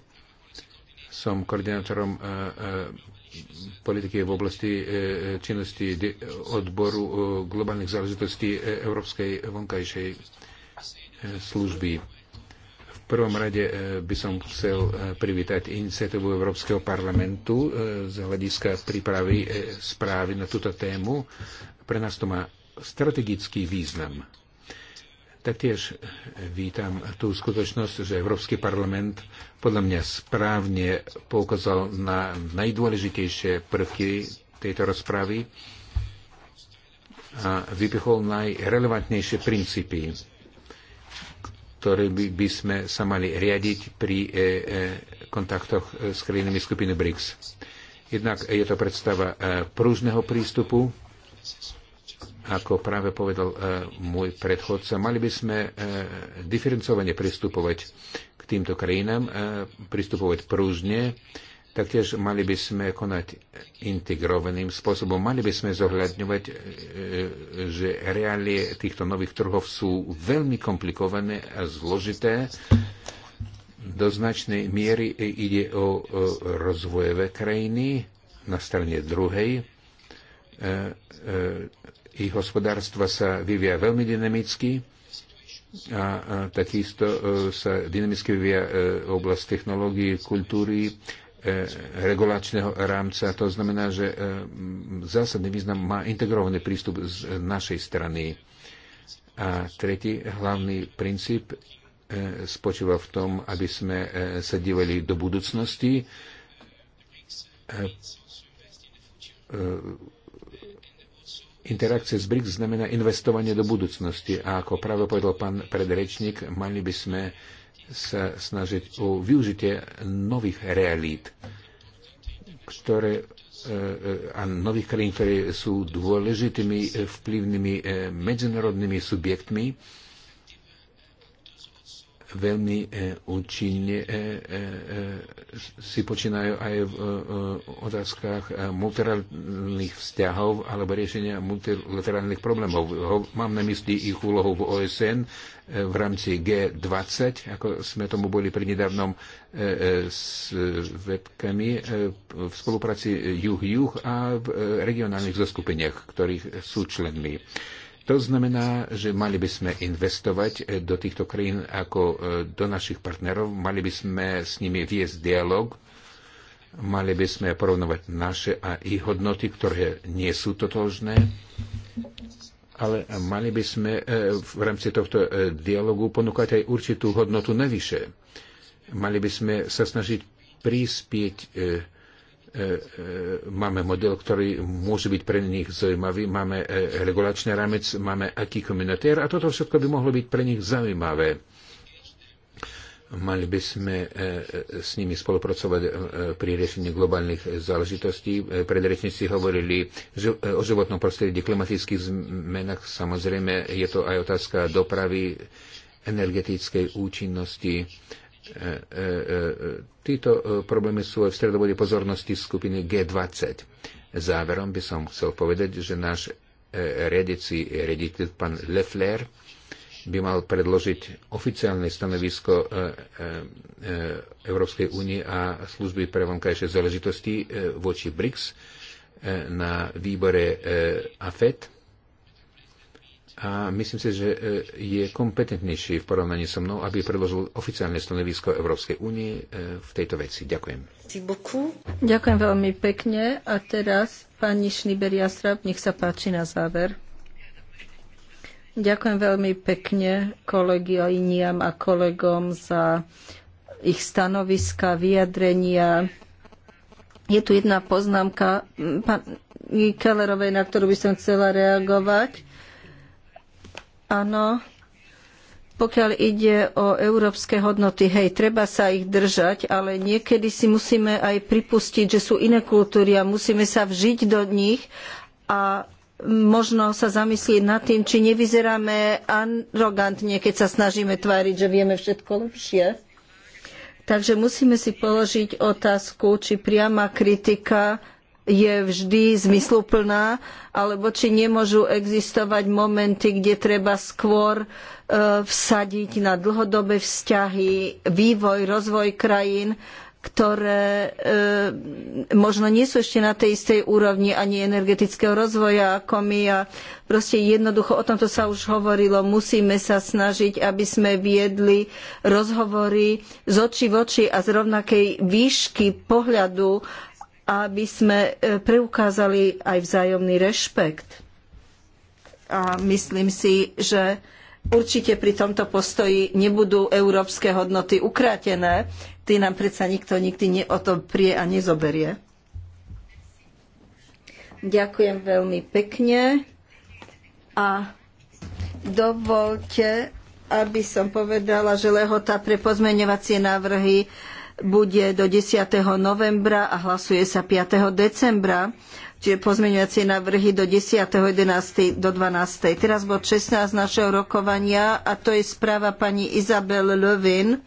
som koordinátorom e, e, politiky v oblasti činnosti odboru globálnych záležitostí Európskej vonkajšej služby. V prvom rade by som chcel privítať iniciatívu Európskeho parlamentu z hľadiska prípravy správy na túto tému. Pre nás to má strategický význam. Taktiež vítam tú skutočnosť, že Európsky parlament podľa mňa správne poukázal na najdôležitejšie prvky tejto rozpravy a vypichol najrelevantnejšie princípy, ktoré by, by sme sa mali riadiť pri e, e, kontaktoch s krajinami skupiny BRICS. Jednak je to predstava e, prúžneho prístupu, ako práve povedal e, môj predchodca, mali by sme e, diferencovane pristupovať k týmto krajinám, e, pristupovať prúžne, taktiež mali by sme konať integrovaným spôsobom. Mali by sme zohľadňovať, že reálie týchto nových trhov sú veľmi komplikované a zložité do značnej miery ide o rozvojové krajiny na strane druhej. Ich hospodárstva sa vyvia veľmi dynamicky a, a takisto e, sa dynamicky vyvia e, oblasť technológií, kultúry, e, regulačného rámca. To znamená, že e, zásadný význam má integrovaný prístup z e, našej strany. A tretí hlavný princíp e, spočíva v tom, aby sme e, sa dívali do budúcnosti, E, e, Interakcia s BRICS znamená investovanie do budúcnosti a ako práve povedal pán predrečník, mali by sme sa snažiť o využitie nových realít, ktoré e, e, a nových krajín, ktoré sú dôležitými e, vplyvnými medzinárodnými subjektmi, veľmi e, účinne e, e, si počínajú aj v otázkach multilaterálnych vzťahov alebo riešenia multilaterálnych problémov. Mám na mysli ich úlohu v OSN v rámci G20, ako sme tomu boli pri nedávnom s webkami v spolupráci juh-juh a v regionálnych zoskupeniach, ktorých sú členmi. To znamená, že mali by sme investovať eh, do týchto krajín ako eh, do našich partnerov, mali by sme s nimi viesť dialog, mali by sme porovnovať naše a ich hodnoty, ktoré nie sú totožné, ale mali by sme eh, v rámci tohto dialogu ponúkať aj určitú hodnotu navyše. Mali by sme sa snažiť prispieť E, e, máme model, ktorý môže byť pre nich zaujímavý, máme e, regulačný rámec, máme aký kombinatér a toto všetko by mohlo byť pre nich zaujímavé. Mali by sme s nimi spolupracovať pri riešení globálnych záležitostí. Predrečníci hovorili o životnom prostredí, klimatických zmenách. Samozrejme, je to aj otázka dopravy, energetickej účinnosti E, e, e, títo problémy sú aj v stredobode pozornosti skupiny G20. Záverom by som chcel povedať, že náš riadici riaditeľ pán Lefler by mal predložiť oficiálne stanovisko Európskej únie a služby pre vonkajšie záležitosti voči BRICS na výbore AFET a myslím si, že e, je kompetentnejší v porovnaní so mnou, aby predložil oficiálne stanovisko Európskej únie e, v tejto veci. Ďakujem. Ďakujem veľmi pekne. A teraz pani Šniber Šniberiastrab, nech sa páči na záver. Ďakujem veľmi pekne Iniam a kolegom za ich stanoviska, vyjadrenia. Je tu jedna poznámka pani Kellerovej, na ktorú by som chcela reagovať Áno, pokiaľ ide o európske hodnoty, hej, treba sa ich držať, ale niekedy si musíme aj pripustiť, že sú iné kultúry a musíme sa vžiť do nich a možno sa zamyslieť nad tým, či nevyzeráme arogantne, keď sa snažíme tváriť, že vieme všetko lepšie. Takže musíme si položiť otázku, či priama kritika je vždy zmysluplná, alebo či nemôžu existovať momenty, kde treba skôr e, vsadiť na dlhodobé vzťahy, vývoj, rozvoj krajín, ktoré e, možno nie sú ešte na tej istej úrovni ani energetického rozvoja ako my a proste jednoducho o tomto sa už hovorilo, musíme sa snažiť, aby sme viedli rozhovory z očí v oči a z rovnakej výšky pohľadu aby sme e, preukázali aj vzájomný rešpekt. A myslím si, že určite pri tomto postoji nebudú európske hodnoty ukrátené. Ty nám predsa nikto nikdy ne o to prie a nezoberie. Ďakujem veľmi pekne a dovolte, aby som povedala, že lehota pre pozmeňovacie návrhy bude do 10. novembra a hlasuje sa 5. decembra. Čiže pozmeňovacie návrhy do 10. 11. do 12. Teraz bod 16 našeho rokovania a to je správa pani Izabel Lövin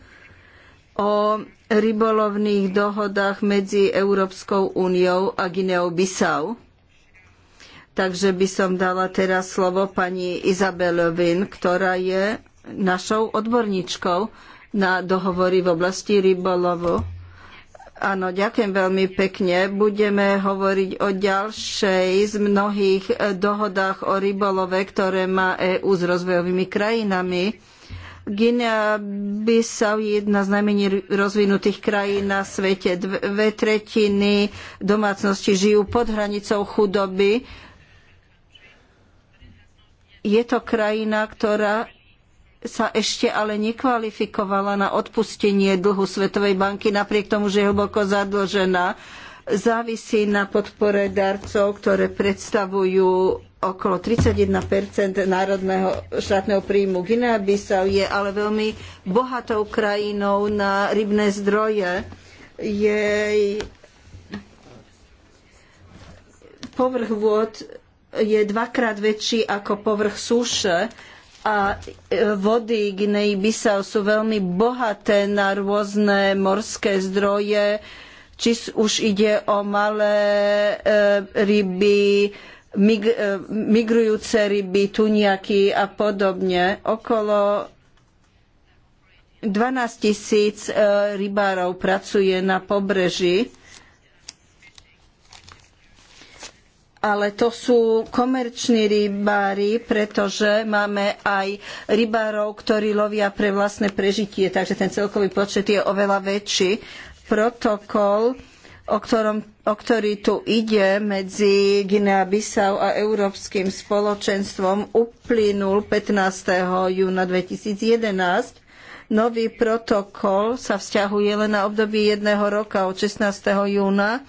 o rybolovných dohodách medzi Európskou úniou a Gineou Bissau. Takže by som dala teraz slovo pani Izabel Lövin, ktorá je našou odborníčkou na dohovory v oblasti rybolovu. Áno, ďakujem veľmi pekne. Budeme hovoriť o ďalšej z mnohých dohodách o rybolove, ktoré má EÚ s rozvojovými krajinami. Guinea by je jedna z najmenej rozvinutých krajín na svete. Dve tretiny domácnosti žijú pod hranicou chudoby. Je to krajina, ktorá sa ešte ale nekvalifikovala na odpustenie dlhu Svetovej banky, napriek tomu, že je hlboko zadlžená. Závisí na podpore darcov, ktoré predstavujú okolo 31 národného štátneho príjmu. Guinea-Bissau je ale veľmi bohatou krajinou na rybné zdroje. Jej povrch vôd je dvakrát väčší ako povrch súše a e, vody Gineji Bissau sú veľmi bohaté na rôzne morské zdroje, či už ide o malé e, ryby, e, migrujúce ryby, tuniaky a podobne. Okolo 12 tisíc rybárov pracuje na pobreží ale to sú komerční rybári, pretože máme aj rybárov, ktorí lovia pre vlastné prežitie, takže ten celkový počet je oveľa väčší. Protokol, o, ktorom, o ktorý tu ide medzi Guinea-Bissau a Európskym spoločenstvom, uplynul 15. júna 2011 Nový protokol sa vzťahuje len na obdobie jedného roka od 16. júna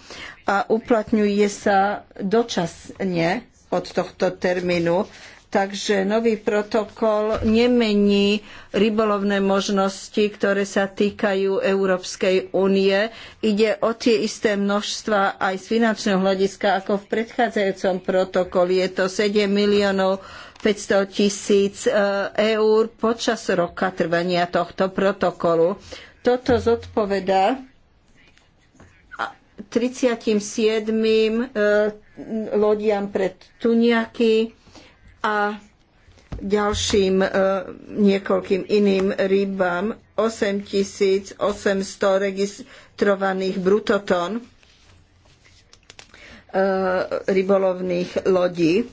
a uplatňuje sa dočasne od tohto termínu. Takže nový protokol nemení rybolovné možnosti, ktoré sa týkajú Európskej únie. Ide o tie isté množstva aj z finančného hľadiska ako v predchádzajúcom protokole. Je to 7 miliónov 500 tisíc e, eur počas roka trvania tohto protokolu. Toto zodpovedá 37. E, lodiam pred tuniaky a ďalším e, niekoľkým iným rybám 8800 registrovaných brutotón e, rybolovných lodí.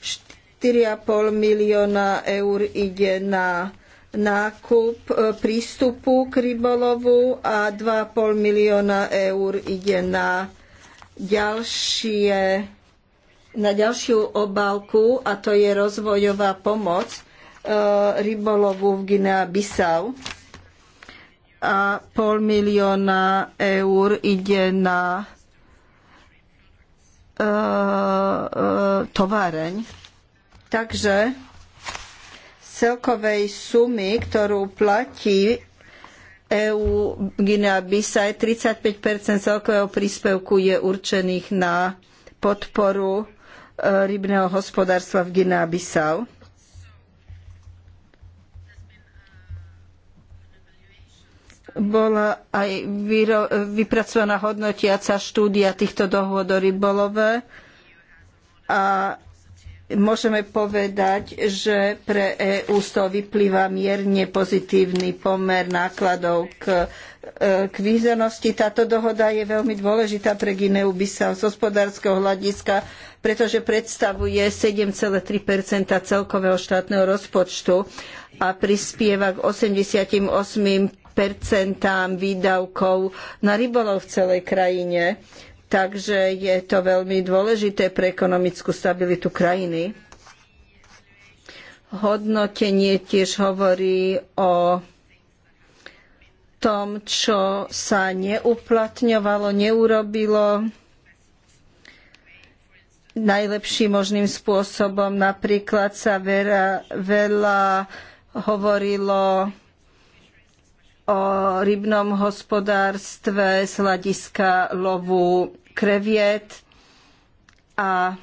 4,5 milióna eur ide na nákup e, prístupu k rybolovu a 2,5 milióna eur ide na, ďalšie, na ďalšiu obálku a to je rozvojová pomoc e, rybolovu v Guinea Bissau a pol milióna eur ide na e, e továreň. Takže celkovej sumy, ktorú platí EU Guinea Bissau 35 celkového príspevku je určených na podporu e, rybného hospodárstva v Guinea Bissau. Bola aj vypracovaná hodnotiaca štúdia týchto dohôd o rybolove a môžeme povedať, že pre EÚ z toho vyplýva mierne pozitívny pomer nákladov k, e, k výzornosti. Táto dohoda je veľmi dôležitá pre Gineu Bissau z hospodárskeho hľadiska, pretože predstavuje 7,3 celkového štátneho rozpočtu a prispieva k 88 výdavkov na rybolov v celej krajine. Takže je to veľmi dôležité pre ekonomickú stabilitu krajiny. Hodnotenie tiež hovorí o tom, čo sa neuplatňovalo, neurobilo najlepším možným spôsobom. Napríklad sa vera, veľa hovorilo o rybnom hospodárstve z hľadiska lovu kreviet a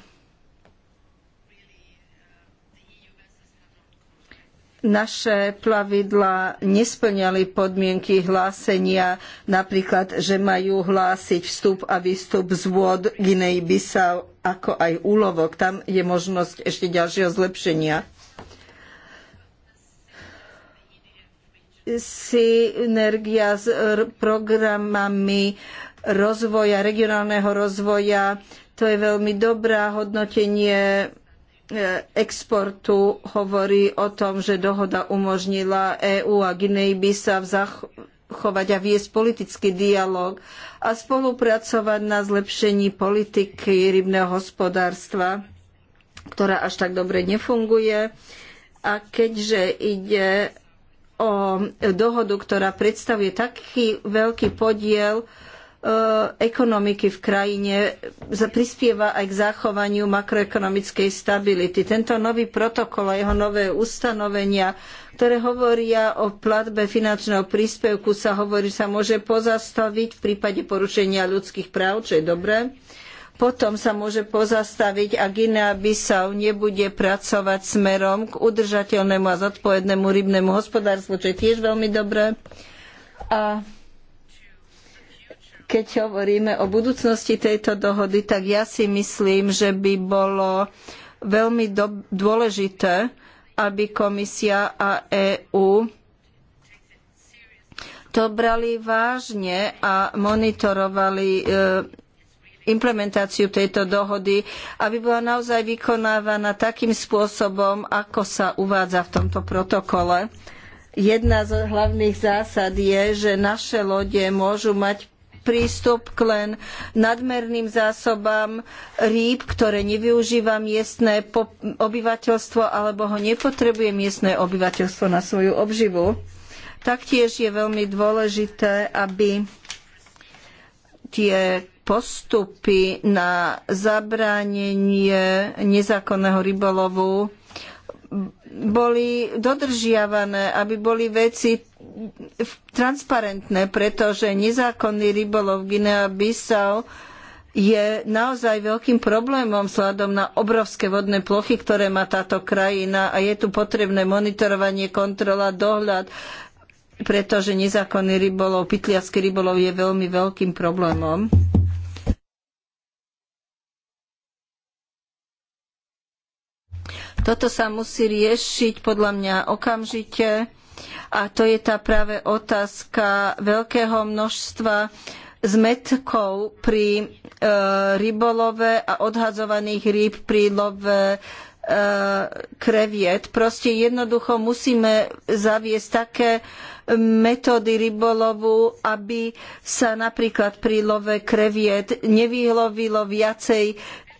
naše plavidla nesplňali podmienky hlásenia, napríklad, že majú hlásiť vstup a výstup z vôd Ginej Bissau, ako aj úlovok. Tam je možnosť ešte ďalšieho zlepšenia. Synergia s programami rozvoja, regionálneho rozvoja. To je veľmi dobrá hodnotenie e, exportu hovorí o tom, že dohoda umožnila EÚ a Guinea by sa zachovať a viesť politický dialog a spolupracovať na zlepšení politiky rybného hospodárstva, ktorá až tak dobre nefunguje. A keďže ide o dohodu, ktorá predstavuje taký veľký podiel E, ekonomiky v krajine prispieva aj k zachovaniu makroekonomickej stability. Tento nový protokol a jeho nové ustanovenia, ktoré hovoria o platbe finančného príspevku, sa hovorí, sa môže pozastaviť v prípade porušenia ľudských práv, čo je dobré. Potom sa môže pozastaviť, ak Guinea Bissau nebude pracovať smerom k udržateľnému a zodpovednému rybnému hospodárstvu, čo je tiež veľmi dobré. A keď hovoríme o budúcnosti tejto dohody, tak ja si myslím, že by bolo veľmi dôležité, aby komisia a EÚ to brali vážne a monitorovali e, implementáciu tejto dohody, aby bola naozaj vykonávaná takým spôsobom, ako sa uvádza v tomto protokole. Jedna z hlavných zásad je, že naše lode môžu mať prístup k len nadmerným zásobám rýb, ktoré nevyužíva miestne obyvateľstvo alebo ho nepotrebuje miestne obyvateľstvo na svoju obživu. Taktiež je veľmi dôležité, aby tie postupy na zabránenie nezákonného rybolovu boli dodržiavané, aby boli veci transparentné, pretože nezákonný rybolov Guinea-Bissau je naozaj veľkým problémom vzhľadom na obrovské vodné plochy, ktoré má táto krajina a je tu potrebné monitorovanie, kontrola, dohľad, pretože nezákonný rybolov, pytliacký rybolov je veľmi veľkým problémom. Toto sa musí riešiť podľa mňa okamžite a to je tá práve otázka veľkého množstva zmetkov pri e, rybolove a odhadzovaných rýb pri love e, kreviet. Proste jednoducho musíme zaviesť také metódy rybolovu, aby sa napríklad pri love kreviet nevyhlovilo viacej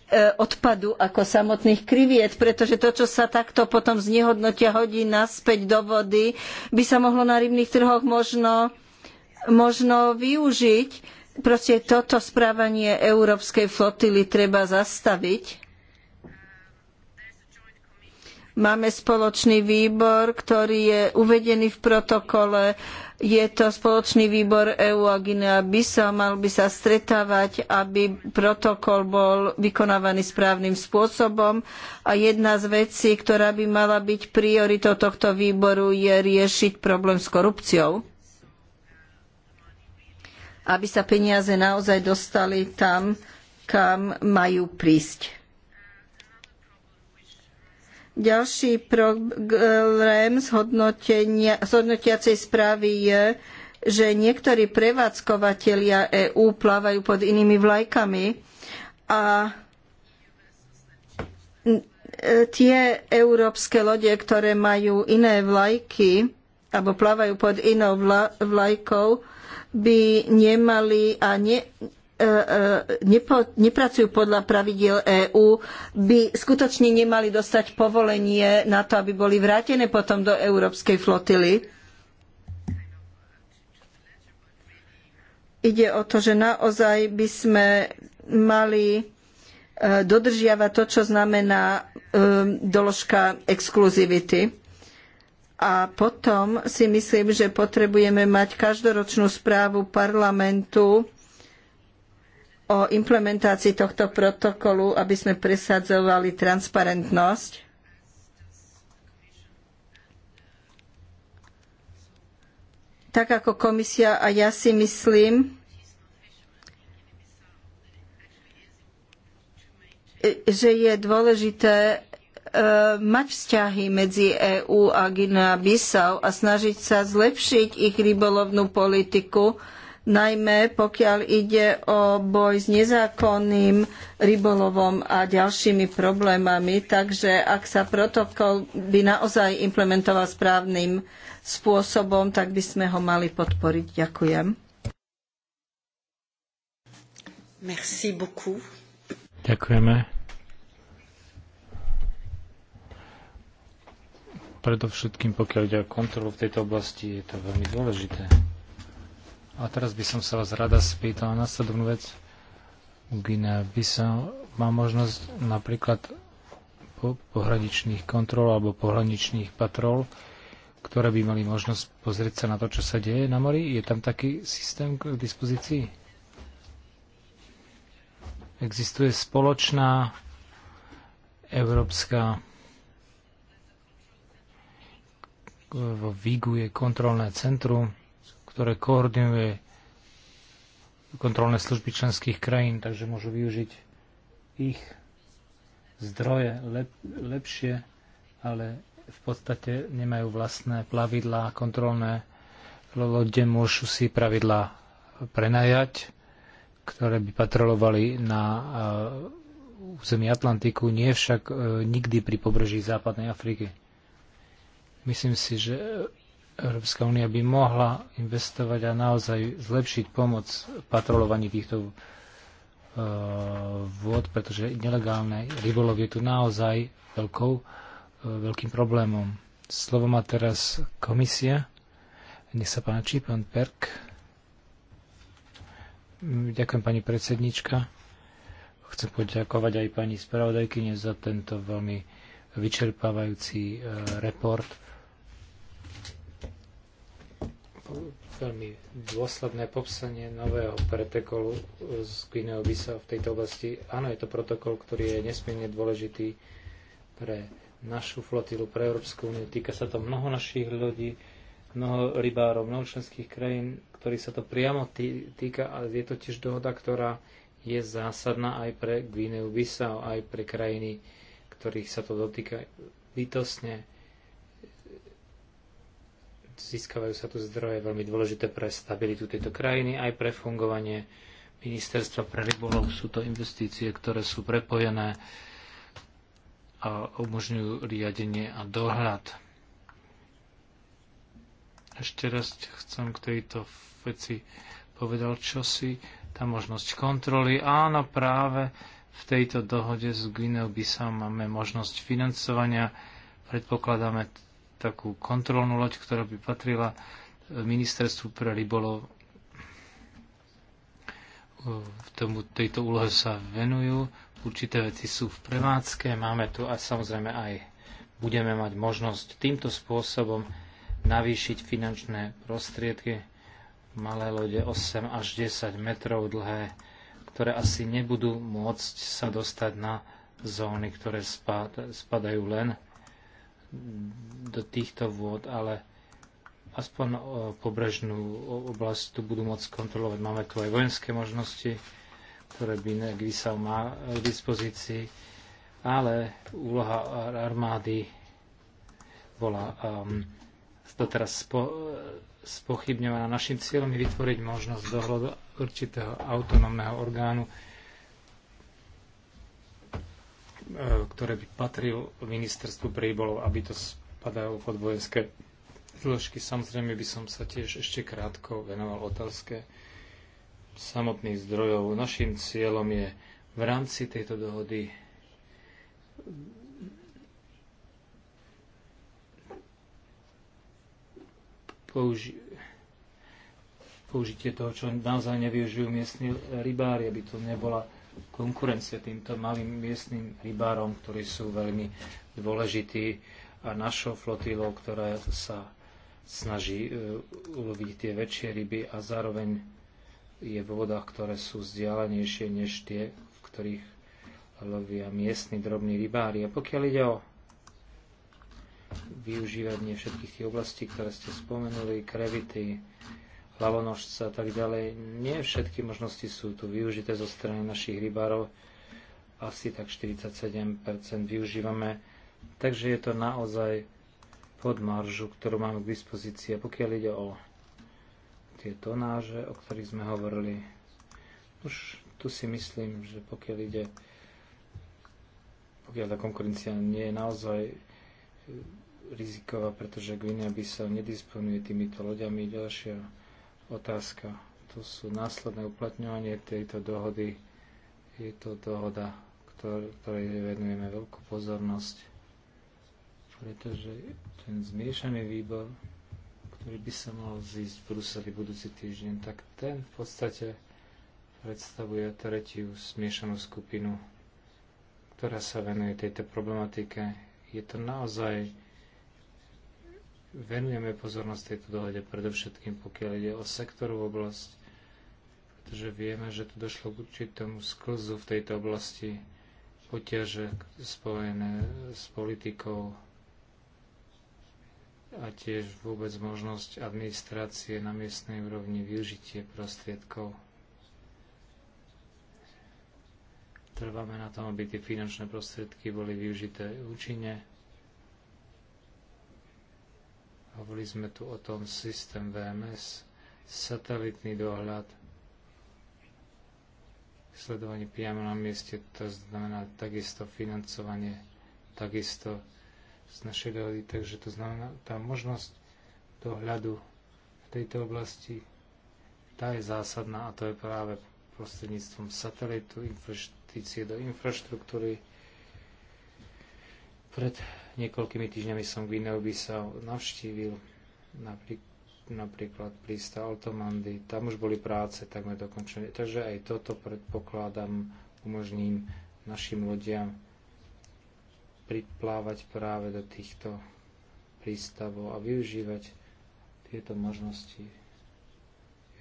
Eh, odpadu ako samotných kriviet, pretože to, čo sa takto potom znehodnotia hodí naspäť do vody, by sa mohlo na rybných trhoch možno, možno využiť. Proste toto správanie európskej flotily treba zastaviť. Máme spoločný výbor, ktorý je uvedený v protokole je to spoločný výbor EÚ a Guinea Bissau, mal by sa stretávať, aby protokol bol vykonávaný správnym spôsobom. A jedna z vecí, ktorá by mala byť prioritou tohto výboru, je riešiť problém s korupciou aby sa peniaze naozaj dostali tam, kam majú prísť. Ďalší problém zhodnotiacej správy je, že niektorí prevádzkovateľia EÚ plávajú pod inými vlajkami a tie európske lode, ktoré majú iné vlajky alebo plávajú pod inou vlajkou, by nemali a ne, E, e, nepracujú podľa pravidiel EÚ, by skutočne nemali dostať povolenie na to, aby boli vrátené potom do európskej flotily? Ide o to, že naozaj by sme mali e, dodržiavať to, čo znamená doložka exkluzivity. A potom si myslím, že potrebujeme mať každoročnú správu parlamentu o implementácii tohto protokolu, aby sme presadzovali transparentnosť. Tak ako komisia a ja si myslím, že je dôležité e, mať vzťahy medzi EÚ a Guinea-Bissau a snažiť sa zlepšiť ich rybolovnú politiku, najmä pokiaľ ide o boj s nezákonným rybolovom a ďalšími problémami. Takže ak sa protokol by naozaj implementoval správnym spôsobom, tak by sme ho mali podporiť. Ďakujem. Ďakujeme. Predovšetkým, pokiaľ ide o kontrolu v tejto oblasti, je to veľmi dôležité. A teraz by som sa vás rada spýtala na sledovnú vec. Guinea by sa má možnosť napríklad po, pohraničných kontrol alebo pohraničných patrol, ktoré by mali možnosť pozrieť sa na to, čo sa deje na mori. Je tam taký systém k dispozícii? Existuje spoločná európska vo Vigu je kontrolné centrum ktoré koordinuje kontrolné služby členských krajín, takže môžu využiť ich zdroje lep, lepšie, ale v podstate nemajú vlastné plavidlá kontrolné lode, môžu si pravidlá prenajať, ktoré by patrolovali na e, území Atlantiku, nie však e, nikdy pri pobreží západnej Afriky. Myslím si, že Európska únia by mohla investovať a naozaj zlepšiť pomoc patrolovaní týchto e, vôd, pretože nelegálne rybolov je tu naozaj veľkou, e, veľkým problémom. Slovo má teraz komisia. Nech sa páči, pán Perk. Ďakujem pani predsednička. Chcem poďakovať aj pani spravodajkyne za tento veľmi vyčerpávajúci e, report veľmi dôsledné popsanie nového protokolu z Guineo Bissau v tejto oblasti. Áno, je to protokol, ktorý je nesmierne dôležitý pre našu flotilu, pre Európsku úniu. Týka sa to mnoho našich ľudí, mnoho rybárov, mnoho členských krajín, ktorí sa to priamo týka, ale je to tiež dohoda, ktorá je zásadná aj pre Guineu Bissau, aj pre krajiny, ktorých sa to dotýka bytostne získavajú sa tu zdroje veľmi dôležité pre stabilitu tejto krajiny, aj pre fungovanie ministerstva pre rybolov. Sú to investície, ktoré sú prepojené a umožňujú riadenie a dohľad. Ešte raz chcem k tejto veci povedal čosi, tá možnosť kontroly. Áno, práve v tejto dohode s Guineou by sa máme možnosť financovania. Predpokladáme takú kontrolnú loď, ktorá by patrila e, ministerstvu pre rybolov. E, v tomu, tejto úlohe sa venujú. Určité veci sú v prevádzke. Máme tu a samozrejme aj budeme mať možnosť týmto spôsobom navýšiť finančné prostriedky. Malé lode 8 až 10 metrov dlhé, ktoré asi nebudú môcť sa dostať na zóny, ktoré spadajú len do týchto vôd, ale aspoň e, pobrežnú oblasť tu budú môcť kontrolovať. Máme tu aj vojenské možnosti, ktoré by Gvisau má e, k dispozícii, ale úloha armády bola um, doteraz spo, e, spochybňovaná. Našim cieľom je vytvoriť možnosť dohľadu určitého autonómneho orgánu, E, ktoré by patril ministerstvu pre rybolov, aby to spadalo pod vojenské zložky. Samozrejme by som sa tiež ešte krátko venoval otázke samotných zdrojov. Našim cieľom je v rámci tejto dohody použi- použitie toho, čo naozaj nevyužijú miestni rybári, aby to nebola konkurencia týmto malým miestnym rybárom, ktorí sú veľmi dôležití a našou flotilou, ktorá sa snaží e, uloviť tie väčšie ryby a zároveň je v vodách, ktoré sú vzdialenejšie než tie, v ktorých lovia miestni drobní rybári. A pokiaľ ide o využívanie všetkých tých oblastí, ktoré ste spomenuli, krevity, Hlavonožca a tak ďalej. Nie všetky možnosti sú tu využité zo strany našich rybárov. Asi tak 47% využívame. Takže je to naozaj pod maržu, ktorú máme k dispozícii. A pokiaľ ide o tie tonáže, o ktorých sme hovorili, už tu si myslím, že pokiaľ ide pokiaľ tá konkurencia nie je naozaj e, riziková, pretože Gvinia by sa nedisponuje týmito loďami. Ďalšia otázka. To sú následné uplatňovanie tejto dohody. Je to dohoda, ktor- ktorej venujeme veľkú pozornosť, pretože ten zmiešaný výbor, ktorý by sa mal zísť v Bruseli budúci týždeň, tak ten v podstate predstavuje tretiu smiešanú skupinu, ktorá sa venuje tejto problematike. Je to naozaj venujeme pozornosť tejto dohode predovšetkým, pokiaľ ide o sektorovú oblasť, pretože vieme, že tu došlo k určitému sklzu v tejto oblasti, poťaže spojené s politikou a tiež vôbec možnosť administrácie na miestnej úrovni využitie prostriedkov. Trváme na tom, aby tie finančné prostriedky boli využité účinne, Hovorili sme tu o tom systém VMS, satelitný dohľad, sledovanie priamo na mieste, to znamená takisto financovanie, takisto z našej dohody, takže to znamená tá možnosť dohľadu v tejto oblasti, tá je zásadná a to je práve prostredníctvom satelitu, investície do infraštruktúry, pred niekoľkými týždňami som Gvineu Bissau navštívil napríklad napríklad prístav Altomandy, tam už boli práce takmer dokončené. Takže aj toto predpokladám, umožním našim lodiam priplávať práve do týchto prístavov a využívať tieto možnosti.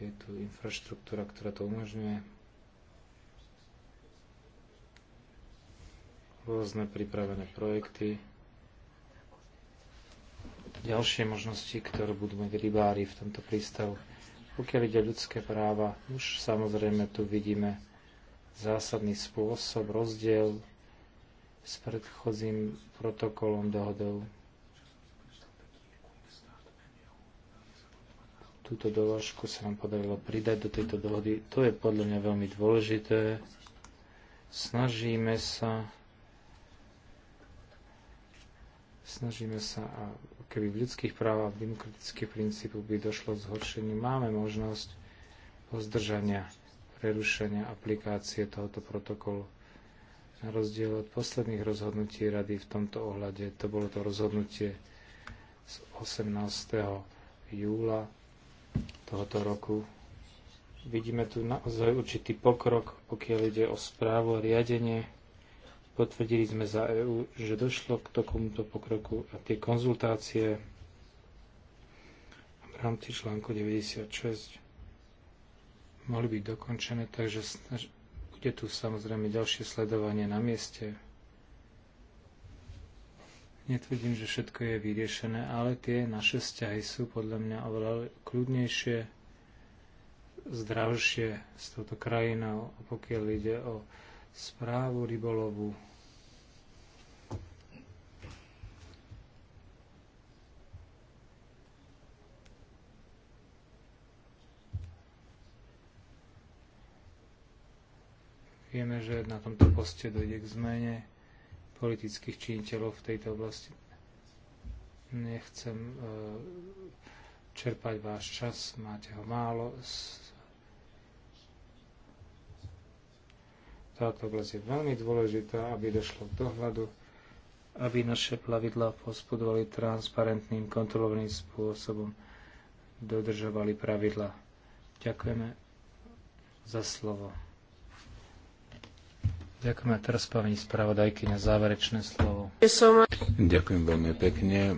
Je tu infraštruktúra, ktorá to umožňuje. rôzne pripravené projekty, ďalšie možnosti, ktoré budú mať rybári v tomto prístavu. Pokiaľ ide ľudské práva, už samozrejme tu vidíme zásadný spôsob, rozdiel s predchozím protokolom dohodov. Túto doložku sa nám podarilo pridať do tejto dohody. To je podľa mňa veľmi dôležité. Snažíme sa Snažíme sa, a keby v ľudských právach, v demokratických princípoch by došlo k zhoršeniu, máme možnosť pozdržania, prerušenia aplikácie tohoto protokolu. Na rozdiel od posledných rozhodnutí rady v tomto ohľade, to bolo to rozhodnutie z 18. júla tohoto roku. Vidíme tu naozaj určitý pokrok, pokiaľ ide o správu a riadenie Potvrdili sme za EÚ, že došlo k takomuto pokroku a tie konzultácie v rámci článku 96 mohli byť dokončené, takže snaž... bude tu samozrejme ďalšie sledovanie na mieste. Netvrdím, že všetko je vyriešené, ale tie naše vzťahy sú podľa mňa oveľa kľudnejšie, zdravšie s touto krajinou, pokiaľ ide o správu rybolovu. Vieme, že na tomto poste dojde k zmene politických činiteľov v tejto oblasti. Nechcem eh, čerpať váš čas, máte ho málo. Táto oblasť je veľmi dôležitá, aby došlo k dohľadu, aby naše plavidlá pospudovali transparentným, kontrolovaným spôsobom, dodržovali pravidla. Ďakujeme za slovo. Ďakujem a teraz pani spravodajky na záverečné slovo. Ďakujem veľmi pekne e,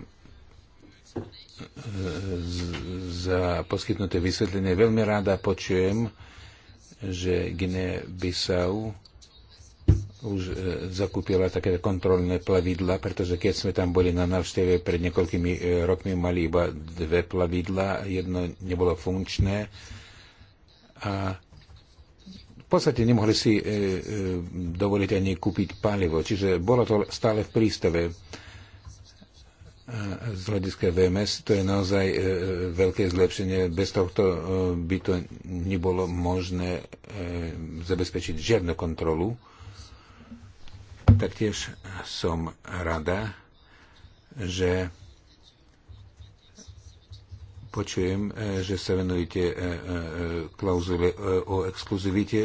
za poskytnuté vysvetlenie. Veľmi ráda počujem, že Gine Bissau už e, zakúpila také kontrolné plavidla, pretože keď sme tam boli na návšteve pred niekoľkými e, rokmi, mali iba dve plavidla, jedno nebolo funkčné a v podstate nemohli si e, e, dovoliť ani kúpiť palivo, čiže bolo to stále v prístave. z hľadiska VMS to je naozaj e, veľké zlepšenie. Bez tohto e, by to nebolo možné e, zabezpečiť žiadnu kontrolu. Taktiež som rada, že počujem, e, že sa venujete e, e, klauzule o exkluzivite,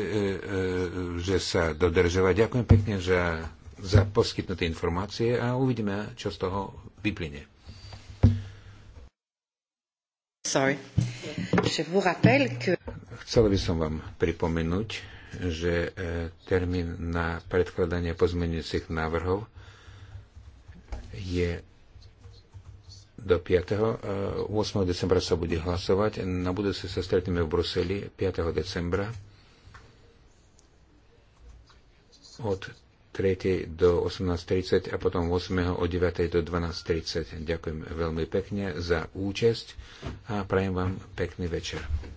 že sa dodržava. Ďakujem pekne za, za poskytnuté informácie a uvidíme, čo z toho vyplyne. Sorry. Je vous rappelle que... Chcela by som vám pripomenúť, že e, termín na predkladanie pozmeňujúcich návrhov je do 5. 8. E, decembra sa bude hlasovať. Na budúce sa stretneme v Bruseli 5. decembra od 3. do 18.30 a potom 8. od 9. do 12.30. Ďakujem veľmi pekne za účasť a prajem vám pekný večer.